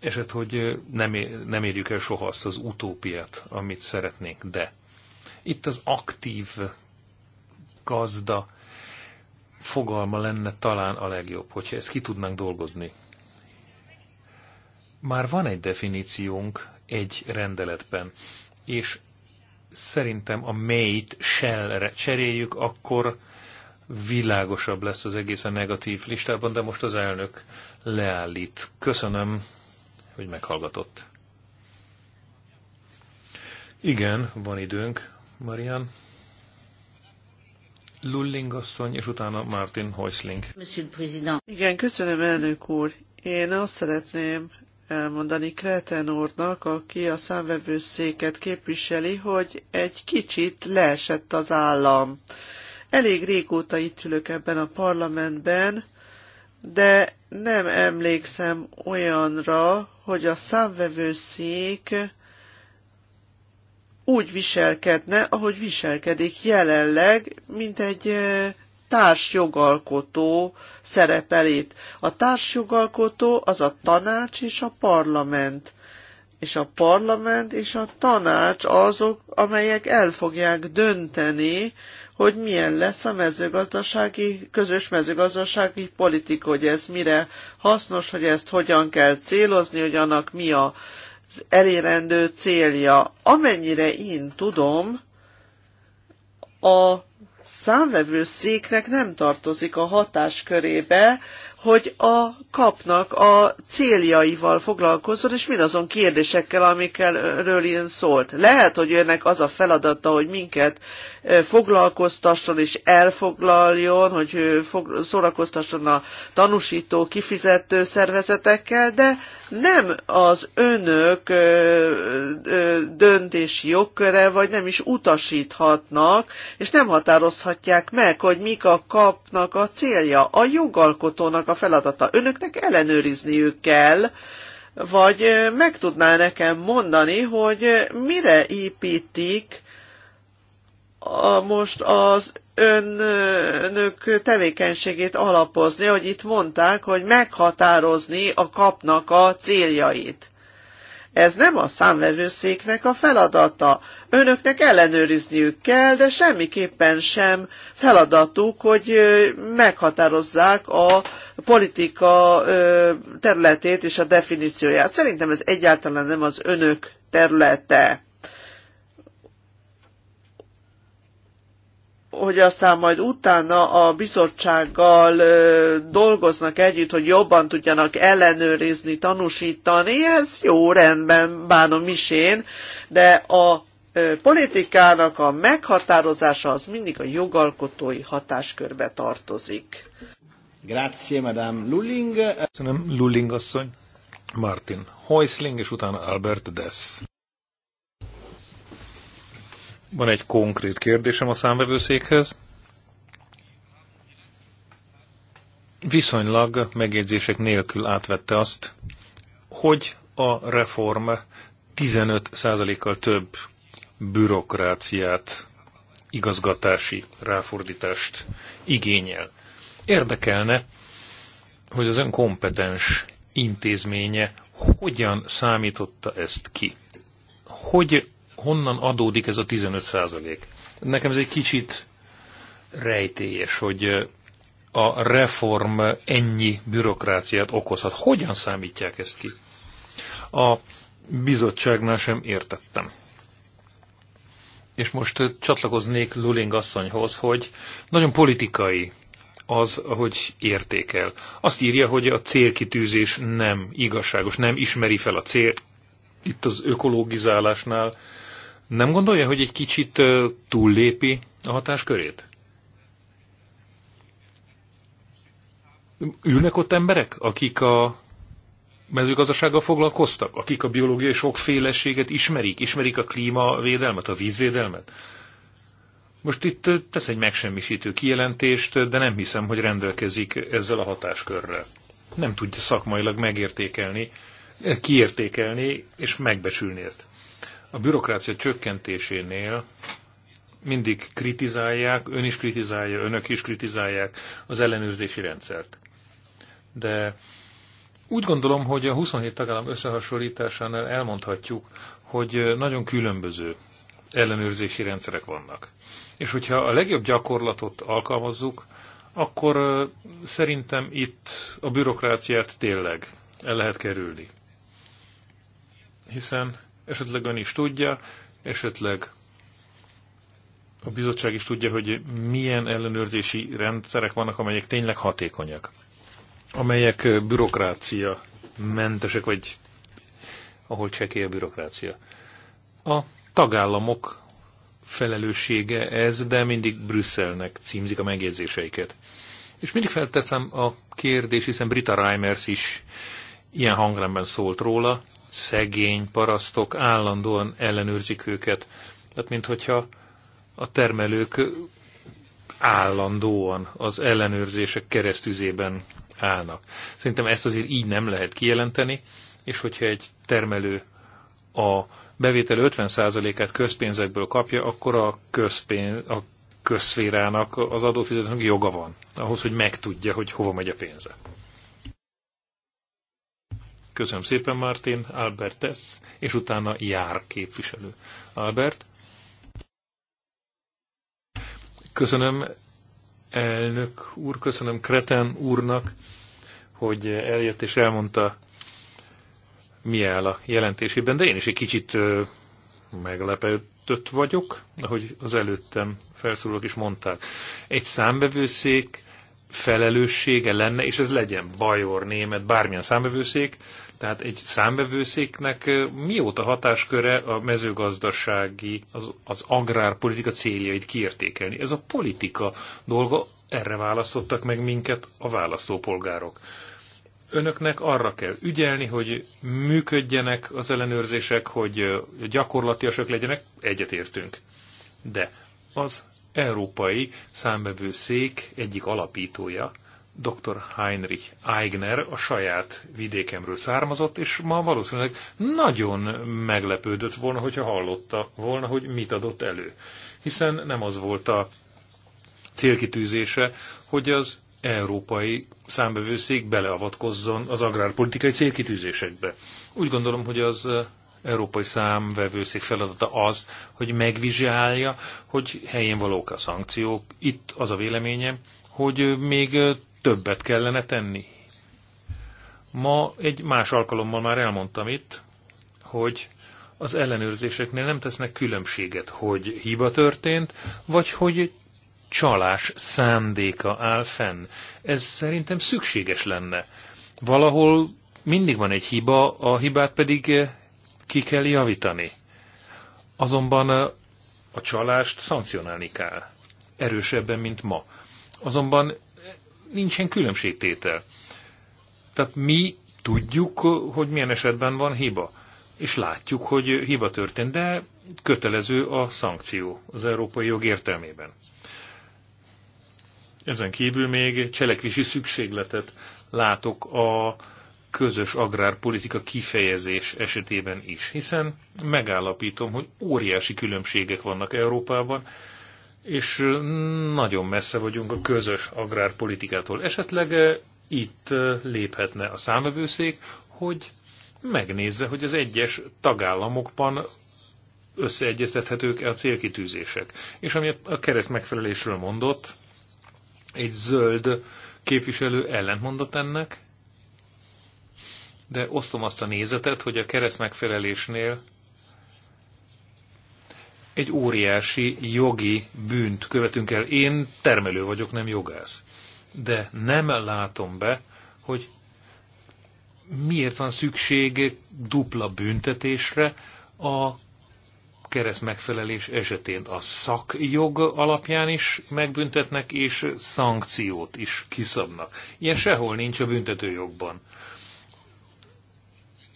Eset, hogy nem, nem érjük el soha azt az utópiát, amit szeretnénk, de itt az aktív gazda fogalma lenne talán a legjobb, hogyha ezt ki tudnánk dolgozni. Már van egy definíciónk egy rendeletben, és szerintem a mate shellre cseréljük, akkor világosabb lesz az egészen negatív listában, de most az elnök leállít. Köszönöm, hogy meghallgatott. Igen, van időnk, Marian. Lulling asszony, és utána Martin Heusling. Igen, köszönöm, elnök úr. Én azt szeretném elmondani Kreten úrnak, aki a számvevőszéket képviseli, hogy egy kicsit leesett az állam. Elég régóta itt ülök ebben a parlamentben, de nem emlékszem olyanra, hogy a számvevőszék úgy viselkedne, ahogy viselkedik jelenleg, mint egy eh, társjogalkotó szerepelét. A társjogalkotó az a tanács és a parlament. És a parlament és a tanács azok, amelyek el fogják dönteni, hogy milyen lesz a mezőgazdasági, közös mezőgazdasági politika, hogy ez mire hasznos, hogy ezt hogyan kell célozni, hogy annak mi az elérendő célja. Amennyire én tudom, a számvevőszéknek nem tartozik a hatáskörébe, hogy a kapnak a céljaival foglalkozzon, és mindazon kérdésekkel, amikről ilyen szólt. Lehet, hogy önnek az a feladata, hogy minket foglalkoztasson és elfoglaljon, hogy szórakoztasson a tanúsító, kifizető szervezetekkel, de nem az önök döntési jogköre, vagy nem is utasíthatnak, és nem határozhatják meg, hogy mik a kapnak a célja. A jogalkotónak a a feladata. Önöknek ellenőrizniük kell, vagy meg tudná nekem mondani, hogy mire építik a, most az önök tevékenységét alapozni, hogy itt mondták, hogy meghatározni a kapnak a céljait. Ez nem a számvevőszéknek a feladata. Önöknek ellenőrizniük kell, de semmiképpen sem feladatuk, hogy meghatározzák a politika területét és a definícióját. Szerintem ez egyáltalán nem az önök területe. hogy aztán majd utána a bizottsággal dolgoznak együtt, hogy jobban tudjanak ellenőrizni, tanúsítani, ez jó rendben bánom is én, de a politikának a meghatározása az mindig a jogalkotói hatáskörbe tartozik. Grazie, Madame Lulling. Köszönöm, Lulling asszony. Martin Heusling, és utána Albert Dess. Van egy konkrét kérdésem a számvevőszékhez. Viszonylag megjegyzések nélkül átvette azt, hogy a reform 15%-kal több bürokráciát, igazgatási ráfordítást igényel. Érdekelne, hogy az önkompetens intézménye hogyan számította ezt ki. Hogy honnan adódik ez a 15 százalék. Nekem ez egy kicsit rejtélyes, hogy a reform ennyi bürokráciát okozhat. Hogyan számítják ezt ki? A bizottságnál sem értettem. És most csatlakoznék Luling asszonyhoz, hogy nagyon politikai az, ahogy értékel. Azt írja, hogy a célkitűzés nem igazságos, nem ismeri fel a cél. Itt az ökológizálásnál nem gondolja, hogy egy kicsit túllépi a hatáskörét? Ülnek ott emberek, akik a mezőgazdasággal foglalkoztak, akik a biológiai sokféleséget ismerik, ismerik a klímavédelmet, a vízvédelmet? Most itt tesz egy megsemmisítő kijelentést, de nem hiszem, hogy rendelkezik ezzel a hatáskörrel. Nem tudja szakmailag megértékelni, kiértékelni és megbecsülni ezt. A bürokrácia csökkentésénél mindig kritizálják, ön is kritizálja, önök is kritizálják az ellenőrzési rendszert. De úgy gondolom, hogy a 27 tagállam összehasonlításánál elmondhatjuk, hogy nagyon különböző ellenőrzési rendszerek vannak. És hogyha a legjobb gyakorlatot alkalmazzuk, akkor szerintem itt a bürokráciát tényleg el lehet kerülni. Hiszen esetleg ön is tudja, esetleg a bizottság is tudja, hogy milyen ellenőrzési rendszerek vannak, amelyek tényleg hatékonyak, amelyek bürokrácia mentesek, vagy ahol csekély a bürokrácia. A tagállamok felelőssége ez, de mindig Brüsszelnek címzik a megjegyzéseiket. És mindig felteszem a kérdést, hiszen Brita Reimers is ilyen hangremben szólt róla, szegény parasztok állandóan ellenőrzik őket. Tehát, mint hogyha a termelők állandóan az ellenőrzések keresztüzében állnak. Szerintem ezt azért így nem lehet kijelenteni, és hogyha egy termelő a bevétel 50%-át közpénzekből kapja, akkor a, közpénz, a közszférának, az adófizetőnek joga van ahhoz, hogy megtudja, hogy hova megy a pénze. Köszönöm szépen, Martin. Albert tesz, és utána jár képviselő. Albert? Köszönöm, elnök úr, köszönöm Kreten úrnak, hogy eljött és elmondta, mi áll a jelentésében, de én is egy kicsit meglepődött vagyok, ahogy az előttem felszólók is mondták. Egy számbevőszék felelőssége lenne, és ez legyen bajor, német, bármilyen számvevőszék, tehát egy számvevőszéknek mióta hatásköre a mezőgazdasági, az, az agrárpolitika céljait kiértékelni? Ez a politika dolga, erre választottak meg minket a választópolgárok. Önöknek arra kell ügyelni, hogy működjenek az ellenőrzések, hogy gyakorlatiasak legyenek, egyetértünk. De az Európai Számbevőszék egyik alapítója, dr. Heinrich Eigner a saját vidékemről származott, és ma valószínűleg nagyon meglepődött volna, hogyha hallotta volna, hogy mit adott elő. Hiszen nem az volt a célkitűzése, hogy az európai számbevőszék beleavatkozzon az agrárpolitikai célkitűzésekbe. Úgy gondolom, hogy az Európai Számvevőszék feladata az, hogy megvizsgálja, hogy helyén valók a szankciók. Itt az a véleményem, hogy még többet kellene tenni. Ma egy más alkalommal már elmondtam itt, hogy az ellenőrzéseknél nem tesznek különbséget, hogy hiba történt, vagy hogy csalás szándéka áll fenn. Ez szerintem szükséges lenne. Valahol mindig van egy hiba, a hibát pedig ki kell javítani. Azonban a csalást szankcionálni kell. Erősebben, mint ma. Azonban nincsen különbségtétel. Tehát mi tudjuk, hogy milyen esetben van hiba. És látjuk, hogy hiba történt, de kötelező a szankció az európai jog értelmében. Ezen kívül még cselekvési szükségletet látok a közös agrárpolitika kifejezés esetében is, hiszen megállapítom, hogy óriási különbségek vannak Európában, és nagyon messze vagyunk a közös agrárpolitikától. Esetleg eh, itt eh, léphetne a számövőszék, hogy megnézze, hogy az egyes tagállamokban összeegyeztethetők -e a célkitűzések. És ami a kereszt megfelelésről mondott, egy zöld képviselő ellentmondott ennek, de osztom azt a nézetet, hogy a kereszt megfelelésnél egy óriási jogi bűnt követünk el. Én termelő vagyok, nem jogász. De nem látom be, hogy miért van szükség dupla büntetésre a kereszt megfelelés esetén. A szakjog alapján is megbüntetnek, és szankciót is kiszabnak. Ilyen sehol nincs a büntetőjogban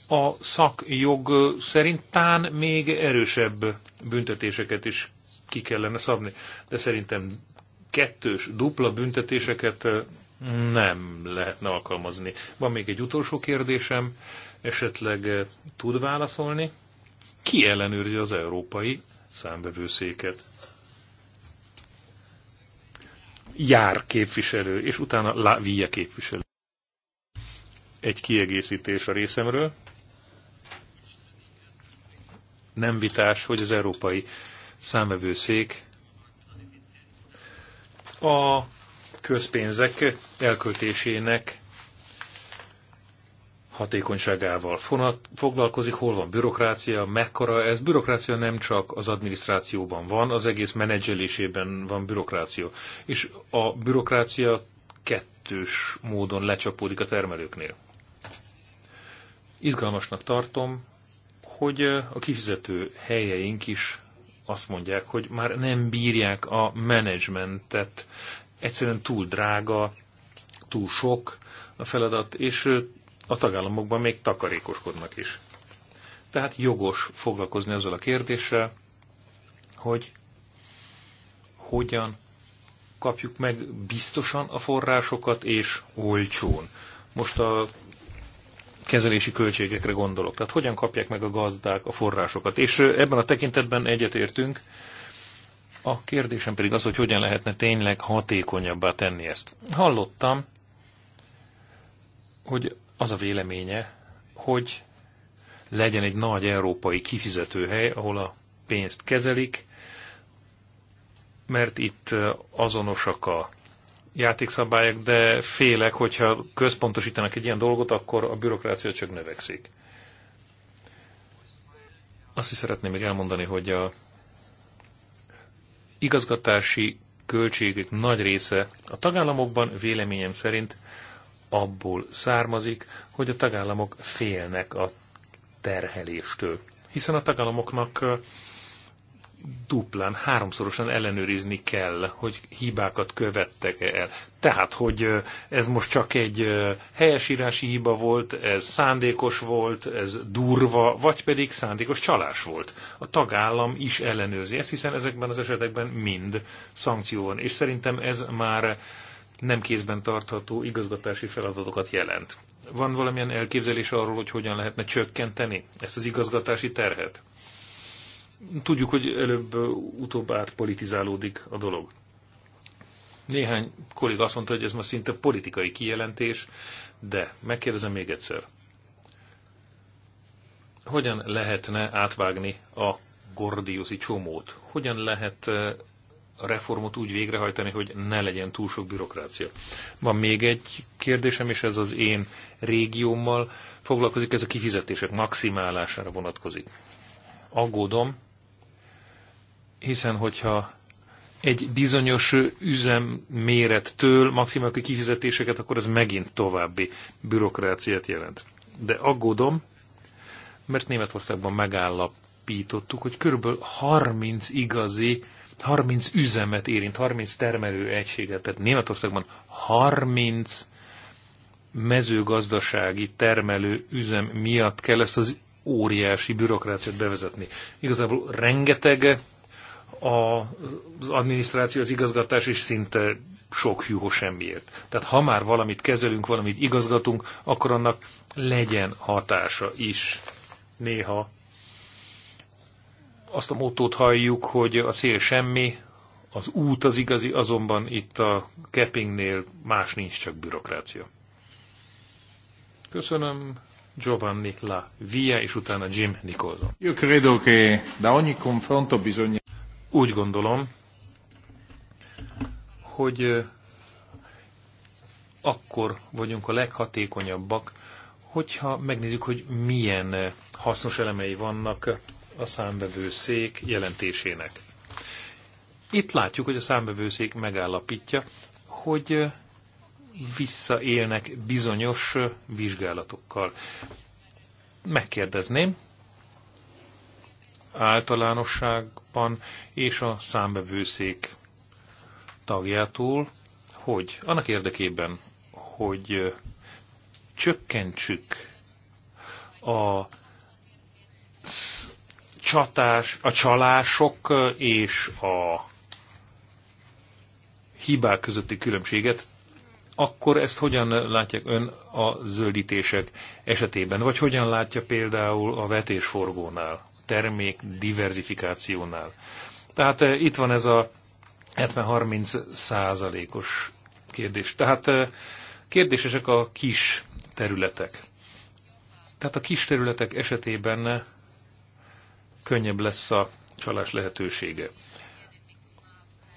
a szakjog szerint tán még erősebb büntetéseket is ki kellene szabni. De szerintem kettős, dupla büntetéseket nem lehetne alkalmazni. Van még egy utolsó kérdésem, esetleg tud válaszolni. Ki ellenőrzi az európai számbevőszéket? Jár képviselő, és utána La Via képviselő. Egy kiegészítés a részemről nem vitás, hogy az Európai Számvevőszék a közpénzek elköltésének hatékonyságával foglalkozik, hol van bürokrácia, mekkora ez. Bürokrácia nem csak az adminisztrációban van, az egész menedzselésében van bürokrácia. És a bürokrácia kettős módon lecsapódik a termelőknél. Izgalmasnak tartom hogy a kifizető helyeink is azt mondják, hogy már nem bírják a menedzsmentet. Egyszerűen túl drága, túl sok a feladat, és a tagállamokban még takarékoskodnak is. Tehát jogos foglalkozni ezzel a kérdéssel, hogy hogyan kapjuk meg biztosan a forrásokat és olcsón. Most a kezelési költségekre gondolok. Tehát hogyan kapják meg a gazdák a forrásokat. És ebben a tekintetben egyetértünk. A kérdésem pedig az, hogy hogyan lehetne tényleg hatékonyabbá tenni ezt. Hallottam, hogy az a véleménye, hogy legyen egy nagy európai kifizetőhely, ahol a pénzt kezelik, mert itt azonosak a játékszabályok, de félek, hogyha központosítanak egy ilyen dolgot, akkor a bürokrácia csak növekszik. Azt is szeretném még elmondani, hogy a igazgatási költségek nagy része a tagállamokban véleményem szerint abból származik, hogy a tagállamok félnek a terheléstől. Hiszen a tagállamoknak duplán, háromszorosan ellenőrizni kell, hogy hibákat követtek el. Tehát, hogy ez most csak egy helyesírási hiba volt, ez szándékos volt, ez durva, vagy pedig szándékos csalás volt. A tagállam is ellenőrzi ezt, hiszen ezekben az esetekben mind szankció van, és szerintem ez már nem kézben tartható igazgatási feladatokat jelent. Van valamilyen elképzelés arról, hogy hogyan lehetne csökkenteni ezt az igazgatási terhet? tudjuk, hogy előbb-utóbb átpolitizálódik a dolog. Néhány kolléga azt mondta, hogy ez ma szinte politikai kijelentés, de megkérdezem még egyszer. Hogyan lehetne átvágni a gordiuszi csomót? Hogyan lehet eh, a reformot úgy végrehajtani, hogy ne legyen túl sok bürokrácia? Van még egy kérdésem, és ez az én régiómmal foglalkozik, ez a kifizetések maximálására vonatkozik. Aggódom, hiszen hogyha egy bizonyos üzem mérettől maximum kifizetéseket, akkor ez megint további bürokráciát jelent. De aggódom, mert Németországban megállapítottuk, hogy kb. 30 igazi, 30 üzemet érint, 30 termelő egységet, tehát Németországban 30 mezőgazdasági termelő üzem miatt kell ezt az óriási bürokráciát bevezetni. Igazából rengeteg az adminisztráció, az igazgatás is szinte sok hűhó semmiért. Tehát ha már valamit kezelünk, valamit igazgatunk, akkor annak legyen hatása is. Néha azt a módot halljuk, hogy a cél semmi, az út az igazi, azonban itt a Keppingnél más nincs, csak bürokrácia. Köszönöm Giovanni La Via, és utána Jim Nicholson. Io credo che da ogni confronto bisogna... Úgy gondolom, hogy akkor vagyunk a leghatékonyabbak, hogyha megnézzük, hogy milyen hasznos elemei vannak a számbevőszék jelentésének. Itt látjuk, hogy a számbevőszék megállapítja, hogy visszaélnek bizonyos vizsgálatokkal. Megkérdezném, általánosságban és a számbevőszék tagjától, hogy annak érdekében, hogy csökkentsük a csatás, a csalások és a hibák közötti különbséget, akkor ezt hogyan látják ön a zöldítések esetében? Vagy hogyan látja például a vetésforgónál? termék diverzifikációnál. Tehát eh, itt van ez a 70-30 százalékos kérdés. Tehát eh, kérdésesek a kis területek. Tehát a kis területek esetében eh, könnyebb lesz a csalás lehetősége.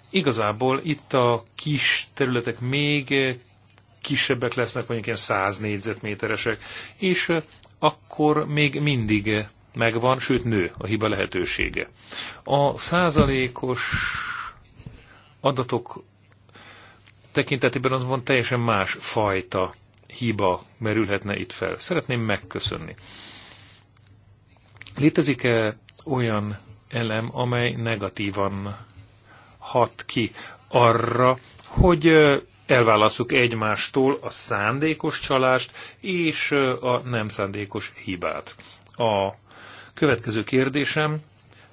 Igazából itt a kis területek még kisebbek lesznek, mondjuk ilyen 100 négyzetméteresek, és akkor még mindig megvan, sőt nő a hiba lehetősége. A százalékos adatok tekintetében azonban teljesen más fajta hiba merülhetne itt fel. Szeretném megköszönni. Létezik-e olyan elem, amely negatívan hat ki arra, hogy elválasszuk egymástól a szándékos csalást és a nem szándékos hibát. A Következő kérdésem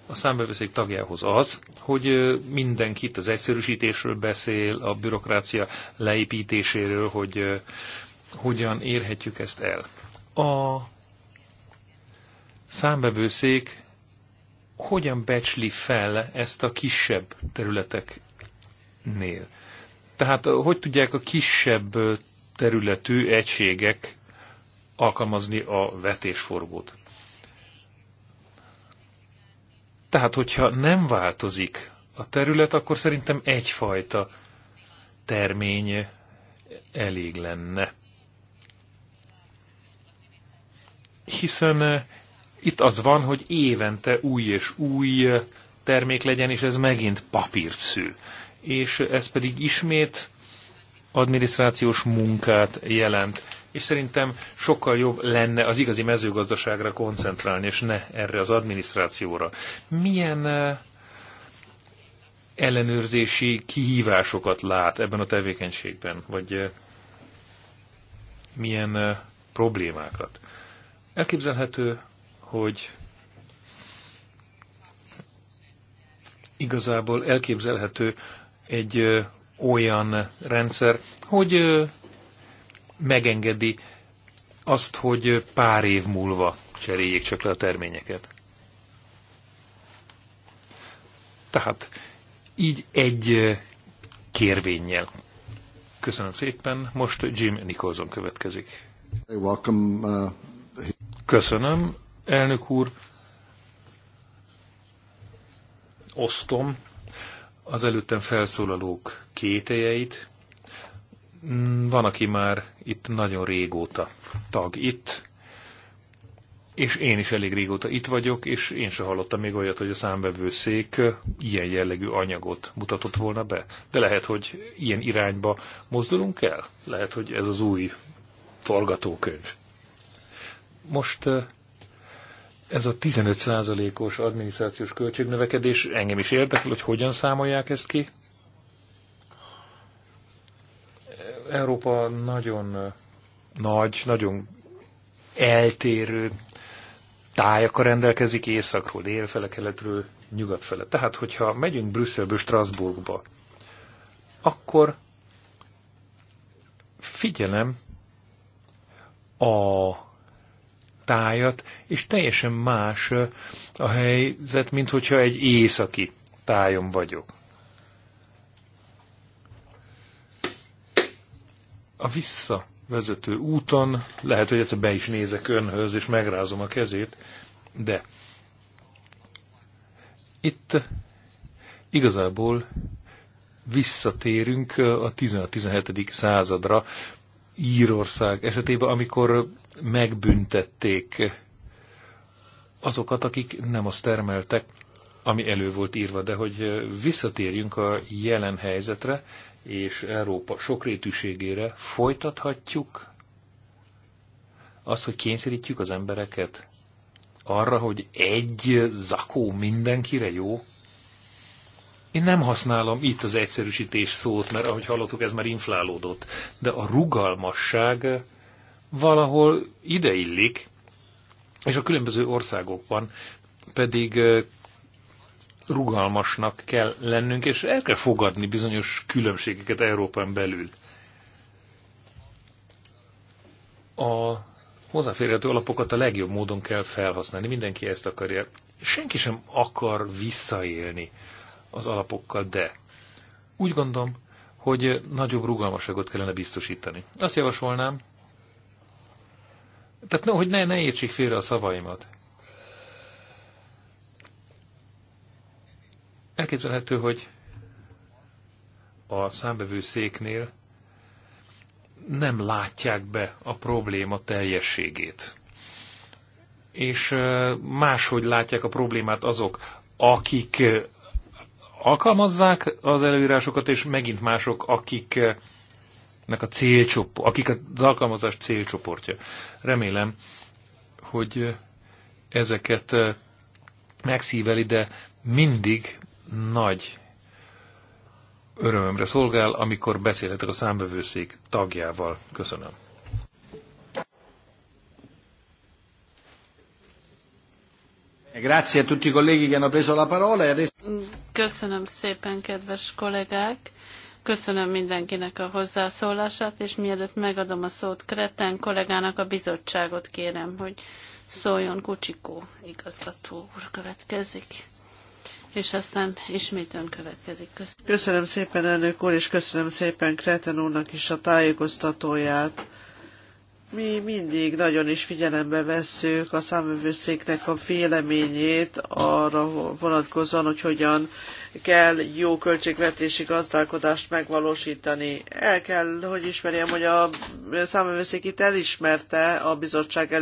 a számbevőszék tagjához az, hogy mindenki itt az egyszerűsítésről beszél, a bürokrácia leépítéséről, hogy hogyan érhetjük ezt el. A számbevőszék hogyan becsli fel ezt a kisebb területeknél? Tehát hogy tudják a kisebb területű egységek alkalmazni a vetésforgót? Tehát, hogyha nem változik a terület, akkor szerintem egyfajta termény elég lenne. Hiszen eh, itt az van, hogy évente új és új eh, termék legyen, és ez megint papírt És ez pedig ismét adminisztrációs munkát jelent és szerintem sokkal jobb lenne az igazi mezőgazdaságra koncentrálni, és ne erre az adminisztrációra. Milyen ellenőrzési kihívásokat lát ebben a tevékenységben, vagy milyen problémákat? Elképzelhető, hogy igazából elképzelhető egy olyan rendszer, hogy megengedi azt, hogy pár év múlva cseréljék csak le a terményeket. Tehát így egy kérvényel. Köszönöm szépen. Most Jim Nicholson következik. Uh, Köszönöm, elnök úr. Osztom az előttem felszólalók kételjeit, Mm, van, aki már itt nagyon régóta tag itt, és én is elég régóta itt vagyok, és én se hallottam még olyat, hogy a számbevőszék ilyen jellegű anyagot mutatott volna be. De lehet, hogy ilyen irányba mozdulunk el? Lehet, hogy ez az új forgatókönyv. Most ez a 15%-os adminisztrációs költségnövekedés engem is érdekel, hogy hogyan számolják ezt ki. Európa nagyon nagy, nagyon eltérő tájakkal rendelkezik északról, délfele, keletről, nyugatfele. Tehát, hogyha megyünk Brüsszelből Strasbourgba, akkor figyelem a tájat, és teljesen más a helyzet, mint hogyha egy északi tájon vagyok. a visszavezető úton lehet, hogy egyszer be is nézek önhöz, és megrázom a kezét, de itt igazából visszatérünk a 16-17. századra Írország esetében, amikor megbüntették azokat, akik nem azt termeltek, ami elő volt írva, de hogy visszatérjünk a jelen helyzetre, és Európa sokrétűségére folytathatjuk azt, hogy kényszerítjük az embereket arra, hogy egy zakó mindenkire jó? Én nem használom itt az egyszerűsítés szót, mert ahogy hallottuk, ez már inflálódott. De a rugalmasság valahol ideillik, és a különböző országokban pedig rugalmasnak kell lennünk, és el kell fogadni bizonyos különbségeket Európán belül. A hozzáférhető alapokat a legjobb módon kell felhasználni, mindenki ezt akarja. Senki sem akar visszaélni az alapokkal, de úgy gondolom, hogy nagyobb rugalmasságot kellene biztosítani. Azt javasolnám, tehát no, hogy ne, ne értsék félre a szavaimat. Elképzelhető, hogy a széknél nem látják be a probléma teljességét. És máshogy látják a problémát azok, akik alkalmazzák az előírásokat, és megint mások, akiknek a célcsoport, akik az alkalmazás célcsoportja. Remélem, hogy ezeket megszíveli, de mindig nagy örömömre szolgál, amikor beszélhetek a számbevőszék tagjával. Köszönöm. Grazie a tutti i colleghi che hanno preso la parola. E Köszönöm szépen, kedves kollégák! Köszönöm mindenkinek a hozzászólását, és mielőtt megadom a szót Kreten kollégának, a bizottságot kérem, hogy szóljon Kucsikó igazgató úr következik és aztán ismét ön következik. Köszönöm. köszönöm szépen, elnök úr, és köszönöm szépen Kreten úrnak is a tájékoztatóját. Mi mindig nagyon is figyelembe vesszük a számövőszéknek a véleményét arra vonatkozóan, hogy hogyan kell jó költségvetési gazdálkodást megvalósítani. El kell, hogy ismerjem, hogy a számövőszék itt elismerte a bizottság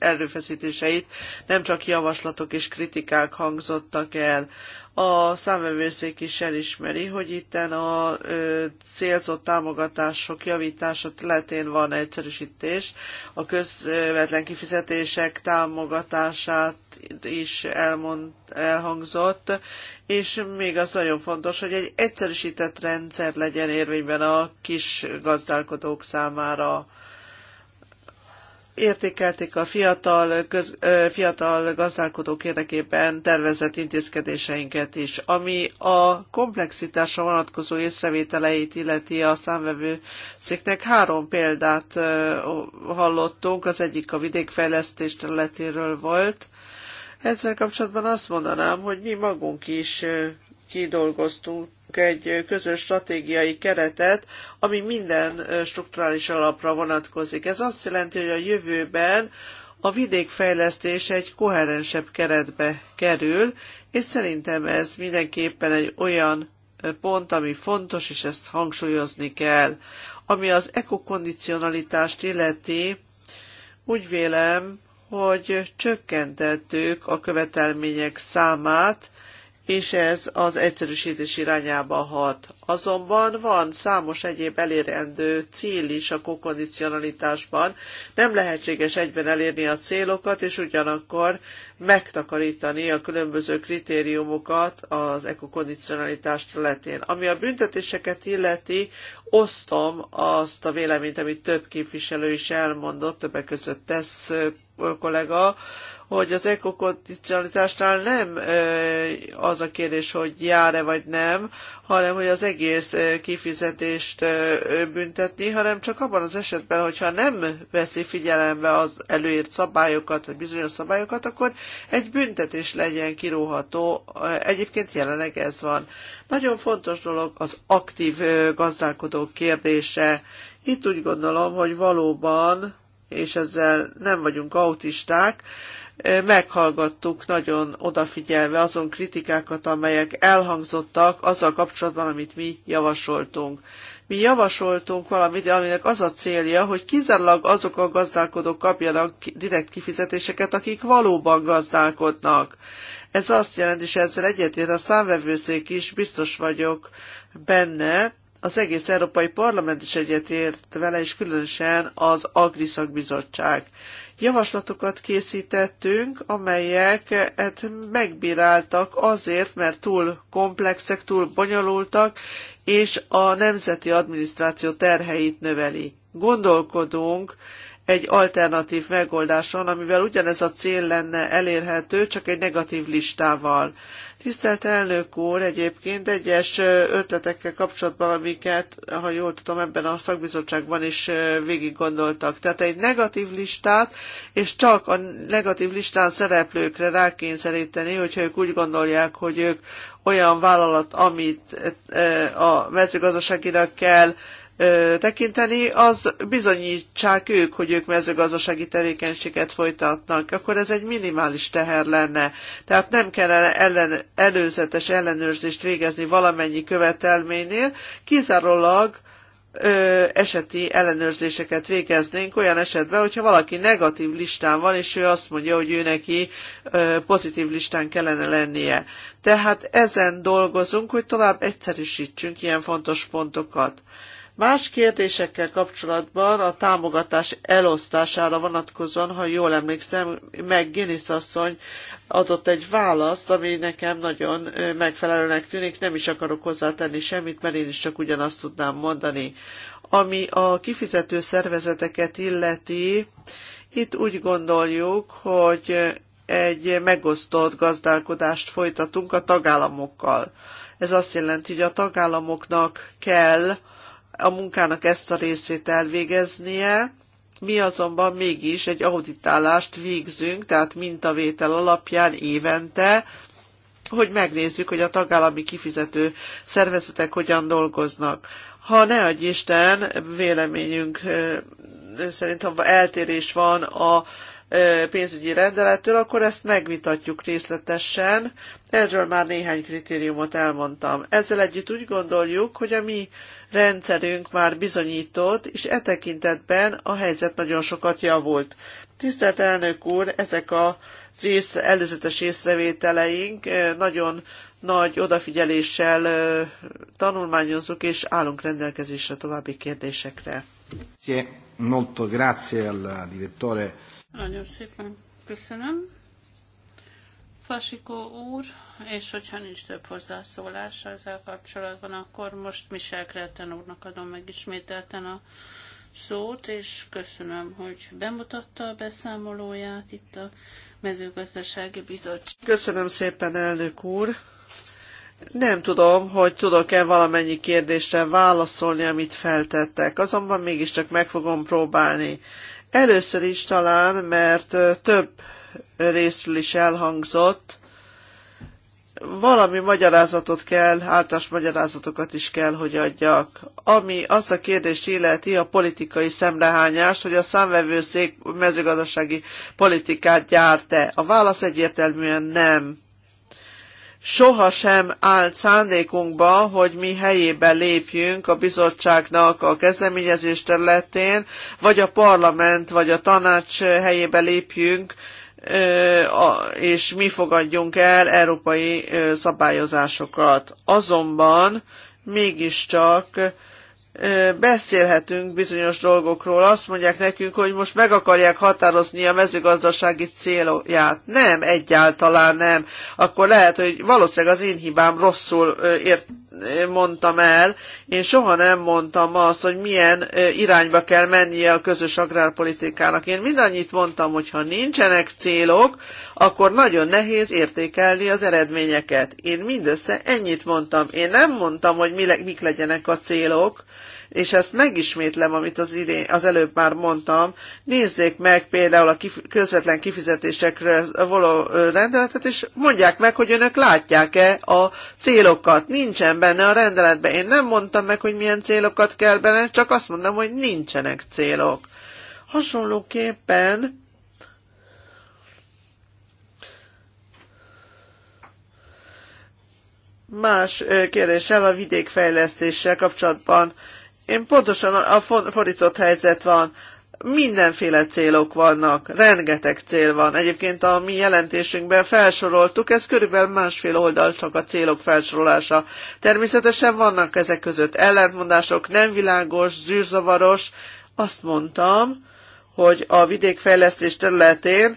előfeszítéseit, nem csak javaslatok és kritikák hangzottak el a számvevőszék is elismeri, hogy itten a ö, célzott támogatások javítása letén van egyszerűsítés, a közvetlen kifizetések támogatását is elmond, elhangzott, és még az nagyon fontos, hogy egy egyszerűsített rendszer legyen érvényben a kis gazdálkodók számára értékelték a fiatal, köz, fiatal gazdálkodók érdekében tervezett intézkedéseinket is. Ami a komplexitásra vonatkozó észrevételeit illeti a számvevő széknek, három példát hallottunk, az egyik a vidékfejlesztés területéről volt. Ezzel kapcsolatban azt mondanám, hogy mi magunk is kidolgoztunk egy közös stratégiai keretet, ami minden strukturális alapra vonatkozik. Ez azt jelenti, hogy a jövőben a vidékfejlesztés egy koherensebb keretbe kerül, és szerintem ez mindenképpen egy olyan pont, ami fontos, és ezt hangsúlyozni kell. Ami az ekokondicionalitást illeti, úgy vélem, hogy csökkentettük a követelmények számát, és ez az egyszerűsítés irányába hat. Azonban van számos egyéb elérendő cél is a kokondicionalitásban. Nem lehetséges egyben elérni a célokat, és ugyanakkor megtakarítani a különböző kritériumokat az ekokondicionalitás területén. Ami a büntetéseket illeti, osztom azt a véleményt, amit több képviselő is elmondott, többek között tesz kollega, hogy az ekokondicionalitásnál nem az a kérdés, hogy jár-e vagy nem, hanem hogy az egész kifizetést büntetni, hanem csak abban az esetben, hogyha nem veszi figyelembe az előírt szabályokat, vagy bizonyos szabályokat, akkor egy büntetés legyen kiróható. Egyébként jelenleg ez van. Nagyon fontos dolog az aktív gazdálkodó kérdése. Itt úgy gondolom, hogy valóban, és ezzel nem vagyunk autisták, meghallgattuk nagyon odafigyelve azon kritikákat, amelyek elhangzottak azzal kapcsolatban, amit mi javasoltunk. Mi javasoltunk valamit, aminek az a célja, hogy kizárólag azok a gazdálkodók kapjanak direkt kifizetéseket, akik valóban gazdálkodnak. Ez azt jelenti, és ezzel egyetért a számvevőszék is biztos vagyok benne, az egész Európai Parlament is egyetért vele, és különösen az Agriszak Bizottság javaslatokat készítettünk, amelyeket hát, megbíráltak azért, mert túl komplexek, túl bonyolultak, és a nemzeti adminisztráció terheit növeli. Gondolkodunk egy alternatív megoldáson, amivel ugyanez a cél lenne elérhető, csak egy negatív listával. Tisztelt elnök úr, egyébként egyes ötletekkel kapcsolatban, amiket, ha jól tudom, ebben a szakbizottságban is végig gondoltak. Tehát egy negatív listát, és csak a negatív listán szereplőkre rákényszeríteni, hogyha ők úgy gondolják, hogy ők olyan vállalat, amit a mezőgazdaságilag kell tekinteni, az bizonyítsák ők, hogy ők mezőgazdasági tevékenységet folytatnak, akkor ez egy minimális teher lenne. Tehát nem kellene ellen, előzetes ellenőrzést végezni valamennyi követelménynél, kizárólag ö, eseti ellenőrzéseket végeznénk olyan esetben, hogyha valaki negatív listán van, és ő azt mondja, hogy ő neki ö, pozitív listán kellene lennie. Tehát ezen dolgozunk, hogy tovább egyszerűsítsünk ilyen fontos pontokat. Más kérdésekkel kapcsolatban a támogatás elosztására vonatkozóan, ha jól emlékszem, meg Guinness asszony adott egy választ, ami nekem nagyon megfelelőnek tűnik, nem is akarok hozzátenni semmit, mert én is csak ugyanazt tudnám mondani. Ami a kifizető szervezeteket illeti, itt úgy gondoljuk, hogy egy megosztott gazdálkodást folytatunk a tagállamokkal. Ez azt jelenti, hogy a tagállamoknak kell a munkának ezt a részét elvégeznie, mi azonban mégis egy auditálást végzünk, tehát mintavétel alapján évente, hogy megnézzük, hogy a tagállami kifizető szervezetek hogyan dolgoznak. Ha ne adj Isten, véleményünk szerint, ha eltérés van a pénzügyi rendelettől, akkor ezt megvitatjuk részletesen. Erről már néhány kritériumot elmondtam. Ezzel együtt úgy gondoljuk, hogy a mi rendszerünk már bizonyított, és e tekintetben a helyzet nagyon sokat javult. Tisztelt elnök úr, ezek az észre, előzetes észrevételeink eh, nagyon nagy odafigyeléssel eh, tanulmányozzuk, és állunk rendelkezésre további kérdésekre. Molto grazie al direttore. Nagyon szépen köszönöm. Fasikó úr, és hogyha nincs több hozzászólás ezzel kapcsolatban, akkor most Michel Kreten úrnak adom meg ismételten a szót, és köszönöm, hogy bemutatta a beszámolóját itt a mezőgazdasági bizottság. Köszönöm szépen, elnök úr! Nem tudom, hogy tudok-e valamennyi kérdésre válaszolni, amit feltettek, azonban mégiscsak meg fogom próbálni. Először is talán, mert több részről is elhangzott, valami magyarázatot kell, általános magyarázatokat is kell, hogy adjak. Ami azt a kérdést illeti a politikai szemrehányás, hogy a számvevőszék mezőgazdasági politikát gyárt-e. A válasz egyértelműen nem. Soha sem állt szándékunkba, hogy mi helyébe lépjünk a bizottságnak a kezdeményezés területén, vagy a parlament, vagy a tanács helyébe lépjünk, és mi fogadjunk el európai szabályozásokat. Azonban mégiscsak beszélhetünk bizonyos dolgokról, azt mondják nekünk, hogy most meg akarják határozni a mezőgazdasági célját. Nem, egyáltalán nem. Akkor lehet, hogy valószínűleg az én hibám rosszul ért, mondtam el. Én soha nem mondtam azt, hogy milyen irányba kell mennie a közös agrárpolitikának. Én mindannyit mondtam, hogy ha nincsenek célok, akkor nagyon nehéz értékelni az eredményeket. Én mindössze ennyit mondtam. Én nem mondtam, hogy mi le, mik legyenek a célok, és ezt megismétlem, amit az, idén, az előbb már mondtam. Nézzék meg például a kif- közvetlen kifizetésekre való rendeletet, és mondják meg, hogy önök látják-e a célokat. Nincsen benne a rendeletben. Én nem mondtam meg, hogy milyen célokat kell benne, csak azt mondom, hogy nincsenek célok. Hasonlóképpen más kérdéssel a vidékfejlesztéssel kapcsolatban. Én pontosan a fordított helyzet van. Mindenféle célok vannak, rengeteg cél van. Egyébként a mi jelentésünkben felsoroltuk, ez körülbelül másfél oldal csak a célok felsorolása. Természetesen vannak ezek között ellentmondások, nem világos, zűrzavaros. Azt mondtam, hogy a vidékfejlesztés területén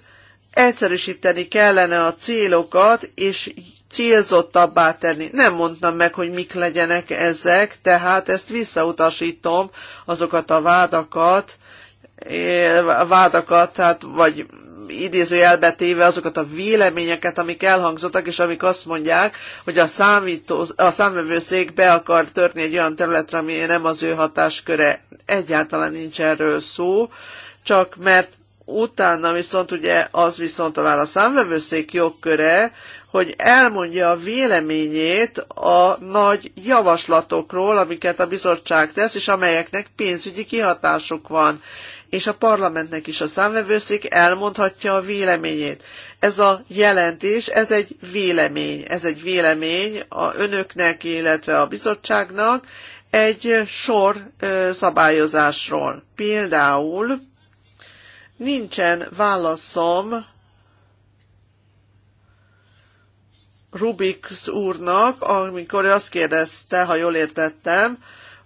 egyszerűsíteni kellene a célokat, és célzottabbá tenni. Nem mondtam meg, hogy mik legyenek ezek, tehát ezt visszautasítom azokat a vádakat, vádakat, tehát vagy idézőjelbe téve azokat a véleményeket, amik elhangzottak, és amik azt mondják, hogy a, számító, a számövőszék be akar törni egy olyan területre, ami nem az ő hatásköre. Egyáltalán nincs erről szó, csak mert utána viszont ugye az viszont a válasz számvevőszék jogköre, hogy elmondja a véleményét a nagy javaslatokról, amiket a bizottság tesz, és amelyeknek pénzügyi kihatásuk van. És a parlamentnek is a számvevőszék elmondhatja a véleményét. Ez a jelentés, ez egy vélemény. Ez egy vélemény a önöknek, illetve a bizottságnak egy sor szabályozásról. Például nincsen válaszom Rubik úrnak, amikor azt kérdezte, ha jól értettem,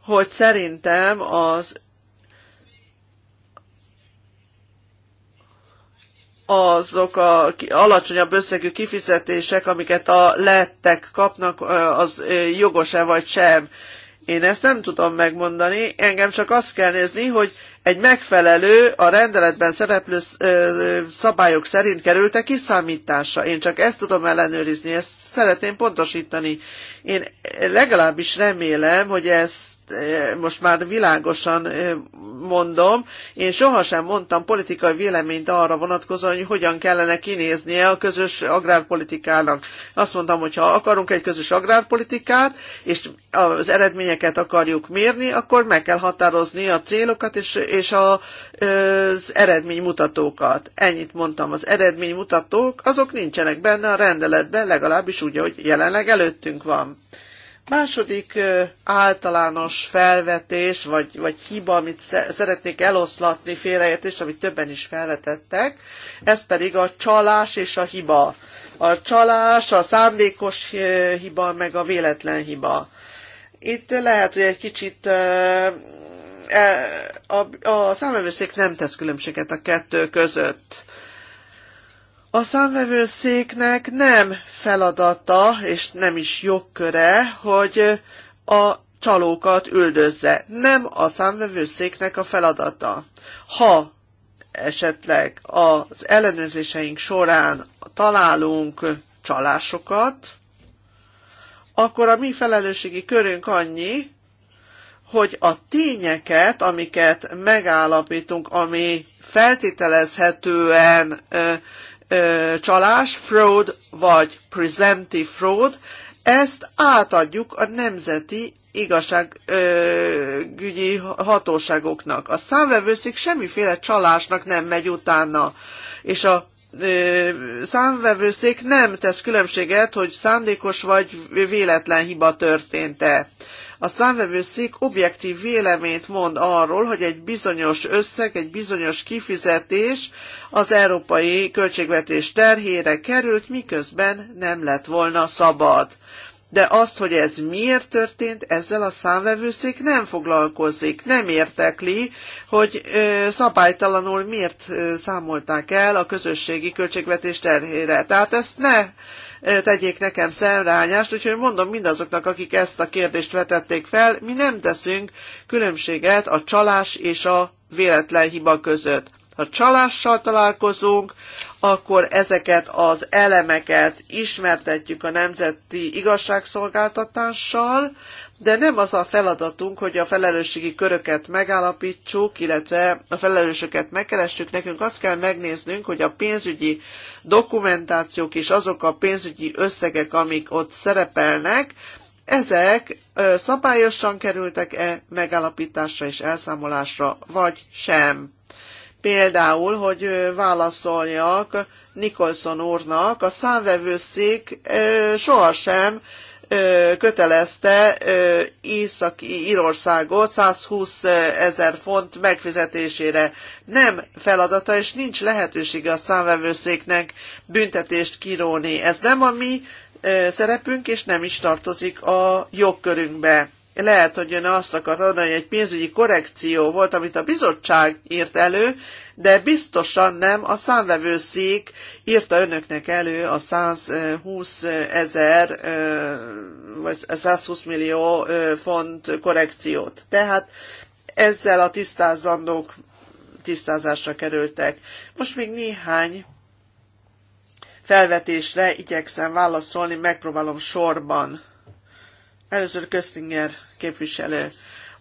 hogy szerintem az azok a alacsonyabb összegű kifizetések, amiket a lettek kapnak, az jogos-e vagy sem. Én ezt nem tudom megmondani, engem csak azt kell nézni, hogy egy megfelelő, a rendeletben szereplő szabályok szerint kerültek kiszámításra. Én csak ezt tudom ellenőrizni, ezt szeretném pontosítani. Én legalábbis remélem, hogy ezt most már világosan mondom, én sohasem mondtam politikai véleményt arra vonatkozóan, hogy hogyan kellene kinéznie a közös agrárpolitikának. Azt mondtam, hogy ha akarunk egy közös agrárpolitikát, és az eredményeket akarjuk mérni, akkor meg kell határozni a célokat és, és a, az eredménymutatókat. Ennyit mondtam, az eredménymutatók, azok nincsenek benne a rendeletben, legalábbis úgy, hogy jelenleg előttünk van. Második általános felvetés, vagy, vagy hiba, amit szeretnék eloszlatni, félreértés, amit többen is felvetettek, ez pedig a csalás és a hiba. A csalás, a szándékos hiba, meg a véletlen hiba. Itt lehet, hogy egy kicsit e, a, a számövőszék nem tesz különbséget a kettő között. A számvevőszéknek nem feladata, és nem is jogköre, hogy a csalókat üldözze. Nem a számvevőszéknek a feladata. Ha esetleg az ellenőrzéseink során találunk csalásokat, akkor a mi felelősségi körünk annyi, hogy a tényeket, amiket megállapítunk, ami feltételezhetően csalás, fraud vagy presumptive fraud, ezt átadjuk a nemzeti igazságügyi hatóságoknak. A számvevőszék semmiféle csalásnak nem megy utána, és a számvevőszék nem tesz különbséget, hogy szándékos vagy véletlen hiba történt-e. A számvevőszék objektív véleményt mond arról, hogy egy bizonyos összeg, egy bizonyos kifizetés az európai költségvetés terhére került, miközben nem lett volna szabad. De azt, hogy ez miért történt, ezzel a számvevőszék nem foglalkozik, nem értekli, hogy ö, szabálytalanul miért számolták el a közösségi költségvetés terhére. Tehát ezt ne tegyék nekem szemrányást, úgyhogy mondom mindazoknak, akik ezt a kérdést vetették fel, mi nem teszünk különbséget a csalás és a véletlen hiba között. Ha csalással találkozunk, akkor ezeket az elemeket ismertetjük a nemzeti igazságszolgáltatással, de nem az a feladatunk, hogy a felelősségi köröket megállapítsuk, illetve a felelősöket megkeressük. Nekünk azt kell megnéznünk, hogy a pénzügyi dokumentációk és azok a pénzügyi összegek, amik ott szerepelnek, ezek szabályosan kerültek-e megállapításra és elszámolásra, vagy sem. Például, hogy válaszoljak Nikolson úrnak, a számvevőszék sohasem kötelezte Észak-Írországot 120 ezer font megfizetésére. Nem feladata, és nincs lehetősége a számvevőszéknek büntetést kiróni. Ez nem a mi szerepünk, és nem is tartozik a jogkörünkbe. Lehet, hogy ön azt akart adni, hogy egy pénzügyi korrekció volt, amit a bizottság írt elő, de biztosan nem a számvevőszék írta önöknek elő a 120 ezer vagy 120 millió font korrekciót. Tehát ezzel a tisztázandók tisztázásra kerültek. Most még néhány felvetésre igyekszem válaszolni, megpróbálom sorban. Először Köztinger képviselő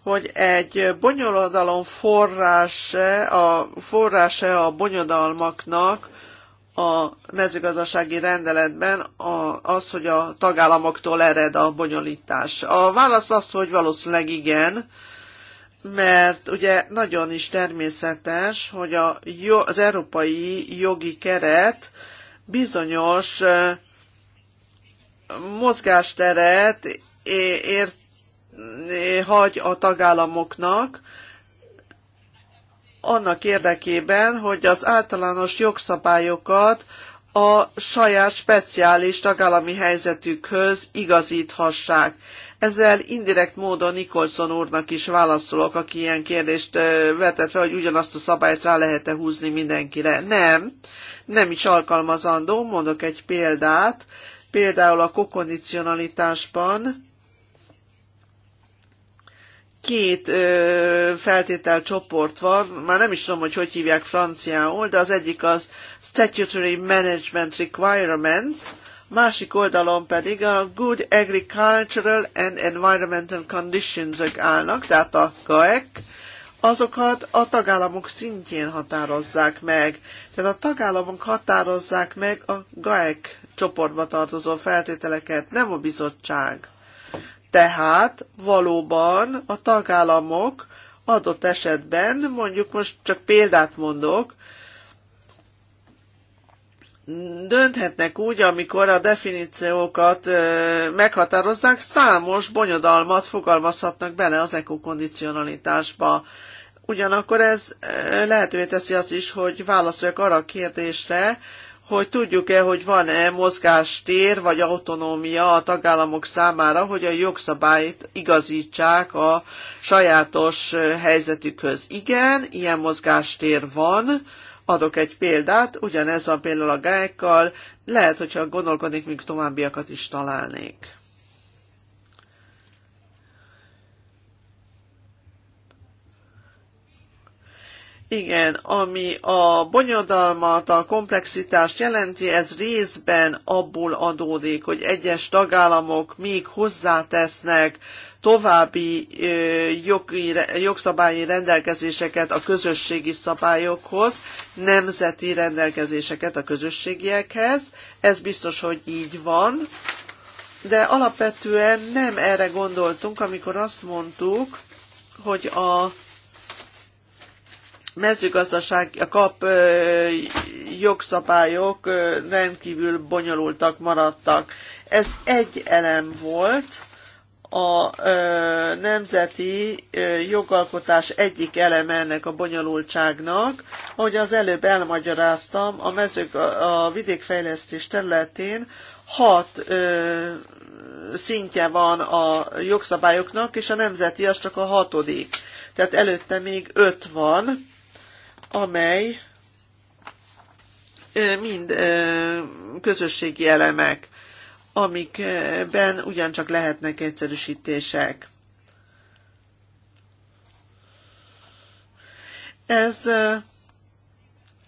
hogy egy bonyolodalom forrása a, forrása a bonyodalmaknak a mezőgazdasági rendeletben a, az, hogy a tagállamoktól ered a bonyolítás. A válasz az, hogy valószínűleg igen, mert ugye nagyon is természetes, hogy a, az európai jogi keret bizonyos eh, mozgásteret ért hagy a tagállamoknak, annak érdekében, hogy az általános jogszabályokat a saját speciális tagállami helyzetükhöz igazíthassák. Ezzel indirekt módon Nikolson úrnak is válaszolok, aki ilyen kérdést vetett fel, hogy ugyanazt a szabályt rá lehet-e húzni mindenkire. Nem, nem is alkalmazandó. Mondok egy példát. Például a kokondicionalitásban két ö, csoport van, már nem is tudom, hogy hogy hívják franciául, de az egyik az Statutory Management Requirements, másik oldalon pedig a Good Agricultural and Environmental conditions állnak, tehát a GAEC, azokat a tagállamok szintjén határozzák meg. Tehát a tagállamok határozzák meg a GAEC csoportba tartozó feltételeket, nem a bizottság. Tehát valóban a tagállamok adott esetben, mondjuk most csak példát mondok, dönthetnek úgy, amikor a definíciókat meghatározzák, számos bonyodalmat fogalmazhatnak bele az ekokondicionalitásba. Ugyanakkor ez lehetővé teszi azt is, hogy válaszoljak arra a kérdésre, hogy tudjuk-e, hogy van-e mozgástér vagy autonómia a tagállamok számára, hogy a jogszabályt igazítsák a sajátos helyzetükhöz. Igen, ilyen mozgástér van. Adok egy példát, ugyanez van például a gákkal, lehet, hogyha gondolkodnék, még továbbiakat is találnék. Igen, ami a bonyodalmat, a komplexitást jelenti, ez részben abból adódik, hogy egyes tagállamok még hozzátesznek további jogi, jogszabályi rendelkezéseket a közösségi szabályokhoz, nemzeti rendelkezéseket a közösségiekhez. Ez biztos, hogy így van, de alapvetően nem erre gondoltunk, amikor azt mondtuk, hogy a mezőgazdaság, a kap jogszabályok rendkívül bonyolultak maradtak. Ez egy elem volt, a nemzeti jogalkotás egyik eleme ennek a bonyolultságnak. Ahogy az előbb elmagyaráztam, a, mezők, a vidékfejlesztés területén hat ö, szintje van a jogszabályoknak, és a nemzeti az csak a hatodik. Tehát előtte még öt van, amely mind közösségi elemek, amikben ugyancsak lehetnek egyszerűsítések. Ez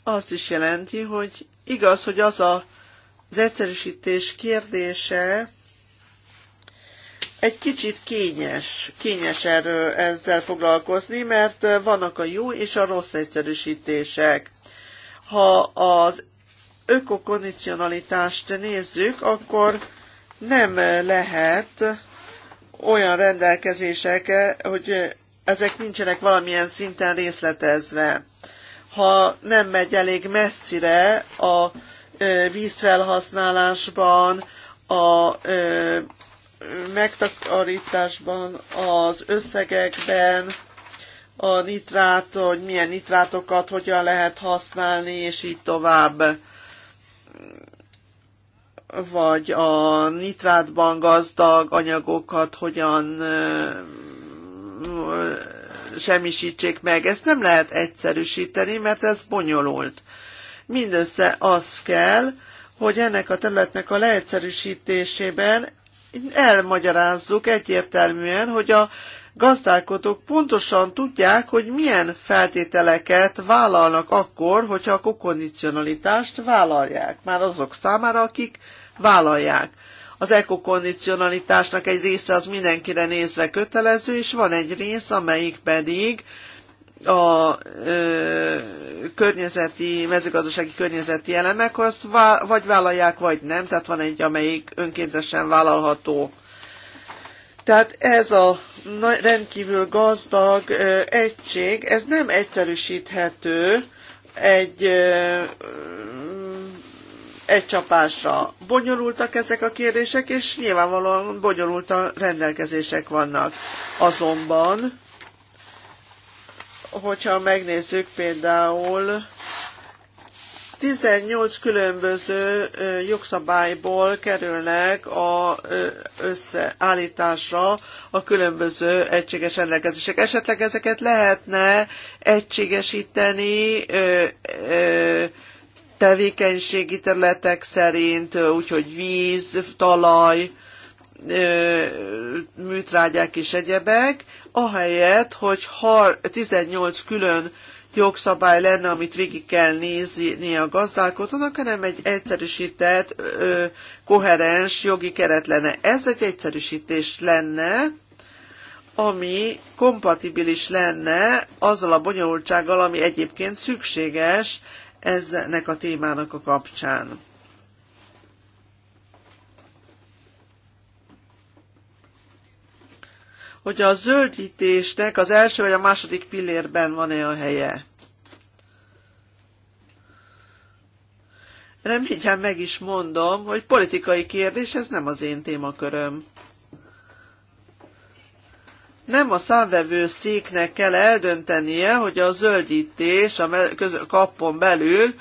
azt is jelenti, hogy igaz, hogy az a, az egyszerűsítés kérdése, egy kicsit kényes, kényes erről ezzel foglalkozni, mert vannak a jó és a rossz egyszerűsítések. Ha az ökokondicionalitást nézzük, akkor nem lehet olyan rendelkezések, hogy ezek nincsenek valamilyen szinten részletezve. Ha nem megy elég messzire a vízfelhasználásban, a megtakarításban, az összegekben, a nitrát, hogy milyen nitrátokat hogyan lehet használni, és így tovább vagy a nitrátban gazdag anyagokat hogyan semmisítsék meg. Ezt nem lehet egyszerűsíteni, mert ez bonyolult. Mindössze az kell, hogy ennek a területnek a leegyszerűsítésében elmagyarázzuk egyértelműen, hogy a gazdálkodók pontosan tudják, hogy milyen feltételeket vállalnak akkor, hogyha a kokondicionalitást vállalják. Már azok számára, akik vállalják. Az ekokondicionalitásnak egy része az mindenkire nézve kötelező, és van egy rész, amelyik pedig a ö, környezeti, mezőgazdasági környezeti elemek, azt vá- vagy vállalják, vagy nem, tehát van egy, amelyik önkéntesen vállalható. Tehát ez a rendkívül gazdag ö, egység, ez nem egyszerűsíthető egy ö, egy csapásra. Bonyolultak ezek a kérdések, és nyilvánvalóan bonyolult a rendelkezések vannak. Azonban hogyha megnézzük például 18 különböző jogszabályból kerülnek a összeállításra a különböző egységes rendelkezések. Esetleg ezeket lehetne egységesíteni tevékenységi területek szerint, úgyhogy víz, talaj, műtrágyák és egyebek, ahelyett, hogy 18 külön jogszabály lenne, amit végig kell nézni a gazdálkodónak, hanem egy egyszerűsített, ö, koherens jogi keret lenne. Ez egy egyszerűsítés lenne, ami kompatibilis lenne azzal a bonyolultsággal, ami egyébként szükséges ennek a témának a kapcsán. hogy a zöldítésnek az első vagy a második pillérben van-e a helye. Nem Reményen meg is mondom, hogy politikai kérdés, ez nem az én témaköröm. Nem a számvevő széknek kell eldöntenie, hogy a zöldítés a kapon belül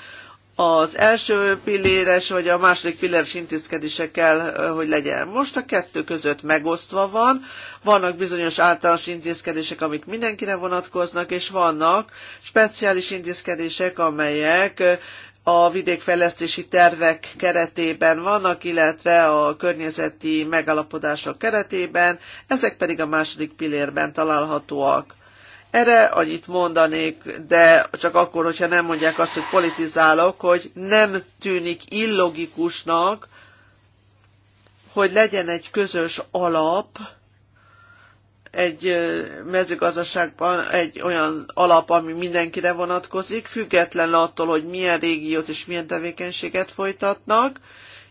az első pilléres vagy a második pilléres intézkedése kell, hogy legyen. Most a kettő között megosztva van, vannak bizonyos általános intézkedések, amik mindenkire vonatkoznak, és vannak speciális intézkedések, amelyek a vidékfejlesztési tervek keretében vannak, illetve a környezeti megalapodások keretében, ezek pedig a második pillérben találhatóak. Erre annyit mondanék, de csak akkor, hogyha nem mondják azt, hogy politizálok, hogy nem tűnik illogikusnak, hogy legyen egy közös alap, egy mezőgazdaságban egy olyan alap, ami mindenkire vonatkozik, független attól, hogy milyen régiót és milyen tevékenységet folytatnak,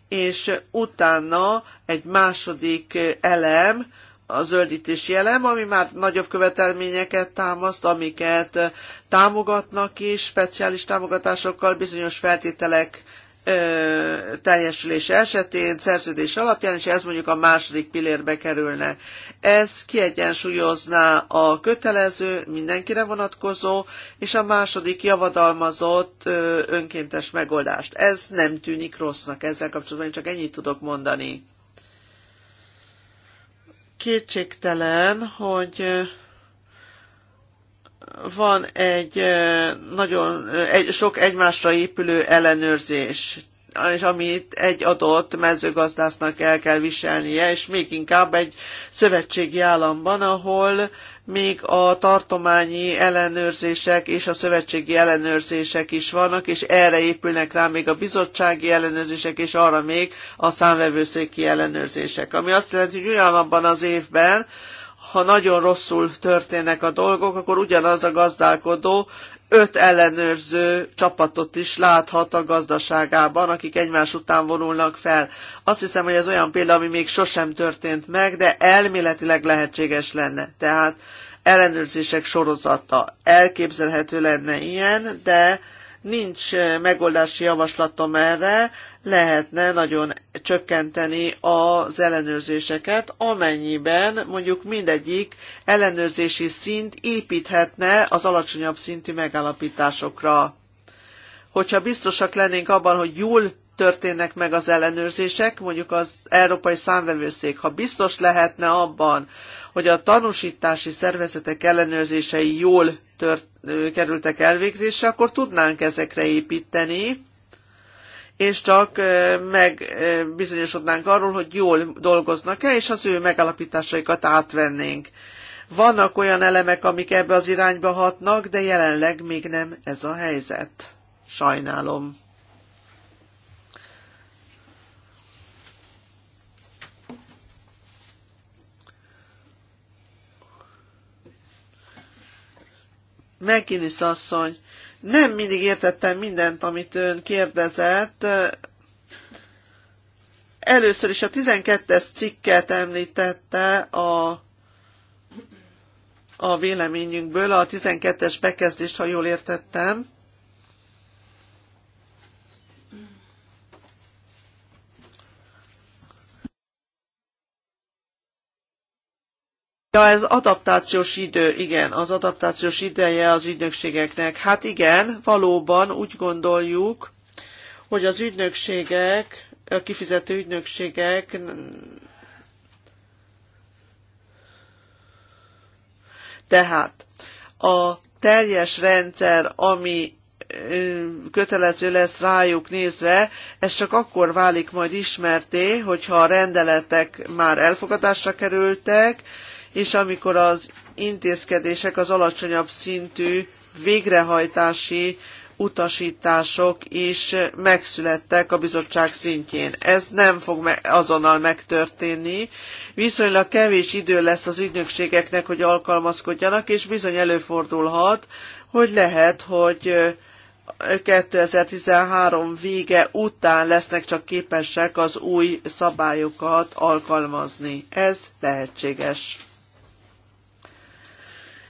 és utána egy második elem, a zöldítési elem, ami már nagyobb követelményeket támaszt, amiket támogatnak is, speciális támogatásokkal, bizonyos feltételek ö, teljesülése esetén, szerződés alapján, és ez mondjuk a második pillérbe kerülne. Ez kiegyensúlyozná a kötelező, mindenkire vonatkozó, és a második javadalmazott ö, önkéntes megoldást. Ez nem tűnik rossznak ezzel kapcsolatban, én csak ennyit tudok mondani kétségtelen, hogy van egy nagyon egy, sok egymásra épülő ellenőrzés, és amit egy adott mezőgazdásznak el kell viselnie, és még inkább egy szövetségi államban, ahol még a tartományi ellenőrzések és a szövetségi ellenőrzések is vannak, és erre épülnek rá még a bizottsági ellenőrzések, és arra még a számvevőszéki ellenőrzések. Ami azt jelenti, hogy ugyanabban az évben, ha nagyon rosszul történnek a dolgok, akkor ugyanaz a gazdálkodó öt ellenőrző csapatot is láthat a gazdaságában, akik egymás után vonulnak fel. Azt hiszem, hogy ez olyan példa, ami még sosem történt meg, de elméletileg lehetséges lenne. Tehát ellenőrzések sorozata elképzelhető lenne ilyen, de nincs megoldási javaslatom erre lehetne nagyon csökkenteni az ellenőrzéseket, amennyiben mondjuk mindegyik ellenőrzési szint építhetne az alacsonyabb szintű megállapításokra. Hogyha biztosak lennénk abban, hogy jól történnek meg az ellenőrzések, mondjuk az Európai Számvevőszék, ha biztos lehetne abban, hogy a tanúsítási szervezetek ellenőrzései jól tört, kerültek elvégzésre, akkor tudnánk ezekre építeni, és csak megbizonyosodnánk arról, hogy jól dolgoznak-e, és az ő megalapításaikat átvennénk. Vannak olyan elemek, amik ebbe az irányba hatnak, de jelenleg még nem ez a helyzet. Sajnálom. Megkinisz asszony, nem mindig értettem mindent, amit ön kérdezett. Először is a 12-es cikket említette a a véleményünkből, a 12-es bekezdést, ha jól értettem. Ja, ez adaptációs idő, igen, az adaptációs ideje az ügynökségeknek. Hát igen, valóban úgy gondoljuk, hogy az ügynökségek, a kifizető ügynökségek tehát a teljes rendszer, ami kötelező lesz rájuk nézve, ez csak akkor válik majd ismerté, hogyha a rendeletek már elfogadásra kerültek, és amikor az intézkedések az alacsonyabb szintű végrehajtási utasítások is megszülettek a bizottság szintjén. Ez nem fog azonnal megtörténni. Viszonylag kevés idő lesz az ügynökségeknek, hogy alkalmazkodjanak, és bizony előfordulhat, hogy lehet, hogy 2013 vége után lesznek csak képesek az új szabályokat alkalmazni. Ez lehetséges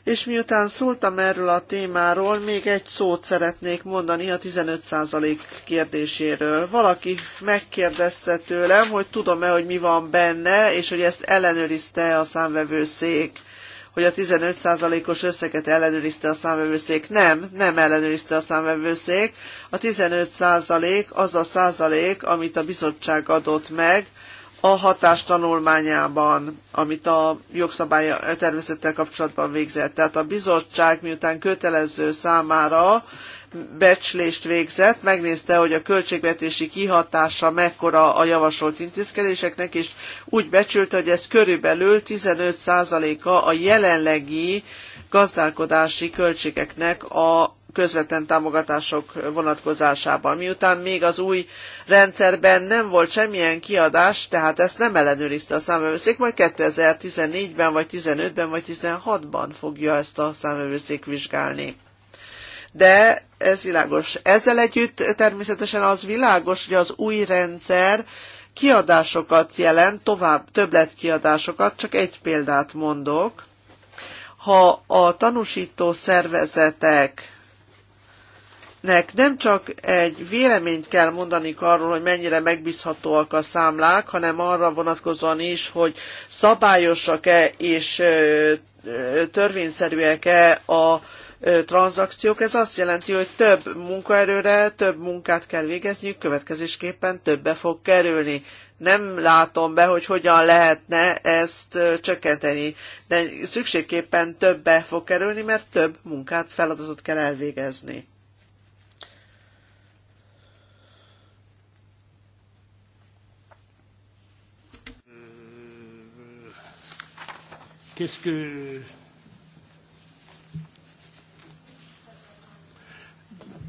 és miután szóltam erről a témáról, még egy szót szeretnék mondani a 15% kérdéséről. Valaki megkérdezte tőlem, hogy tudom-e, hogy mi van benne, és hogy ezt ellenőrizte a számvevőszék hogy a 15%-os összeget ellenőrizte a számvevőszék. Nem, nem ellenőrizte a számvevőszék. A 15% az a százalék, amit a bizottság adott meg, a hatás tanulmányában, amit a jogszabály természettel kapcsolatban végzett. Tehát a bizottság miután kötelező számára becslést végzett, megnézte, hogy a költségvetési kihatása mekkora a javasolt intézkedéseknek, és úgy becsült, hogy ez körülbelül 15%-a a jelenlegi gazdálkodási költségeknek a közvetlen támogatások vonatkozásában. Miután még az új rendszerben nem volt semmilyen kiadás, tehát ezt nem ellenőrizte a számvevőszék, majd 2014-ben, vagy 15-ben, vagy 16-ban fogja ezt a számvevőszék vizsgálni. De ez világos. Ezzel együtt természetesen az világos, hogy az új rendszer kiadásokat jelent, tovább többletkiadásokat, csak egy példát mondok. Ha a tanúsító szervezetek nek nem csak egy véleményt kell mondani arról, hogy mennyire megbízhatóak a számlák, hanem arra vonatkozóan is, hogy szabályosak-e és törvényszerűek-e a tranzakciók. Ez azt jelenti, hogy több munkaerőre több munkát kell végezniük, következésképpen többe fog kerülni. Nem látom be, hogy hogyan lehetne ezt csökkenteni, de szükségképpen többe fog kerülni, mert több munkát, feladatot kell elvégezni. Qu'est-ce que.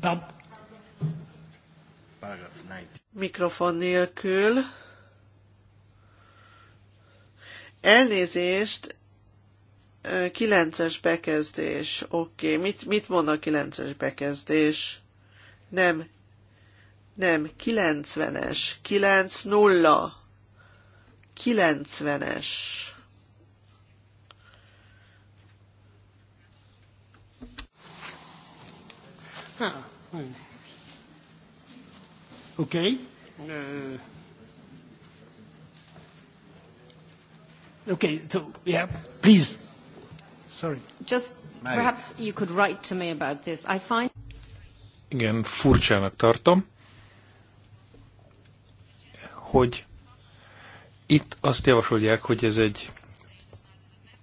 Par... Mikrofon nélkül. Elnézést, 9-es bekezdés. Oké, okay. mit, mit mond a 9-es bekezdés? Nem, nem, 90-es, 9-0, 90-es. Ah, okay. Uh, okay, so, yeah, please. Sorry. Just perhaps you could write to me about this. I find... Igen, furcsának tartom, hogy itt azt javasolják, hogy ez egy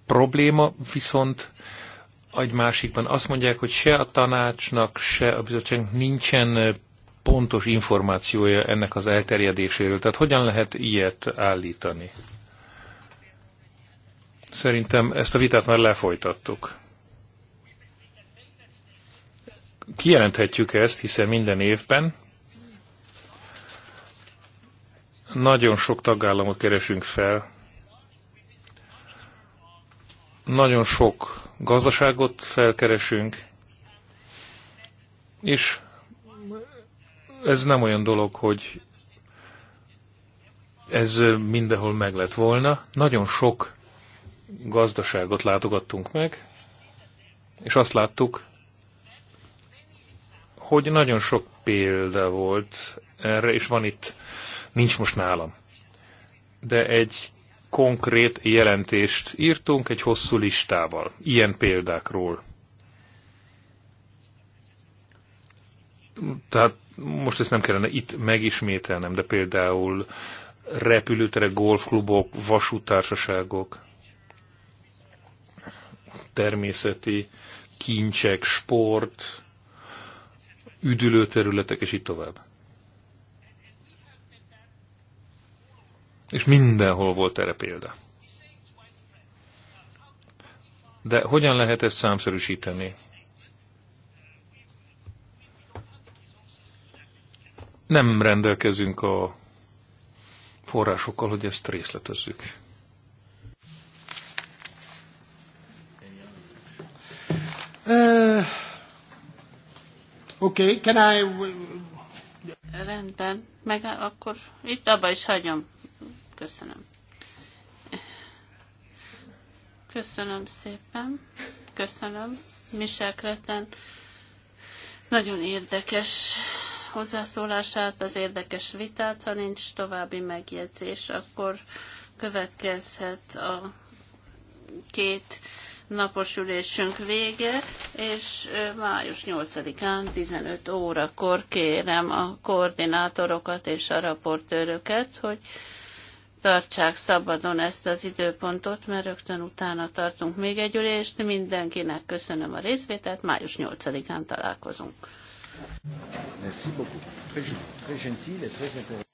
probléma, viszont egy másikban azt mondják, hogy se a tanácsnak, se a bizottságnak nincsen eh, pontos információja ennek az elterjedéséről. Tehát hogyan lehet ilyet állítani? Szerintem ezt a vitát már lefolytattuk. Kijelenthetjük ezt, hiszen minden évben nagyon sok tagállamot keresünk fel, nagyon sok gazdaságot felkeresünk, és ez nem olyan dolog, hogy ez mindenhol meg lett volna. Nagyon sok gazdaságot látogattunk meg, és azt láttuk, hogy nagyon sok példa volt erre, és van itt, nincs most nálam. De egy konkrét jelentést írtunk egy hosszú listával, ilyen példákról. Tehát most ezt nem kellene itt megismételnem, de például repülőterek, golfklubok, vasútársaságok, természeti kincsek, sport, üdülőterületek, és így tovább. És mindenhol volt erre példa. De hogyan lehet ezt számszerűsíteni? Nem rendelkezünk a forrásokkal, hogy ezt részletezzük. Uh, Oké, okay, can I... Rendben, meg akkor itt abba is hagyom. Köszönöm. Köszönöm szépen. Köszönöm. Michel Kreten nagyon érdekes hozzászólását, az érdekes vitát. Ha nincs további megjegyzés, akkor következhet a két napos ülésünk vége, és május 8-án 15 órakor kérem a koordinátorokat és a raportőröket, hogy tartsák szabadon ezt az időpontot, mert rögtön utána tartunk még egy ülést. Mindenkinek köszönöm a részvételt, május 8-án találkozunk. Merci beaucoup. Très, très gentil et très